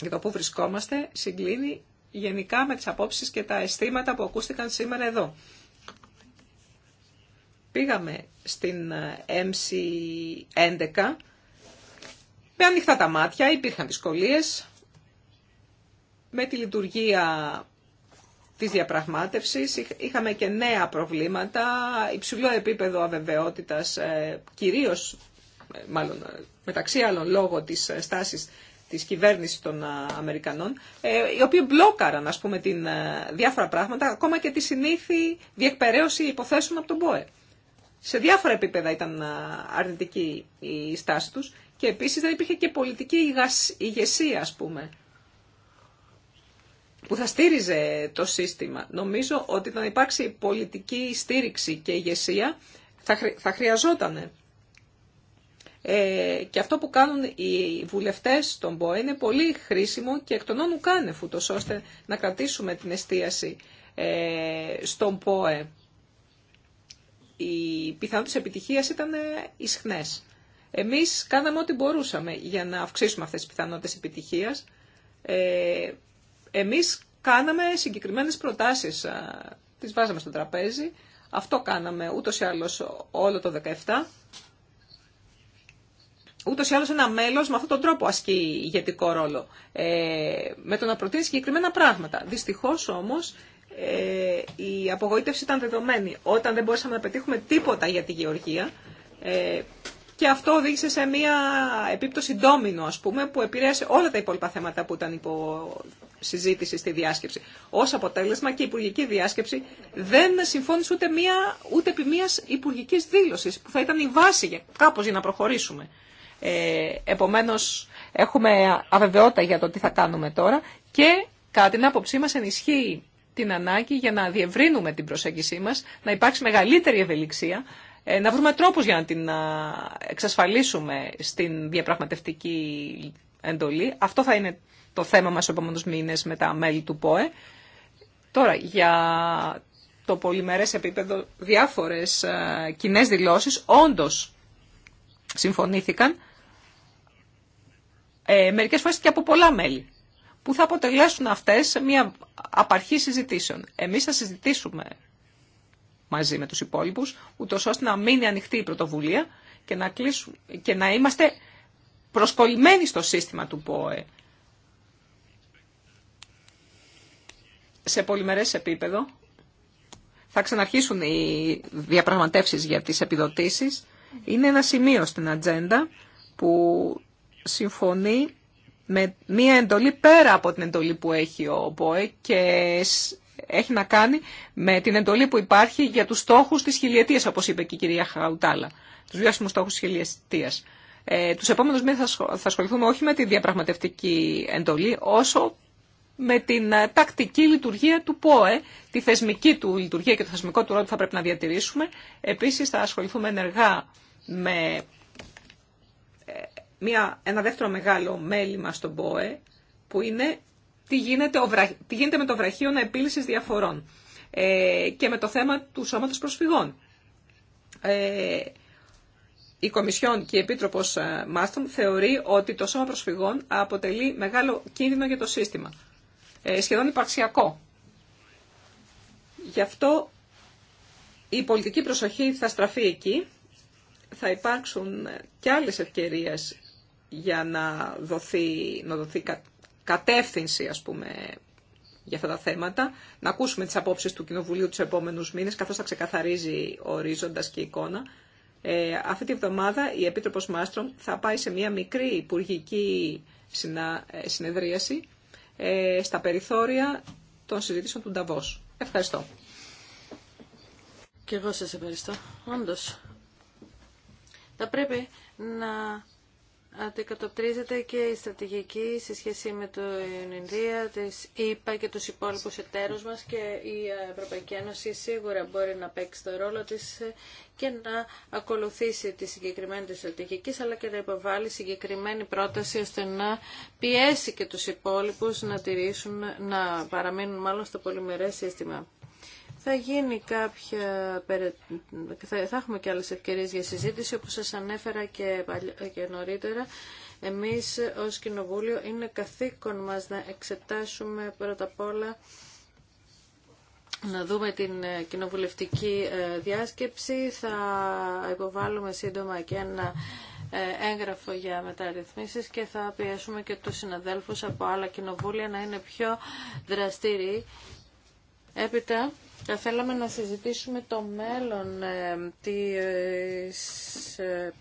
Speaker 2: για το που βρισκόμαστε συγκλίνει γενικά με τις απόψεις και τα αισθήματα που ακούστηκαν σήμερα εδώ πήγαμε στην MC11 ε, με ανοιχτά τα μάτια, υπήρχαν δυσκολίες με τη λειτουργία της διαπραγμάτευσης, είχαμε και νέα προβλήματα, υψηλό επίπεδο αβεβαιότητας, ε, κυρίως ε, μεταξύ άλλων λόγω της στάσης της κυβέρνησης των Αμερικανών, οι οποίοι μπλόκαραν, ας πούμε, την, διάφορα πράγματα, ακόμα και τη συνήθη διεκπαιρέωση υποθέσεων από τον ΠΟΕ σε διάφορα επίπεδα ήταν αρνητική η στάση τους και επίσης δεν υπήρχε και πολιτική ηγεσία, ας πούμε, που θα στήριζε το σύστημα. Νομίζω ότι να υπάρξει πολιτική στήριξη και ηγεσία θα, χρειαζόταν. Ε, και αυτό που κάνουν οι βουλευτές στον ΠΟΕ είναι πολύ χρήσιμο και εκ των όνων κάνε ώστε να κρατήσουμε την εστίαση ε, στον ΠΟΕ οι πιθανότητες επιτυχίας ήταν ε, ισχνές. Εμείς κάναμε ό,τι μπορούσαμε για να αυξήσουμε αυτές τις πιθανότητες επιτυχίας. Ε, εμείς κάναμε συγκεκριμένες προτάσεις, τις βάζαμε στο τραπέζι. Αυτό κάναμε ούτως ή άλλως όλο το 17. Ούτως ή άλλως ένα μέλος με αυτόν τον τρόπο ασκεί ηγετικό ρόλο, ε, με το να προτείνει συγκεκριμένα πράγματα. Δυστυχώς όμως ε, η απογοήτευση ήταν δεδομένη. Όταν δεν μπορούσαμε να πετύχουμε τίποτα για τη γεωργία ε, και αυτό οδήγησε σε μια επίπτωση ντόμινο, ας πούμε, που επηρέασε όλα τα υπόλοιπα θέματα που ήταν υπό συζήτηση στη διάσκεψη. Ως αποτέλεσμα και η υπουργική διάσκεψη δεν συμφώνησε ούτε, μία, ούτε επί μιας υπουργικής δήλωσης, που θα ήταν η βάση για, κάπως για να προχωρήσουμε. Ε, επομένως, έχουμε αβεβαιότητα για το τι θα κάνουμε τώρα και κατά την άποψή μας ενισχύει την ανάγκη για να διευρύνουμε την προσέγγισή μας, να υπάρξει μεγαλύτερη ευελιξία, ε, να βρούμε τρόπους για να την εξασφαλίσουμε στην διαπραγματευτική εντολή. Αυτό θα είναι το θέμα μας στους επόμενους μήνες με τα μέλη του ΠΟΕ. Τώρα, για το πολυμερές επίπεδο, διάφορες κοινέ δηλώσεις όντως συμφωνήθηκαν ε, μερικές φορές και από πολλά μέλη που θα αποτελέσουν αυτές μια απαρχή συζητήσεων. Εμείς θα συζητήσουμε μαζί με τους υπόλοιπους, ούτω ώστε να μείνει ανοιχτή η πρωτοβουλία και να, και να είμαστε προσκολλημένοι στο σύστημα του ΠΟΕ. Σε πολυμερές επίπεδο θα ξαναρχίσουν οι διαπραγματεύσεις για τις επιδοτήσεις. Είναι ένα σημείο στην ατζέντα που συμφωνεί με μία εντολή πέρα από την εντολή που έχει ο ΠΟΕ και έχει να κάνει με την εντολή που υπάρχει για τους στόχους της χιλιετίας, όπως είπε και η κυρία Χαουτάλα, τους βιώσιμους στόχους της χιλιετίας. Ε, τους επόμενους μήνες θα ασχοληθούμε όχι με τη διαπραγματευτική εντολή, όσο με την ε, τακτική λειτουργία του ΠΟΕ, τη θεσμική του λειτουργία και το θεσμικό του ρόλο που θα πρέπει να διατηρήσουμε. Επίσης θα ασχοληθούμε ενεργά με ε, μια, ένα δεύτερο μεγάλο μέλημα στον ΠΟΕ, που είναι τι γίνεται, με το βραχείο επίλυσης διαφορών ε, και με το θέμα του σώματος προσφυγών. Ε, η Κομισιόν και η Επίτροπος ε, Μάστον θεωρεί ότι το σώμα προσφυγών αποτελεί μεγάλο κίνδυνο για το σύστημα. Ε, σχεδόν υπαρξιακό. Γι' αυτό η πολιτική προσοχή θα στραφεί εκεί. Θα υπάρξουν και άλλες ευκαιρίες για να δοθεί, να δοθεί κατεύθυνση, ας πούμε, για αυτά τα θέματα, να ακούσουμε τις απόψεις του Κοινοβουλίου τους επόμενους μήνες, καθώς θα ξεκαθαρίζει ο ορίζοντας και η εικόνα. Ε, αυτή τη βδομάδα η Επίτροπος Μάστρομ θα πάει σε μια μικρή υπουργική ε, συνεδρίαση ε, στα περιθώρια των συζητήσεων του Νταβός. Ευχαριστώ.
Speaker 3: Και εγώ σας ευχαριστώ. Όντως, θα πρέπει να αντικατοπτρίζεται και η στρατηγική σε σχέση με την Ινδία, τις ΗΠΑ και τους υπόλοιπους εταίρους μας και η Ευρωπαϊκή Ένωση σίγουρα μπορεί να παίξει το ρόλο της και να ακολουθήσει τη συγκεκριμένη της στρατηγική αλλά και να υποβάλει συγκεκριμένη πρόταση ώστε να πιέσει και τους υπόλοιπους να τηρήσουν, να παραμείνουν μάλλον στο πολυμερές σύστημα. Θα γίνει κάποια, θα έχουμε και άλλες ευκαιρίες για συζήτηση, όπως σας ανέφερα και, και νωρίτερα. Εμείς ως Κοινοβούλιο είναι καθήκον μας να εξετάσουμε πρώτα απ' όλα να δούμε την ε, κοινοβουλευτική ε, διάσκεψη. Θα υποβάλουμε σύντομα και ένα ε, έγγραφο για μεταρρυθμίσεις και θα πιέσουμε και τους συναδέλφους από άλλα κοινοβούλια να είναι πιο δραστήριοι. Έπειτα, θα θέλαμε να συζητήσουμε το μέλλον ε, της ε,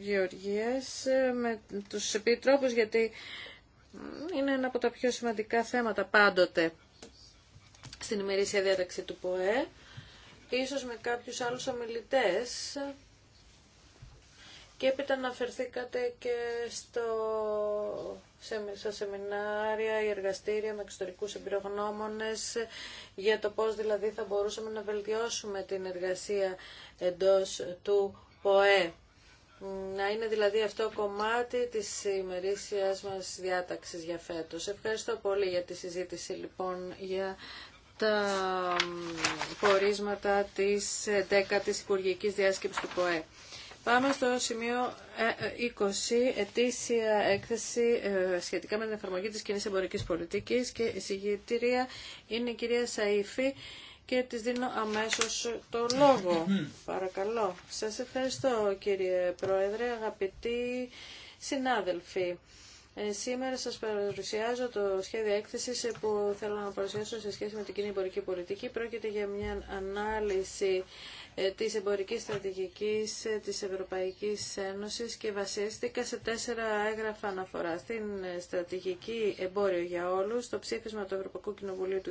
Speaker 3: γεωργίας ε, με τους επιτρόπους γιατί είναι ένα από τα πιο σημαντικά θέματα πάντοτε στην ημερήσια διάταξη του ΠΟΕ. Ίσως με κάποιους άλλους ομιλητές και έπειτα αναφερθήκατε και στο, σε, στα σεμινάρια, η εργαστήρια με εξωτερικούς εμπειρογνώμονες για το πώς δηλαδή θα μπορούσαμε να βελτιώσουμε την εργασία εντός του ΠΟΕ. Να είναι δηλαδή αυτό κομμάτι της ημερήσιας μας διάταξης για φέτος. Ευχαριστώ πολύ για τη συζήτηση λοιπόν για τα πορίσματα της 10ης Υπουργικής Διάσκεψης του ΠΟΕ. Πάμε στο σημείο 20, ε, ε, ετήσια έκθεση ε, σχετικά με την εφαρμογή της κοινής εμπορικής πολιτικής και η συγγετήρια είναι η κυρία Σαΐφη και της δίνω αμέσως το λόγο. Παρακαλώ. Σας ευχαριστώ κύριε Πρόεδρε, αγαπητοί συνάδελφοι. Σήμερα σας παρουσιάζω το σχέδιο έκθεσης που θέλω να παρουσιάσω σε σχέση με την κοινή εμπορική πολιτική. Πρόκειται για μια ανάλυση ε, της εμπορικής στρατηγικής ε, της Ευρωπαϊκής Ένωσης και βασίστηκα σε τέσσερα έγγραφα αναφορά. Στην ε, στρατηγική εμπόριο για όλους, το ψήφισμα του Ευρωπαϊκού Κοινοβουλίου του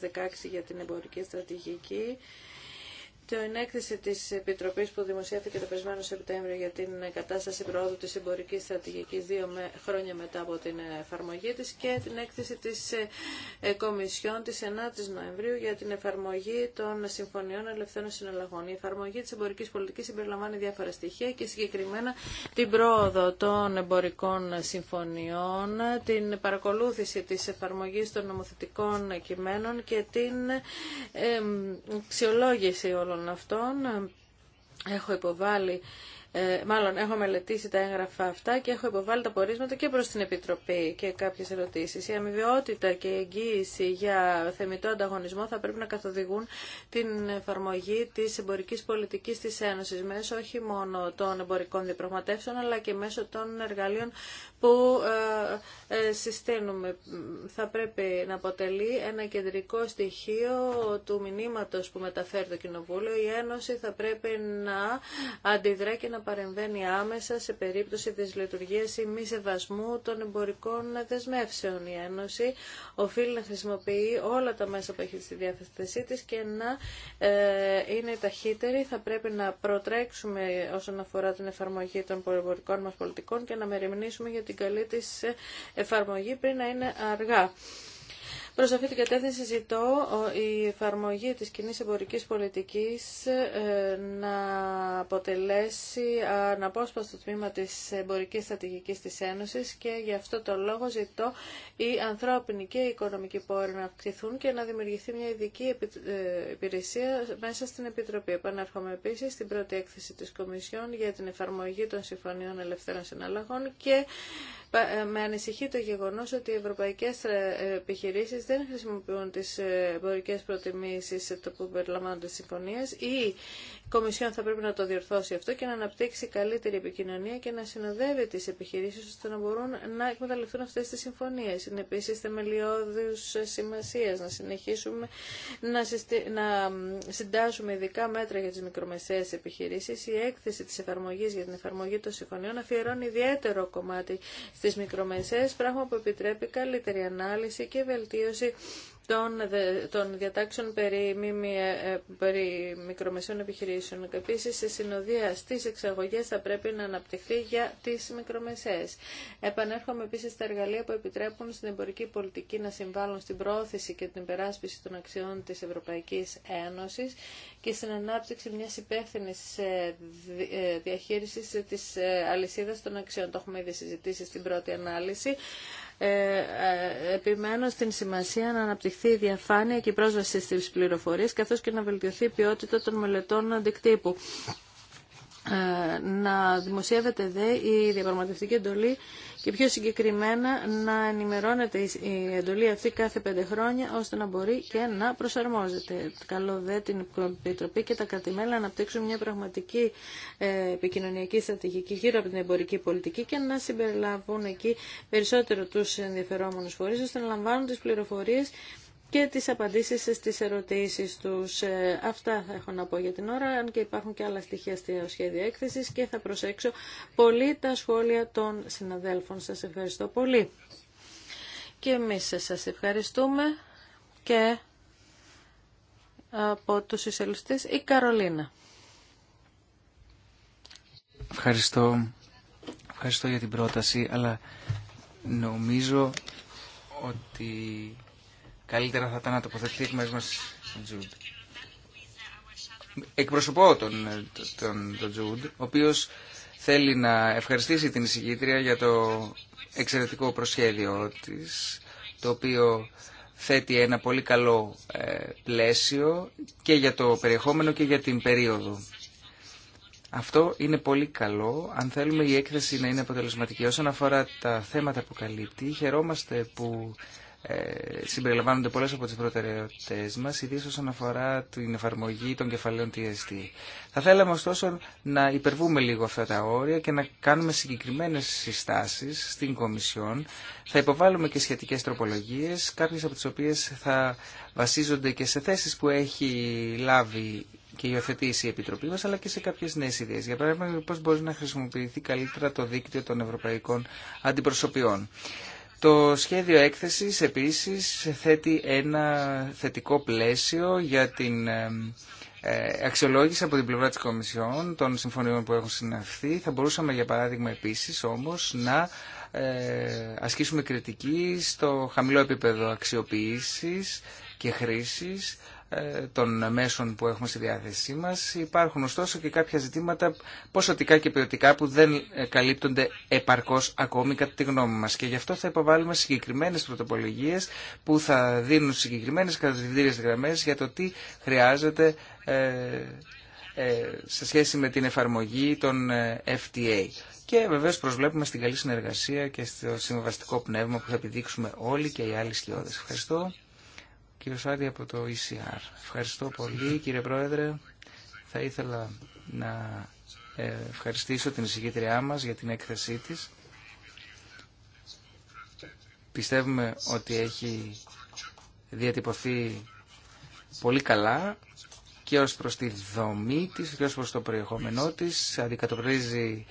Speaker 3: 2016 για την εμπορική στρατηγική, την έκθεση τη επιτροπή που δημοσιεύθηκε το περσμένο Σεπτέμβριο για την κατάσταση πρόοδου τη εμπορική στρατηγική δύο χρόνια μετά από την εφαρμογή τη και την έκθεση της ε, ε, Κομισιόν τη 9 η Νοεμβρίου για την εφαρμογή των Συμφωνιών Ελευθέρων Συναλλαγών. Η εφαρμογή τη εμπορική πολιτική συμπεριλαμβάνει διάφορα στοιχεία και συγκεκριμένα την πρόοδο των εμπορικών συμφωνιών, την παρακολούθηση τη εφαρμογή των νομοθετικών κειμένων και την ε, αξιολόγηση όλων όλων αυτών. Έχω υποβάλει, ε, μάλλον έχω μελετήσει τα έγγραφα αυτά και έχω υποβάλει τα πορίσματα και προς την Επιτροπή και κάποιες ερωτήσεις. Η αμοιβαιότητα και η εγγύηση για θεμητό ανταγωνισμό θα πρέπει να καθοδηγούν την εφαρμογή της εμπορικής πολιτικής της Ένωσης μέσω όχι μόνο των εμπορικών διαπραγματεύσεων αλλά και μέσω των εργαλείων που ε, ε, συστήνουμε θα πρέπει να αποτελεί ένα κεντρικό στοιχείο του μηνύματος που μεταφέρει το Κοινοβούλιο. Η Ένωση θα πρέπει να αντιδρά και να παρεμβαίνει άμεσα σε περίπτωση της λειτουργίας ή μη σεβασμού των εμπορικών δεσμεύσεων. Η Ένωση οφείλει να χρησιμοποιεί όλα τα μέσα που έχει στη διάθεσή της και να ε, είναι ταχύτερη. Θα πρέπει να προτρέξουμε όσον αφορά την εφαρμογή των εμπορικών μας πολιτικών και να μεριμνήσουμε την καλή της εφαρμογή πριν να είναι αργά. Προ αυτή την κατεύθυνση ζητώ η εφαρμογή τη κοινή εμπορική πολιτική ε, να αποτελέσει αναπόσπαστο τμήμα τη εμπορική στρατηγική τη Ένωση και γι' αυτό το λόγο ζητώ οι ανθρώπινοι και οι οικονομικοί πόροι να αυξηθούν και να δημιουργηθεί μια ειδική ε, υπηρεσία μέσα στην Επιτροπή. Επανέρχομαι επίση στην πρώτη έκθεση τη Κομισιόν για την εφαρμογή των Συμφωνίων Ελευθέρων Συναλλαγών και ε, με ανησυχεί το γεγονό ότι οι Ευρωπαϊκέ επιχειρήσει δεν χρησιμοποιούν τις ε, εμπορικές προτιμήσεις που περιλαμβάνονται στις συμφωνίες ή Κομισιόν θα πρέπει να το διορθώσει αυτό και να αναπτύξει καλύτερη επικοινωνία και να συνοδεύει τι επιχειρήσει ώστε να μπορούν να εκμεταλλευτούν αυτέ τι συμφωνίε. Είναι επίση θεμελιώδου σημασία να συνεχίσουμε να, συστη... να συντάσσουμε ειδικά μέτρα για τι μικρομεσαίε επιχειρήσει. Η έκθεση τη εφαρμογή για την εφαρμογή των συμφωνιών αφιερώνει ιδιαίτερο κομμάτι στι μικρομεσαίε, πράγμα που επιτρέπει καλύτερη ανάλυση και βελτίωση των, διατάξεων περί, ε, ε, περί μικρομεσαίων επιχειρήσεων. Επίσης, η συνοδεία στις εξαγωγές θα πρέπει να αναπτυχθεί για τις μικρομεσαίες. Επανέρχομαι επίσης στα εργαλεία που επιτρέπουν στην εμπορική πολιτική να συμβάλλουν στην πρόθεση και την περάσπιση των αξιών της Ευρωπαϊκής Ένωσης και στην ανάπτυξη μιας υπεύθυνη ε, διαχείρισης της αλυσίδας των αξιών. Το έχουμε ήδη συζητήσει στην πρώτη ανάλυση. Ε, ε, επιμένω στην σημασία να αναπτυχθεί η διαφάνεια και η πρόσβαση στις πληροφορίες, καθώς και να βελτιωθεί η ποιότητα των μελετών αντικτύπου. Ε, να δημοσιεύεται δε η διαπραγματευτική εντολή και πιο συγκεκριμένα να ενημερώνεται η εντολή αυτή κάθε πέντε χρόνια ώστε να μπορεί και να προσαρμόζεται. Καλό δε την Επιτροπή και τα κρατημένα να αναπτύξουν μια πραγματική ε, επικοινωνιακή στρατηγική γύρω από την εμπορική πολιτική και να συμπεριλάβουν εκεί περισσότερο τους ενδιαφερόμενους φορείς ώστε να λαμβάνουν τις πληροφορίες και τις απαντήσεις στις ερωτήσεις τους. Ε, αυτά θα έχω να πω για την ώρα, αν και υπάρχουν και άλλα στοιχεία στο σχέδιο έκθεσης και θα προσέξω πολύ τα σχόλια των συναδέλφων. Σας ευχαριστώ πολύ. Και εμείς σας ευχαριστούμε και από τους εισελουστές η Καρολίνα.
Speaker 1: Ευχαριστώ. Ευχαριστώ για την πρόταση, αλλά νομίζω ότι Καλύτερα θα ήταν να τοποθετηθεί εκ μέρους μας Τζουντ. Εκπροσωπώ τον, τον, τον Τζουντ, ο οποίος θέλει να ευχαριστήσει την εισηγήτρια για το εξαιρετικό προσχέδιο της, το οποίο θέτει ένα πολύ καλό ε, πλαίσιο και για το περιεχόμενο και για την περίοδο. Αυτό είναι πολύ καλό, αν θέλουμε η έκθεση να είναι αποτελεσματική. Όσον αφορά τα θέματα που καλύπτει, χαιρόμαστε που ε, συμπεριλαμβάνονται πολλές από τις προτεραιότητες μας, ιδίως όσον αφορά την εφαρμογή των κεφαλαίων TST. Θα θέλαμε ωστόσο να υπερβούμε λίγο αυτά τα όρια και να κάνουμε συγκεκριμένες συστάσεις στην Κομισιόν. Θα υποβάλουμε και σχετικές τροπολογίες, κάποιες από τις οποίες θα βασίζονται και σε θέσεις που έχει λάβει και υιοθετήσει η Επιτροπή μας, αλλά και σε κάποιες νέες ιδέες. Για παράδειγμα, πώς μπορεί να χρησιμοποιηθεί καλύτερα το δίκτυο των ευρωπαϊκών αντιπροσωπιών. Το σχέδιο έκθεσης επίσης θέτει ένα θετικό πλαίσιο για την ε, αξιολόγηση από την πλευρά της Κομισιόν των συμφωνιών που έχουν συναυθεί. Θα μπορούσαμε για παράδειγμα επίσης όμως να ε, ασκήσουμε κριτική στο χαμηλό επίπεδο αξιοποίησης και χρήσης ε, των μέσων που έχουμε στη διάθεσή μας. Υπάρχουν ωστόσο και κάποια ζητήματα ποσοτικά και ποιοτικά που δεν ε, καλύπτονται επαρκώς ακόμη κατά τη γνώμη μας. Και γι' αυτό θα υποβάλουμε συγκεκριμένες πρωτοπολογίες που θα δίνουν συγκεκριμένες κατευθυντήριες γραμμές για το τι χρειάζεται ε, σε σχέση με την εφαρμογή των FTA. Και βεβαίως προσβλέπουμε στην καλή συνεργασία και στο συμβαστικό πνεύμα που θα επιδείξουμε όλοι και οι άλλοι σκιώδες. Ευχαριστώ. Κύριο από το ECR. Ευχαριστώ πολύ κύριε Πρόεδρε. Θα ήθελα να ε, ευχαριστήσω την εισηγήτριά μας για την έκθεσή της. Πιστεύουμε ότι έχει διατυπωθεί πολύ καλά και ως προς τη δομή της και ως προς το περιεχόμενό της. Αντικατοπρίζει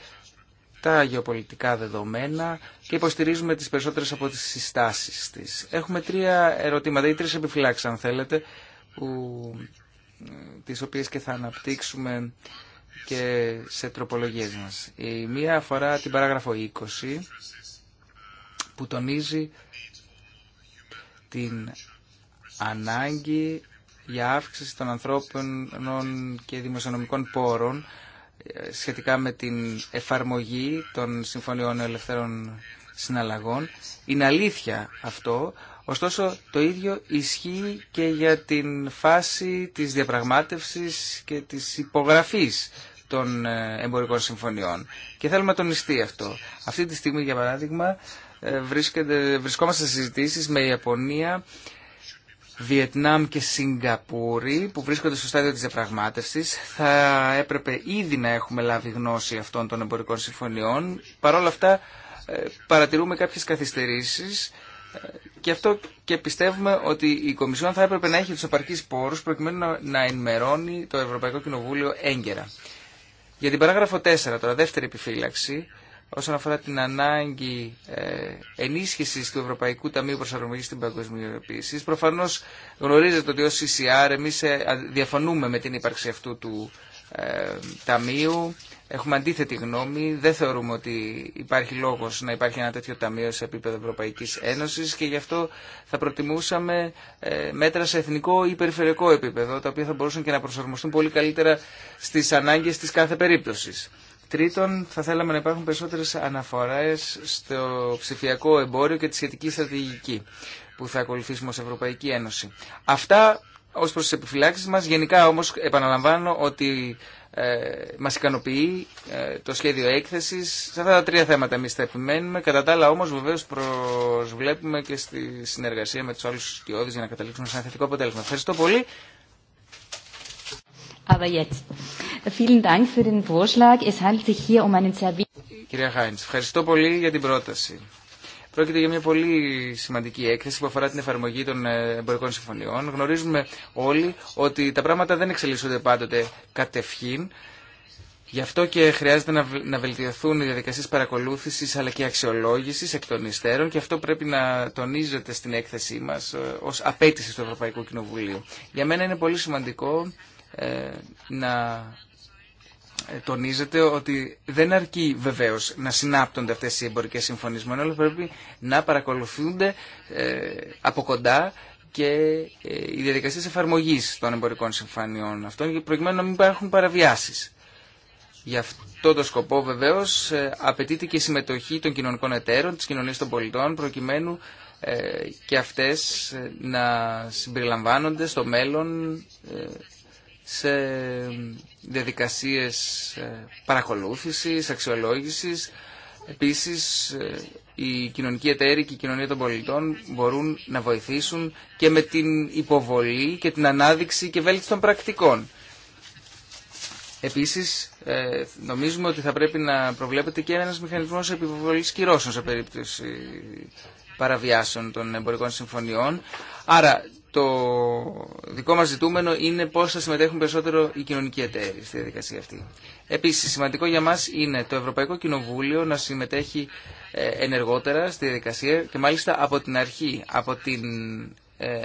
Speaker 1: τα γεωπολιτικά δεδομένα και υποστηρίζουμε τις περισσότερες από τις συστάσεις της. Έχουμε τρία ερωτήματα ή τρεις επιφυλάξεις αν θέλετε, που, ε, τις οποίες και θα αναπτύξουμε και σε τροπολογίες μας. Η μία αφορά την παράγραφο 20 που τονίζει την ανάγκη για αύξηση των ανθρώπινων και δημοσιονομικών πόρων σχετικά με την εφαρμογή των Συμφωνιών Ελευθερών Συναλλαγών. Είναι αλήθεια αυτό, ωστόσο το ίδιο ισχύει και για την φάση της διαπραγμάτευσης και της υπογραφής των ε, εμπορικών συμφωνιών. Και θέλουμε να τονιστεί αυτό. Αυτή τη στιγμή, για παράδειγμα, ε, βρισκόμαστε σε συζητήσεις με η Ιαπωνία Βιετνάμ και Σιγκαπούρη που βρίσκονται στο στάδιο της διαπραγμάτευση. Θα έπρεπε ήδη να έχουμε λάβει γνώση αυτών των εμπορικών συμφωνιών. Παρόλα αυτά ε, παρατηρούμε κάποιες καθυστερήσεις ε, και αυτό και πιστεύουμε ότι η Κομισιόν θα έπρεπε να έχει τους απαρκείς πόρους προκειμένου να ενημερώνει το Ευρωπαϊκό Κοινοβούλιο έγκαιρα. Για την παράγραφο 4, τώρα δεύτερη επιφύλαξη, όσον αφορά την ανάγκη ε, ενίσχυσης του Ευρωπαϊκού Ταμείου Προσαρμογής στην Παγκοσμιοποίηση. Προφανώς γνωρίζετε ότι ως CCR εμείς ε, διαφωνούμε με την ύπαρξη αυτού του ε, ταμείου. Έχουμε αντίθετη γνώμη. Δεν θεωρούμε ότι υπάρχει λόγος να υπάρχει ένα τέτοιο ταμείο σε επίπεδο Ευρωπαϊκής Ένωσης και γι' αυτό θα προτιμούσαμε μέτρα σε εθνικό ή περιφερειακό επίπεδο, τα οποία θα μπορούσαν και να προσαρμοστούν πολύ καλύτερα στις ανάγκες της κάθε περίπτωση. Τρίτον, θα θέλαμε να υπάρχουν περισσότερε αναφορέ στο ψηφιακό εμπόριο και τη σχετική στρατηγική που θα ακολουθήσουμε ω Ευρωπαϊκή Ένωση. Αυτά ω προ τι επιφυλάξει μα, Γενικά όμω επαναλαμβάνω ότι ε, μας ικανοποιεί ε, το σχέδιο έκθεση. Σε αυτά τα τρία θέματα εμεί θα επιμένουμε. Κατά τα άλλα όμω βεβαίω προσβλέπουμε και στη συνεργασία με του άλλου σκιώδεις για να καταλήξουμε σε ένα θετικό αποτέλεσμα. Ευχαριστώ πολύ
Speaker 2: aber jetzt. Vielen Dank für den Vorschlag. Es handelt sich hier um einen sehr
Speaker 1: Κυρία Χάιντς, ευχαριστώ πολύ για την πρόταση. Πρόκειται για μια πολύ σημαντική έκθεση που αφορά την εφαρμογή των ε, εμπορικών συμφωνιών. Γνωρίζουμε όλοι ότι τα πράγματα δεν εξελίσσονται πάντοτε κατευχήν. Γι' αυτό και χρειάζεται να βελτιωθούν οι διαδικασίε παρακολούθηση αλλά και αξιολόγηση εκ των υστέρων και αυτό πρέπει να τονίζεται στην έκθεσή μα ε, ω απέτηση του Ευρωπαϊκού Κοινοβουλίου. Για μένα είναι πολύ σημαντικό ε, να ε, τονίζεται ότι δεν αρκεί βεβαίως να συνάπτονται αυτές οι εμπορικές συμφωνίες μόνο, αλλά πρέπει να παρακολουθούνται ε, από κοντά και οι διαδικασίες εφαρμογής των εμπορικών συμφωνιών αυτών προκειμένου να μην υπάρχουν παραβιάσεις. Γι' αυτό το σκοπό βεβαίως απαιτείται και η συμμετοχή των κοινωνικών εταίρων, της κοινωνία των πολιτών προκειμένου και αυτές να συμπεριλαμβάνονται στο μέλλον σε διαδικασίες ε, παρακολούθησης, αξιολόγησης. Επίσης, ε, οι κοινωνικοί εταίροι και η κοινωνία των πολιτών μπορούν να βοηθήσουν και με την υποβολή και την ανάδειξη και βέλτιση των πρακτικών. Επίσης, ε, νομίζουμε ότι θα πρέπει να προβλέπεται και ένας μηχανισμός επιβολής κυρώσεων σε περίπτωση παραβιάσεων των εμπορικών συμφωνιών. Άρα, το δικό μας ζητούμενο είναι πώς θα συμμετέχουν περισσότερο οι κοινωνικοί εταίροι στη διαδικασία αυτή. Επίσης, σημαντικό για μας είναι το Ευρωπαϊκό Κοινοβούλιο να συμμετέχει ε, ενεργότερα στη διαδικασία και μάλιστα από την αρχή, από την ε,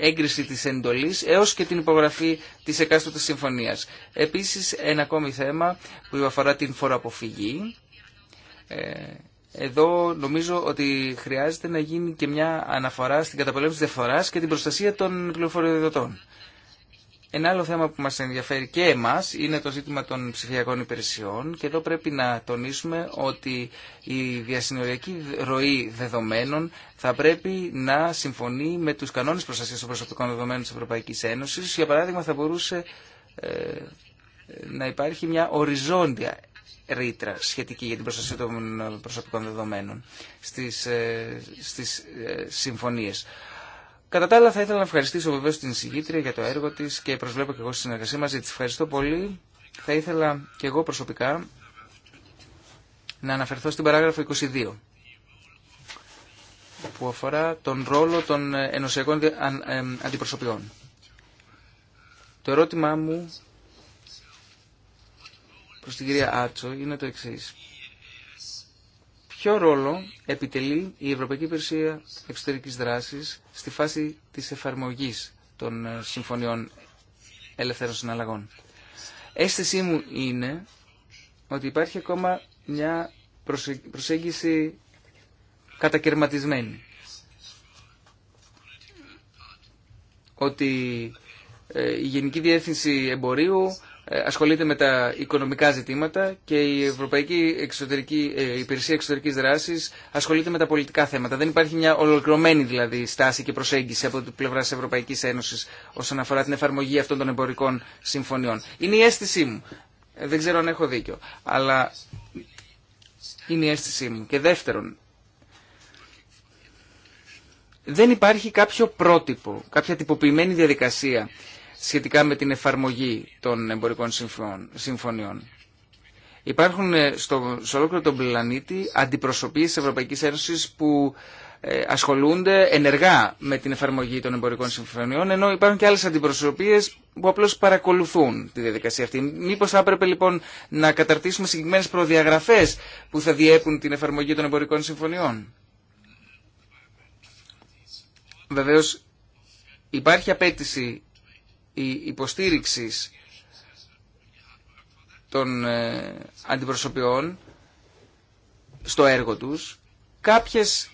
Speaker 1: έγκριση της εντολής έως και την υπογραφή της εκάστοτε συμφωνίας. Επίσης, ένα ακόμη θέμα που αφορά την φοροαποφυγή ε, εδώ νομίζω ότι χρειάζεται να γίνει και μια αναφορά στην καταπολέμηση της διαφοράς και την προστασία των πληροφοριοδοτών. Ένα άλλο θέμα που μας ενδιαφέρει και εμάς είναι το ζήτημα των ψηφιακών υπηρεσιών και εδώ πρέπει να τονίσουμε ότι η διασυνοριακή ροή δεδομένων θα πρέπει να συμφωνεί με τους κανόνες προστασίας των προσωπικών δεδομένων της Ευρωπαϊκής Ένωσης. Για παράδειγμα θα μπορούσε ε, να υπάρχει μια οριζόντια ρήτρα σχετική για την προστασία των προσωπικών δεδομένων στις, ε, στις ε, συμφωνίες. Κατά τα άλλα θα ήθελα να ευχαριστήσω βεβαίως την συγγήτρια για το έργο της και προσβλέπω και εγώ στη συνεργασία μαζί της. Ευχαριστώ πολύ. Θα ήθελα και εγώ προσωπικά να αναφερθώ στην παράγραφο 22 που αφορά τον ρόλο των ενωσιακών ε, αντιπροσωπιών. Το ερώτημά μου προς την κυρία Άτσο είναι το εξή. Ποιο ρόλο επιτελεί η Ευρωπαϊκή Υπηρεσία Εξωτερικής Δράσης στη φάση της εφαρμογής των ε, συμφωνιών ελευθέρων συναλλαγών. Αίσθησή μου είναι ότι υπάρχει ακόμα μια προσέγγιση κατακαιρματισμένη. Ότι ε, η Γενική Διεύθυνση Εμπορίου ε, ασχολείται με τα οικονομικά ζητήματα και η Ευρωπαϊκή Εξωτερική, ε, Υπηρεσία Εξωτερική δράση ασχολείται με τα πολιτικά θέματα. Δεν υπάρχει μια ολοκληρωμένη δηλαδή στάση και προσέγγιση από την πλευρά τη Ευρωπαϊκή Ένωση όσον αφορά την εφαρμογή αυτών των εμπορικών συμφωνιών. Είναι η αίσθησή μου. Ε, δεν ξέρω αν έχω δίκιο, αλλά είναι η αίσθησή μου. Και δεύτερον, δεν υπάρχει κάποιο πρότυπο, κάποια τυποποιημένη διαδικασία σχετικά με την εφαρμογή των εμπορικών συμφωνιών. Υπάρχουν ε, στο, σε ολόκληρο τον πλανήτη αντιπροσωπείς της Ευρωπαϊκής Ένωσης που ε, ασχολούνται ενεργά με την εφαρμογή των εμπορικών συμφωνιών, ενώ υπάρχουν και άλλες αντιπροσωπείες που απλώς παρακολουθούν τη διαδικασία αυτή. Μήπως θα έπρεπε λοιπόν να καταρτήσουμε συγκεκριμένες προδιαγραφές που θα διέπουν την εφαρμογή των εμπορικών συμφωνιών. Βεβαίως υπάρχει απέτηση η υποστήριξη των ε, αντιπροσωπιών στο έργο τους. Κάποιες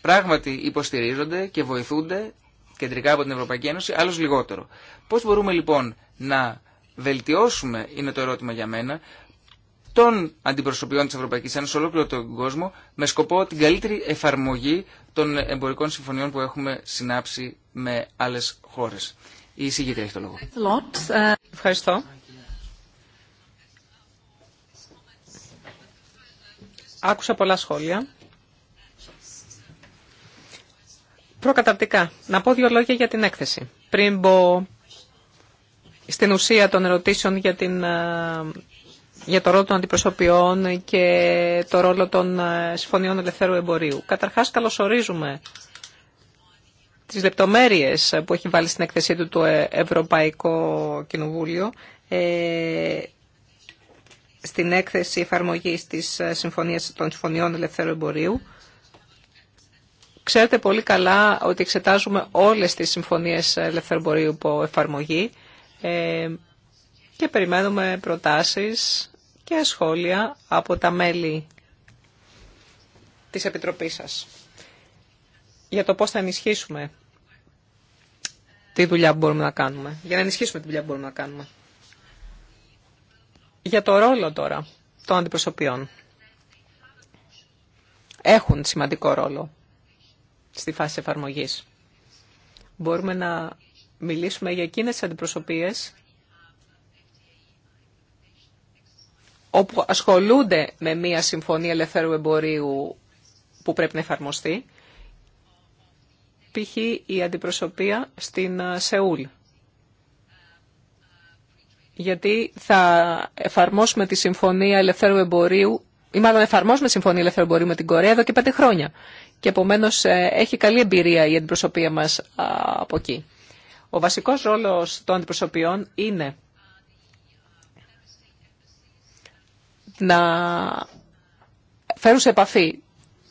Speaker 1: πράγματι υποστηρίζονται και βοηθούνται κεντρικά από την Ευρωπαϊκή Ένωση, άλλως λιγότερο. Πώς μπορούμε λοιπόν να βελτιώσουμε, είναι το ερώτημα για μένα, των αντιπροσωπιών της Ευρωπαϊκής Ένωσης σε ολόκληρο τον κόσμο με σκοπό την καλύτερη εφαρμογή των εμπορικών συμφωνιών που έχουμε συνάψει με άλλες χώρες. Η εισηγήτρια έχει το λόγο.
Speaker 2: Ευχαριστώ. Άκουσα πολλά σχόλια. Προκαταρτικά, να πω δύο λόγια για την έκθεση. Πριν μπω στην ουσία των ερωτήσεων για, την, ε, για το ρόλο των αντιπροσωπιών και το ρόλο των ε, συμφωνιών ελευθέρου εμπορίου. Καταρχάς, καλωσορίζουμε τις λεπτομέρειες που έχει βάλει στην εκθεσή του το ε- Ευρωπαϊκό Κοινοβούλιο ε, στην έκθεση εφαρμογής της ε, Συμφωνίας των Συμφωνιών Ελευθέρου Εμπορίου. Ξέρετε πολύ καλά ότι εξετάζουμε όλες τις συμφωνίες ελευθερου εμπορίου υπό ελευθερου εμποριου που εφαρμογη και περιμένουμε προτάσεις και σχόλια από τα μέλη της Επιτροπής σας για το πώς θα ενισχύσουμε τι δουλειά μπορούμε να κάνουμε, για να ενισχύσουμε τη δουλειά που μπορούμε να κάνουμε. Για το ρόλο τώρα των αντιπροσωπιών. Έχουν σημαντικό ρόλο στη φάση εφαρμογής. Μπορούμε να μιλήσουμε για εκείνες τις αντιπροσωπίες όπου ασχολούνται με μία συμφωνία ελευθέρου εμπορίου που πρέπει να εφαρμοστεί π.χ. η αντιπροσωπεία στην ε, Σεούλ. Γιατί θα εφαρμόσουμε τη Συμφωνία Ελευθέρου Εμπορίου ή μάλλον εφαρμόσουμε τη συμφωνία ελεύθερου εμπορίου με την Κορέα εδώ και πέντε χρόνια. Και επομένω ε, έχει καλή εμπειρία η αντιπροσωπεία μα από εκεί. Ο βασικό ρόλο των αντιπροσωπιών είναι να φέρουν σε επαφή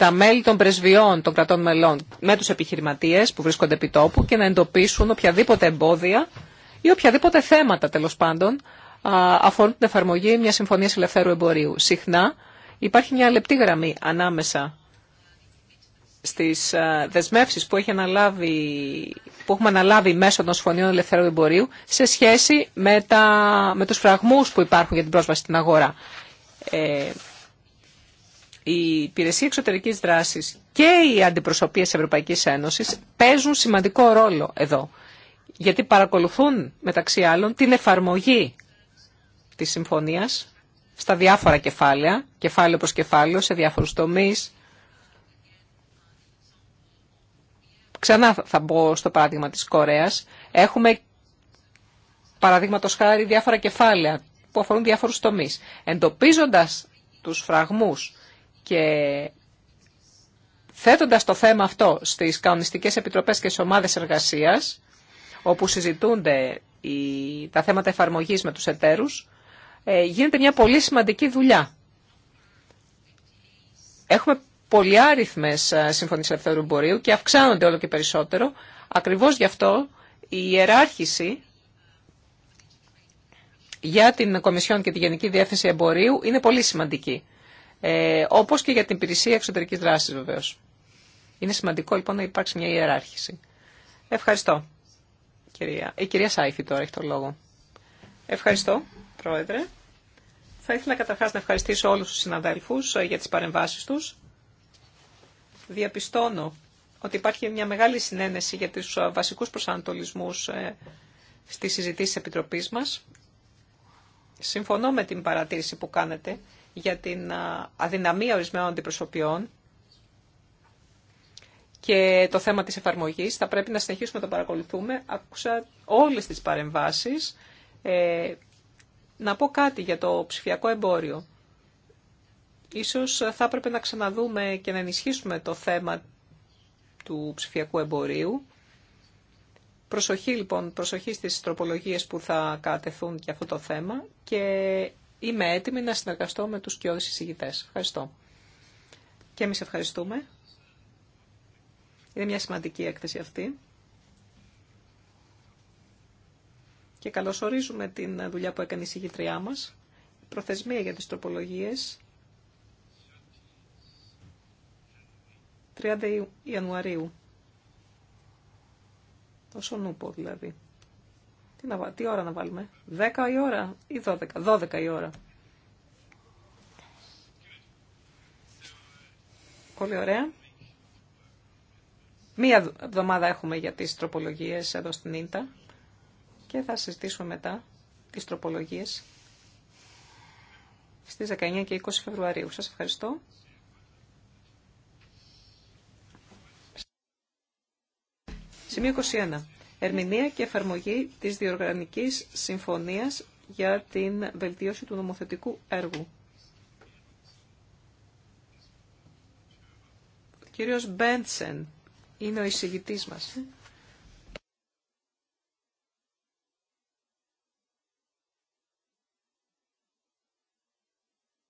Speaker 2: τα μέλη των πρεσβειών των κρατών μελών με τους επιχειρηματίες που βρίσκονται επί τόπου και να εντοπίσουν οποιαδήποτε εμπόδια ή οποιαδήποτε θέματα τέλος πάντων αφορούν την εφαρμογή μιας συμφωνίας ελευθέρου εμπορίου. Συχνά υπάρχει μια λεπτή γραμμή ανάμεσα στις δεσμεύσεις που, έχει αναλάβει, έχουμε αναλάβει μέσω των συμφωνίων ελευθερού εμπορίου σε σχέση με, τα, με τους φραγμούς που υπάρχουν για την πρόσβαση στην αγορά. Ε, η υπηρεσία εξωτερικής δράσης και οι αντιπροσωπείες Ευρωπαϊκής Ένωσης παίζουν σημαντικό ρόλο εδώ. Γιατί παρακολουθούν μεταξύ άλλων την εφαρμογή της συμφωνίας στα διάφορα κεφάλαια, κεφάλαιο προς κεφάλαιο, σε διάφορους τομείς. Ξανά θα μπω στο παράδειγμα της Κορέας. Έχουμε παραδείγματος χάρη διάφορα κεφάλαια που αφορούν διάφορους τομείς. Εντοπίζοντας τους φραγμούς και θέτοντας το θέμα αυτό στις κανονιστικές επιτροπές και στις ομάδες εργασίας, όπου συζητούνται τα θέματα εφαρμογής με τους εταίρους, ε, γίνεται μια πολύ σημαντική δουλειά. Έχουμε πολυάριθμες ε, συμφωνίες ελευθερού εμπορίου και αυξάνονται όλο και περισσότερο. Ακριβώς γι' αυτό η ιεράρχηση για την Κομισιόν και τη Γενική Διεύθυνση Εμπορίου είναι πολύ σημαντική ε, όπως και για την υπηρεσία εξωτερική δράση βεβαίως. Είναι σημαντικό λοιπόν να υπάρξει μια ιεράρχηση. Ευχαριστώ. Κυρία. Η κυρία Σάιφη τώρα έχει το λόγο. Ευχαριστώ, Πρόεδρε. Θα ήθελα καταρχάς να ευχαριστήσω όλους τους συναδέλφους ε, για τις παρεμβάσεις τους. Διαπιστώνω ότι υπάρχει μια μεγάλη συνένεση για τους ε, βασικούς προσανατολισμούς ε, στις συζητήσεις της Επιτροπής μας. Συμφωνώ με την παρατήρηση που κάνετε για την αδυναμία ορισμένων αντιπροσωπιών και το θέμα της εφαρμογής. Θα πρέπει να συνεχίσουμε να το παρακολουθούμε. Άκουσα όλες τις παρεμβάσεις. Ε, να πω κάτι για το ψηφιακό εμπόριο. Ίσως θα έπρεπε να ξαναδούμε και να ενισχύσουμε το θέμα του ψηφιακού εμπορίου. Προσοχή λοιπόν, προσοχή στις τροπολογίες που θα κατεθούν και αυτό το θέμα και είμαι έτοιμη να συνεργαστώ με τους κοιόδης εισηγητές. Ευχαριστώ. Και εμείς ευχαριστούμε. Είναι μια σημαντική έκθεση αυτή. Και καλωσορίζουμε την δουλειά που έκανε η συγγητριά μας. προθεσμία για τις τροπολογίες 30 Ιανουαρίου. Τόσο Σονούπο δηλαδή. Τι, τι ώρα να βάλουμε, 10 η ώρα ή 12, 12 η ώρα. Πολύ ωραία. Μία εβδομάδα έχουμε για τις τροπολογίες εδώ στην Ίντα και θα συζητήσουμε μετά τις τροπολογίες στις 19 και 20 Φεβρουαρίου. Σας ευχαριστώ. Σημείο 21. Ερμηνεία και εφαρμογή της Διοργανικής Συμφωνίας για την βελτίωση του νομοθετικού έργου. Ο κύριος Μπέντσεν είναι ο εισηγητής μας.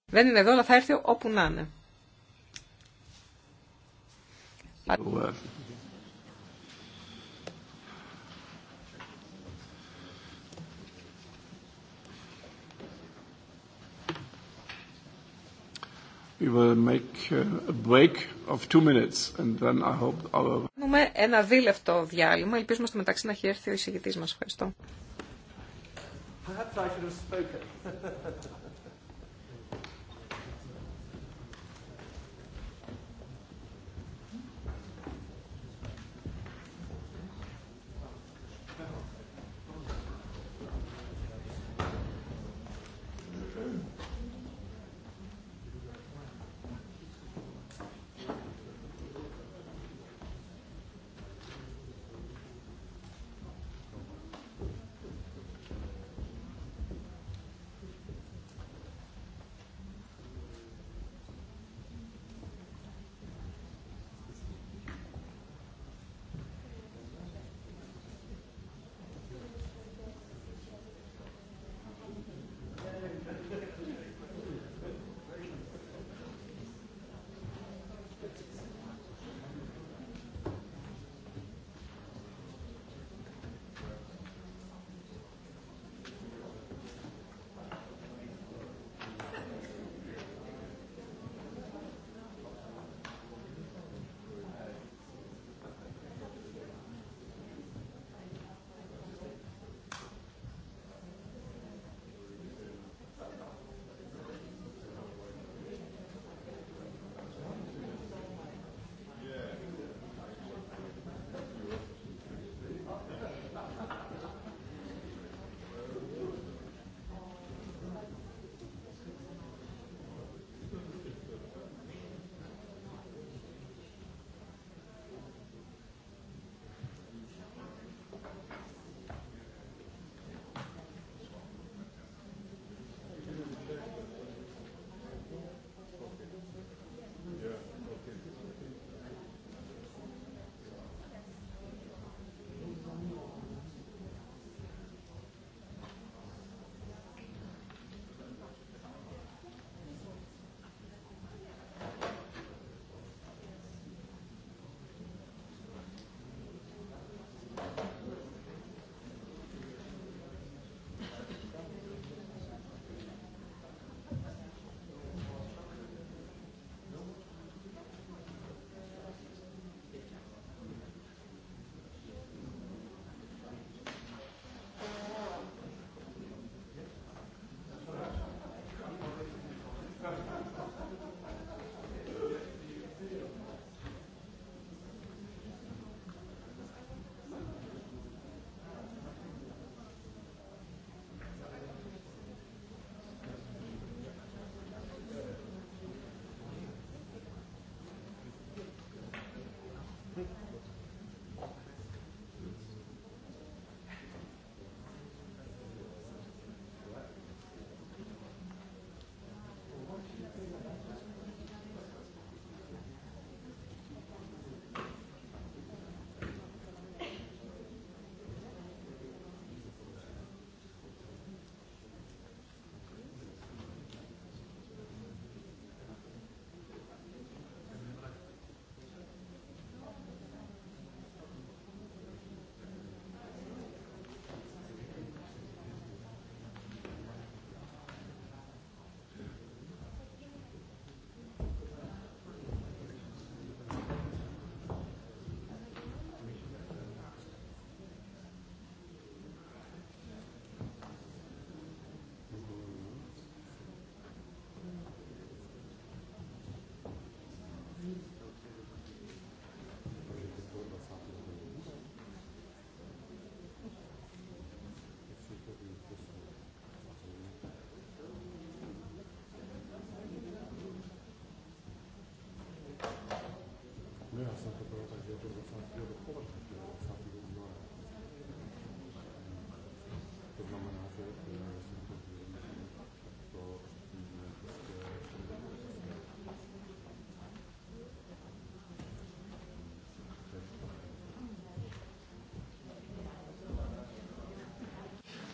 Speaker 2: Δεν είναι εδώ, αλλά θα έρθει όπου να είναι. Κάνουμε ένα δίλεπτο διάλειμμα. Ελπίζουμε στο μεταξύ να έχει έρθει ο εισηγητής μας. Ευχαριστώ.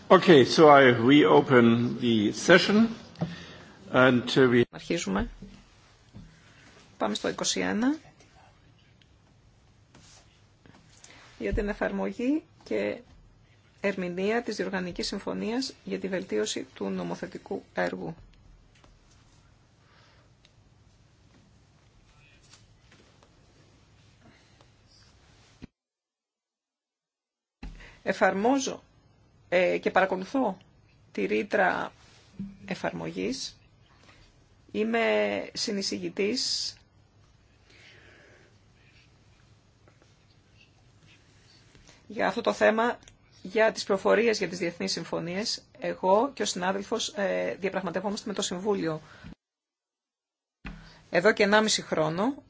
Speaker 3: Okay, so I reopen the
Speaker 2: session and we... Αρχίζουμε. Πάμε στο 21. για την εφαρμογή και ερμηνεία της Διοργανικής Συμφωνίας για τη βελτίωση του νομοθετικού έργου. Εφαρμόζω ε, και παρακολουθώ τη ρήτρα εφαρμογής. Είμαι συνεισηγητής για αυτό το θέμα, για τις προφορίες για τις διεθνείς συμφωνίες, εγώ και ο συνάδελφος ε, διαπραγματευόμαστε με το Συμβούλιο. Εδώ και 1,5 χρόνο.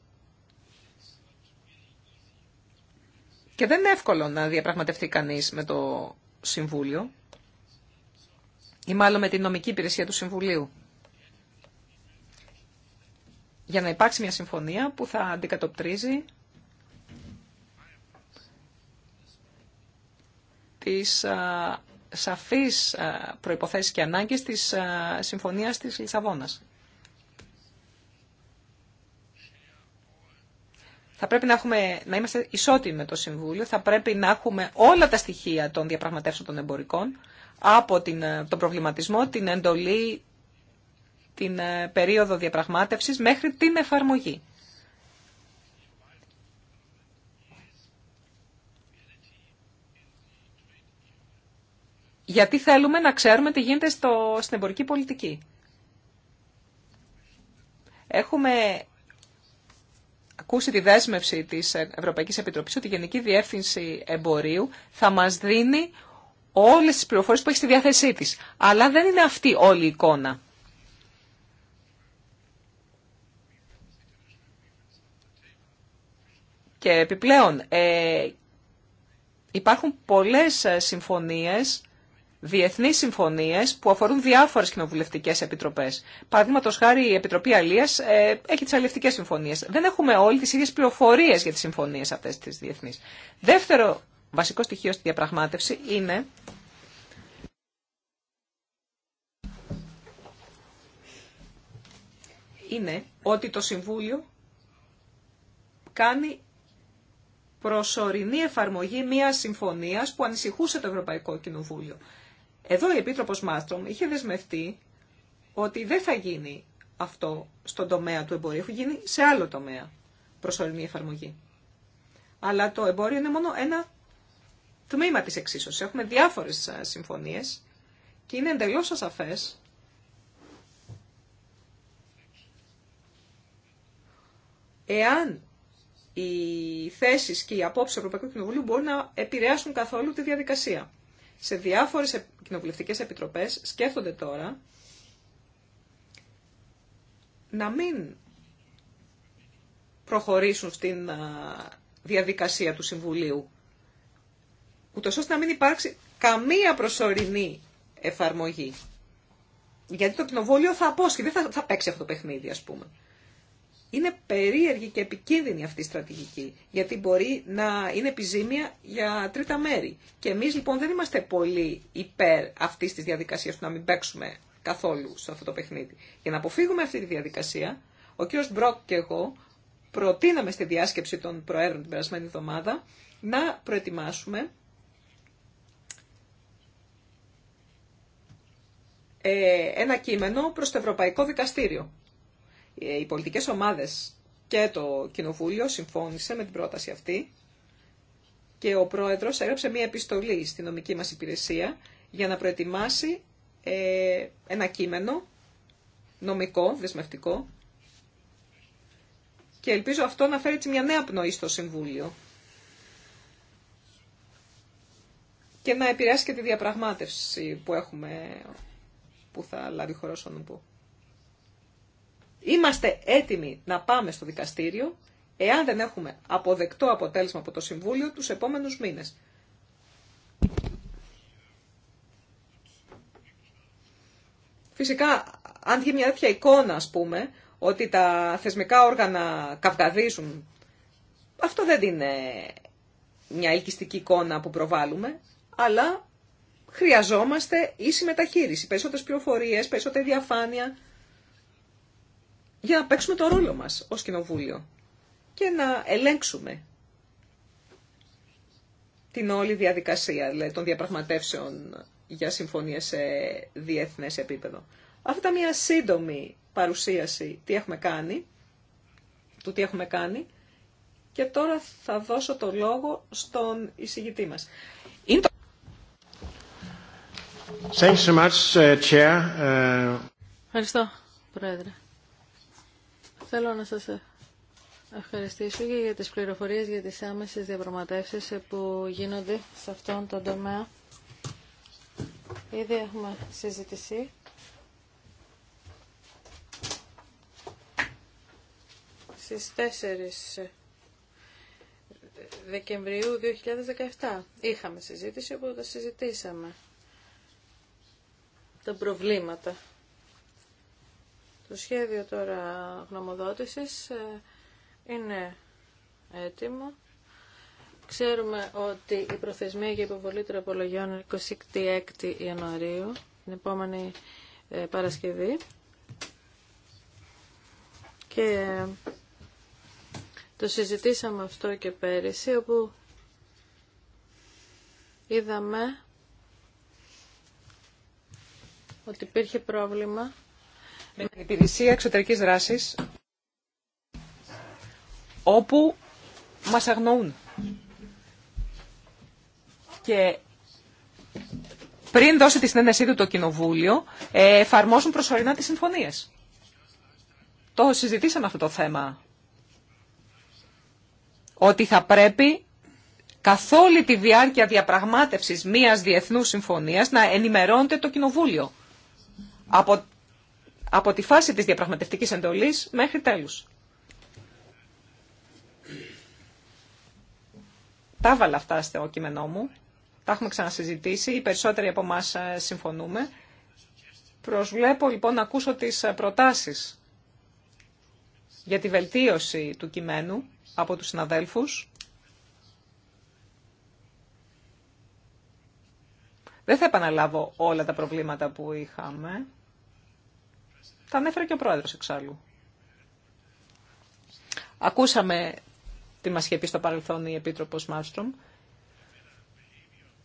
Speaker 2: Και δεν είναι εύκολο να διαπραγματευτεί κανείς με το Συμβούλιο ή μάλλον με την νομική υπηρεσία του Συμβουλίου για να υπάρξει μια συμφωνία που θα αντικατοπτρίζει τις σαφείς προϋποθέσεις και ανάγκες της Συμφωνίας της Λισαβόνας. Θα πρέπει να, έχουμε, να είμαστε ισότιμοι με το Συμβούλιο, θα πρέπει να έχουμε όλα τα στοιχεία των διαπραγματεύσεων των εμπορικών, από την, ε, τον προβληματισμό, την εντολή, την ε, περίοδο διαπραγμάτευσης μέχρι την εφαρμογή. γιατί θέλουμε να ξέρουμε τι γίνεται στο, στην εμπορική πολιτική. Έχουμε ακούσει τη δέσμευση της Ευρωπαϊκής Επιτροπής ότι η Γενική Διεύθυνση Εμπορίου θα μας δίνει όλες τις πληροφορίες που έχει στη διάθεσή της. Αλλά δεν είναι αυτή όλη η εικόνα. Και επιπλέον, ε, υπάρχουν πολλές ε, συμφωνίες διεθνείς συμφωνίες που αφορούν διάφορες κοινοβουλευτικές επιτροπές. Παραδείγματος χάρη η Επιτροπή Αλίας ε, έχει τις αλληλευτικές συμφωνίες. Δεν έχουμε όλοι τις ίδιες πληροφορίες για τις συμφωνίες αυτές τις διεθνείς. Δεύτερο βασικό στοιχείο στη διαπραγμάτευση είναι είναι ότι το Συμβούλιο κάνει προσωρινή εφαρμογή μιας συμφωνίας που ανησυχούσε το Ευρωπαϊκό Κοινοβούλιο. Εδώ η Επίτροπος Μάστρομ είχε δεσμευτεί ότι δεν θα γίνει αυτό στον τομέα του εμπορίου, έχει γίνει σε άλλο τομέα προσωρινή εφαρμογή. Αλλά το εμπόριο είναι μόνο ένα τμήμα της εξίσωσης. Έχουμε διάφορες συμφωνίες και είναι εντελώς ασαφές εάν οι θέσεις και οι απόψεις του Ευρωπαϊκού Κοινοβουλίου μπορούν να επηρεάσουν καθόλου τη διαδικασία σε διάφορες κοινοβουλευτικέ επιτροπές σκέφτονται τώρα να μην προχωρήσουν στην διαδικασία του Συμβουλίου, ούτως ώστε να μην υπάρξει καμία προσωρινή εφαρμογή. Γιατί το κοινοβούλιο θα απόσχει, δεν θα, θα παίξει αυτό το παιχνίδι, ας πούμε. Είναι περίεργη και επικίνδυνη αυτή η στρατηγική, γιατί μπορεί να είναι επιζήμια για τρίτα μέρη. Και εμείς λοιπόν δεν είμαστε πολύ υπέρ αυτής της διαδικασίας του να μην παίξουμε καθόλου σε αυτό το παιχνίδι. Για να αποφύγουμε αυτή τη διαδικασία, ο κ. Μπροκ και εγώ προτείναμε στη διάσκεψη των Προέδρων την περασμένη εβδομάδα να προετοιμάσουμε ε, ένα κείμενο προς το Ευρωπαϊκό Δικαστήριο. Ε, οι πολιτικές ομάδες και το Κοινοβούλιο συμφώνησε με την πρόταση αυτή και ο Πρόεδρος έγραψε μία επιστολή στη νομική μας υπηρεσία για να προετοιμάσει ε, ένα κείμενο νομικό, δεσμευτικό και ελπίζω αυτό να φέρει μια νέα πνοή στο Συμβούλιο και να επηρεάσει και τη διαπραγμάτευση που έχουμε που θα λάβει χώρα Είμαστε έτοιμοι να πάμε στο δικαστήριο εάν δεν έχουμε αποδεκτό αποτέλεσμα από το Συμβούλιο τους επόμενους μήνες. Φυσικά, αν βγει μια τέτοια εικόνα, ας πούμε, ότι τα θεσμικά όργανα καυγαδίζουν, αυτό δεν είναι μια ελκυστική εικόνα που προβάλλουμε, αλλά χρειαζόμαστε ίση μεταχείριση, περισσότερες πληροφορίες, περισσότερη διαφάνεια, για να παίξουμε το ρόλο μας ως κοινοβούλιο και να ελέγξουμε την όλη διαδικασία δηλαδή, των διαπραγματεύσεων για συμφωνίες σε διεθνές επίπεδο. Αυτή ήταν μια σύντομη παρουσίαση τι έχουμε κάνει, του τι έχουμε κάνει και τώρα θα δώσω το λόγο στον εισηγητή μας.
Speaker 3: so much, uh, uh, Ευχαριστώ, Πρόεδρε. Θέλω να σας ευχαριστήσω για τις πληροφορίες για τις άμεσες διαπραγματεύσεις που γίνονται σε αυτόν τον τομέα. Ήδη έχουμε συζητηθεί. Στις 4 Δεκεμβρίου 2017 είχαμε συζήτηση όπου τα συζητήσαμε τα προβλήματα το σχέδιο τώρα γνωμοδότησης ε, είναι έτοιμο. Ξέρουμε ότι η προθεσμία για υποβολή τραπολογιών 26 Ιανουαρίου, την επόμενη ε, Παρασκευή. Και ε, το συζητήσαμε αυτό και πέρυσι, όπου είδαμε ότι υπήρχε πρόβλημα
Speaker 2: με την υπηρεσία εξωτερικής δράσης όπου μας αγνοούν. Και πριν δώσει τη συνέντευξή του το Κοινοβούλιο, ε, εφαρμόζουν προσωρινά τις συμφωνίες. Το συζητήσαμε αυτό το θέμα. Ότι θα πρέπει καθ' όλη τη διάρκεια διαπραγμάτευσης μιας διεθνούς συμφωνίας να ενημερώνεται το Κοινοβούλιο από από τη φάση της διαπραγματευτικής εντολής μέχρι τέλους. Τα βάλα αυτά στο κείμενό μου. Τα έχουμε ξανασυζητήσει. Οι περισσότεροι από εμά ε, συμφωνούμε. Προσβλέπω λοιπόν να ακούσω τις ε, προτάσεις για τη βελτίωση του κειμένου από τους συναδέλφους. Δεν θα επαναλάβω όλα τα προβλήματα που είχαμε. Τα ανέφερε και ο πρόεδρος εξάλλου. Ακούσαμε τι μας είχε πει στο παρελθόν η Επίτροπος Μάρστρομ.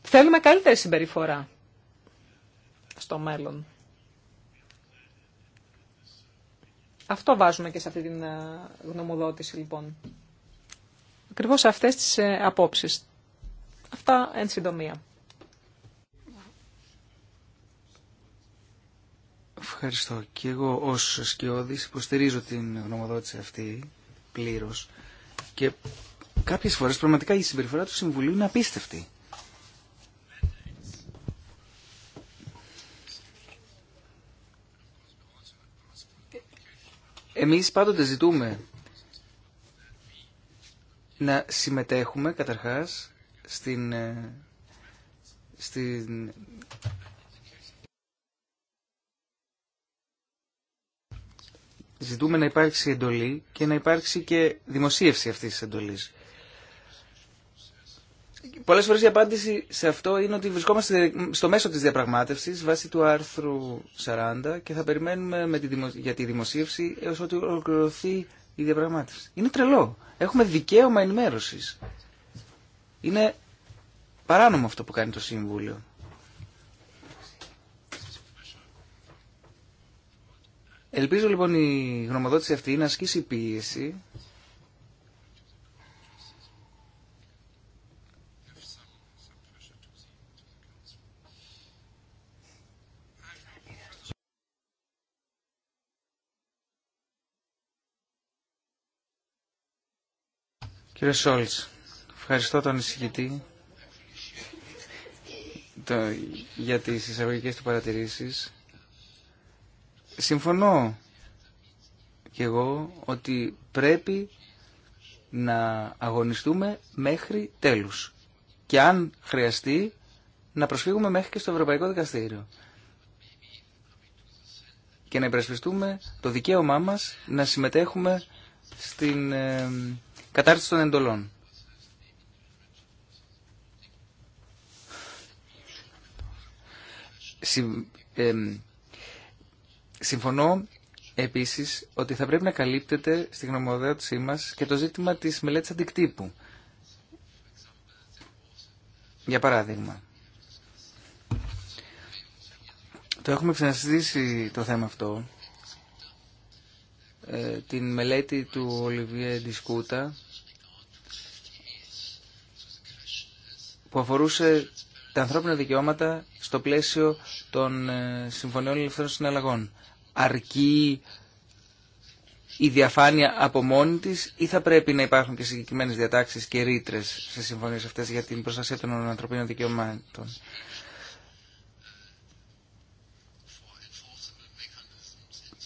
Speaker 2: Θέλουμε καλύτερη συμπεριφορά στο μέλλον. Αυτό βάζουμε και σε αυτή την ε, γνωμοδότηση λοιπόν. Ακριβώς αυτές τις ε, απόψεις. Αυτά εν συντομία.
Speaker 1: Ευχαριστώ. Και εγώ ω σκιώδη υποστηρίζω την γνωμοδότηση αυτή πλήρω. και κάποιες φορές πραγματικά η συμπεριφορά του Συμβουλίου είναι απίστευτη. Εμείς πάντοτε ζητούμε να συμμετέχουμε καταρχάς στην, ε, στην ζητούμε να υπάρξει εντολή και να υπάρξει και δημοσίευση αυτής της εντολής. Πολλές φορές η απάντηση σε αυτό είναι ότι βρισκόμαστε στο μέσο της διαπραγμάτευσης βάσει του άρθρου 40 και θα περιμένουμε με τη για τη δημοσίευση έως ότι ολοκληρωθεί η διαπραγμάτευση. Είναι τρελό. Έχουμε δικαίωμα ενημέρωσης. Είναι παράνομο αυτό που κάνει το Συμβούλιο. Ελπίζω λοιπόν η γνωμοδότηση αυτή να ασκήσει πίεση Κύριε Σόλτς, ευχαριστώ τον εισηγητή το, για τις εισαγωγικές του παρατηρήσεις συμφωνώ και εγώ ότι πρέπει να αγωνιστούμε μέχρι τέλους. Και αν χρειαστεί να προσφύγουμε μέχρι και στο Ευρωπαϊκό Δικαστήριο. Και να υπερασπιστούμε το δικαίωμά μας να συμμετέχουμε στην ε, κατάρτιση των εντολών. Ε, Συμφωνώ επίση ότι θα πρέπει να καλύπτεται στη γνωμοδότησή μας και το ζήτημα της μελέτη αντικτύπου. Για παράδειγμα, το έχουμε ξανασυζητήσει το θέμα αυτό, ε, την μελέτη του Ολιβιέ Ντισκούτα, που αφορούσε τα ανθρώπινα δικαιώματα στο πλαίσιο των ε, συμφωνιών ελευθερών συναλλαγών αρκεί η διαφάνεια από μόνη της ή θα πρέπει να υπάρχουν και συγκεκριμένες διατάξεις και ρήτρε σε συμφωνίες αυτές για την προστασία των ανθρωπίνων δικαιωμάτων.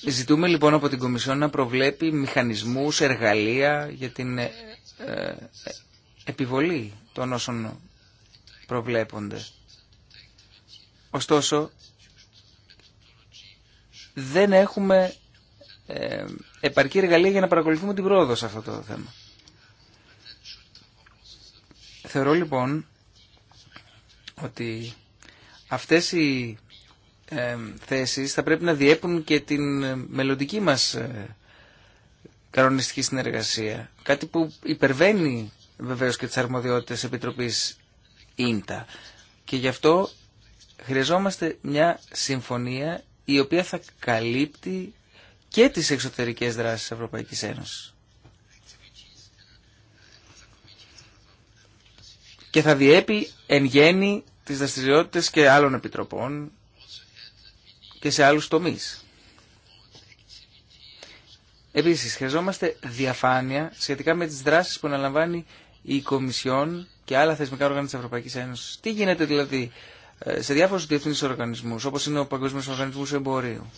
Speaker 1: Ζητούμε λοιπόν από την Κομισιόν να προβλέπει μηχανισμούς, εργαλεία για την ε, ε, επιβολή των όσων προβλέπονται. Ωστόσο, δεν έχουμε ε, επαρκή εργαλεία για να παρακολουθούμε την πρόοδο σε αυτό το θέμα. Θεωρώ λοιπόν ότι αυτές οι ε, θέσεις θα πρέπει να διέπουν και την μελλοντική μας ε, κανονιστική συνεργασία. Κάτι που υπερβαίνει βεβαίως και τις αρμοδιότητες Επιτροπής ΙΝΤΑ. Και γι' αυτό χρειαζόμαστε μια συμφωνία η οποία θα καλύπτει και τις εξωτερικές δράσεις της Ευρωπαϊκής Ένωσης. Και θα διέπει εν γέννη τις δραστηριότητες και άλλων επιτροπών και σε άλλους τομείς. Επίσης, χρειαζόμαστε διαφάνεια σχετικά με τις δράσεις που αναλαμβάνει η Κομισιόν και άλλα θεσμικά όργανα της Ευρωπαϊκής Ένωσης. Τι γίνεται δηλαδή σε διάφορου διεθνεί οργανισμού, όπω είναι ο Παγκόσμιο Οργανισμό Εμπορίου.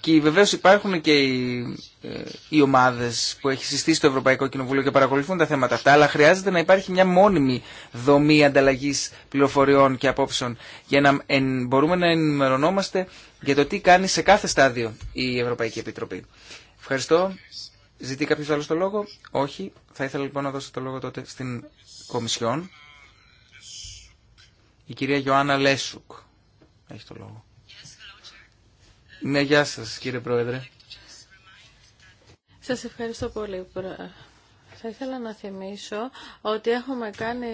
Speaker 1: Και βεβαίω υπάρχουν και οι, ε, οι ομάδες που έχει συστήσει το Ευρωπαϊκό Κοινοβούλιο και παρακολουθούν τα θέματα αυτά, αλλά χρειάζεται να υπάρχει μια μόνιμη δομή ανταλλαγή πληροφοριών και απόψεων για να μπορούμε να ενημερωνόμαστε για το τι κάνει σε κάθε στάδιο η Ευρωπαϊκή Επιτροπή. Ευχαριστώ. Ζητεί κάποιο άλλο το λόγο. Όχι. Θα ήθελα λοιπόν να δώσω το λόγο τότε στην Κομισιόν. Η κυρία Ιωάννα Λέσουκ έχει το λόγο. Ναι, γεια σας κύριε Πρόεδρε.
Speaker 3: Σας ευχαριστώ πολύ θα ήθελα να θυμίσω ότι έχουμε κάνει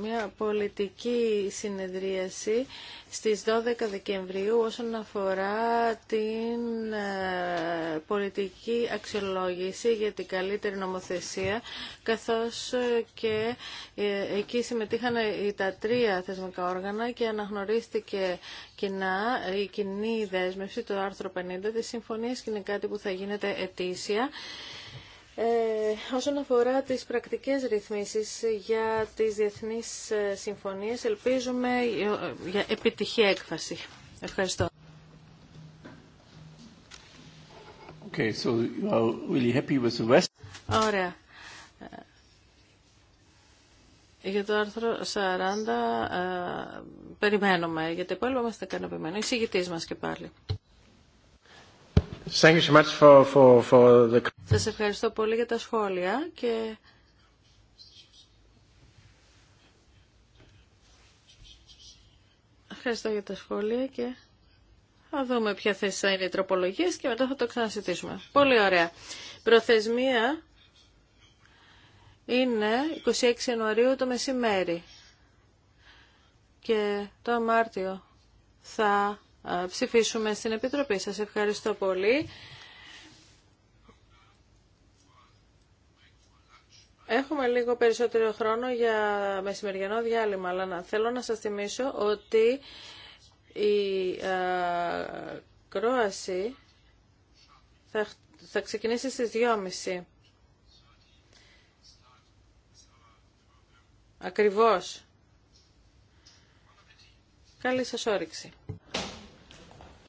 Speaker 3: μια πολιτική συνεδρίαση στις 12 Δεκεμβρίου όσον αφορά την ε, πολιτική αξιολόγηση για την καλύτερη νομοθεσία καθώς ε, και ε, εκεί συμμετείχαν τα τρία θεσμικά όργανα και αναγνωρίστηκε κοινά η κοινή δέσμευση το άρθρο 50 της συμφωνίας και είναι κάτι που θα γίνεται ετήσια ε, όσον αφορά τις πρακτικές ρυθμίσεις για τις διεθνείς ε, συμφωνίες, ελπίζουμε ε, για επιτυχή έκφαση. Ευχαριστώ.
Speaker 2: Okay, so you really happy with the West?
Speaker 3: Ωραία. Ε, για το άρθρο 40 ε, περιμένουμε, γιατί το υπόλοιπο είμαστε ικανοποιημένοι. Εισηγητής μας και πάλι. Thank you so much for, for, for the... Σας ευχαριστώ πολύ για τα σχόλια και ευχαριστώ για τα σχόλια και θα δούμε ποια θέση θα είναι οι τροπολογίες και μετά θα το ξανασυντήσουμε. Πολύ ωραία. Προθεσμία είναι 26 Ιανουαρίου το μεσημέρι και το Μάρτιο θα ε, ψηφίσουμε στην Επιτροπή. Σας ευχαριστώ πολύ. Έχουμε λίγο περισσότερο χρόνο για μεσημεριανό διάλειμμα, αλλά θέλω να σας θυμίσω ότι η ε, κρόαση θα, ξεκινήσει στις 2.30. Ακριβώς. Καλή σας όρεξη.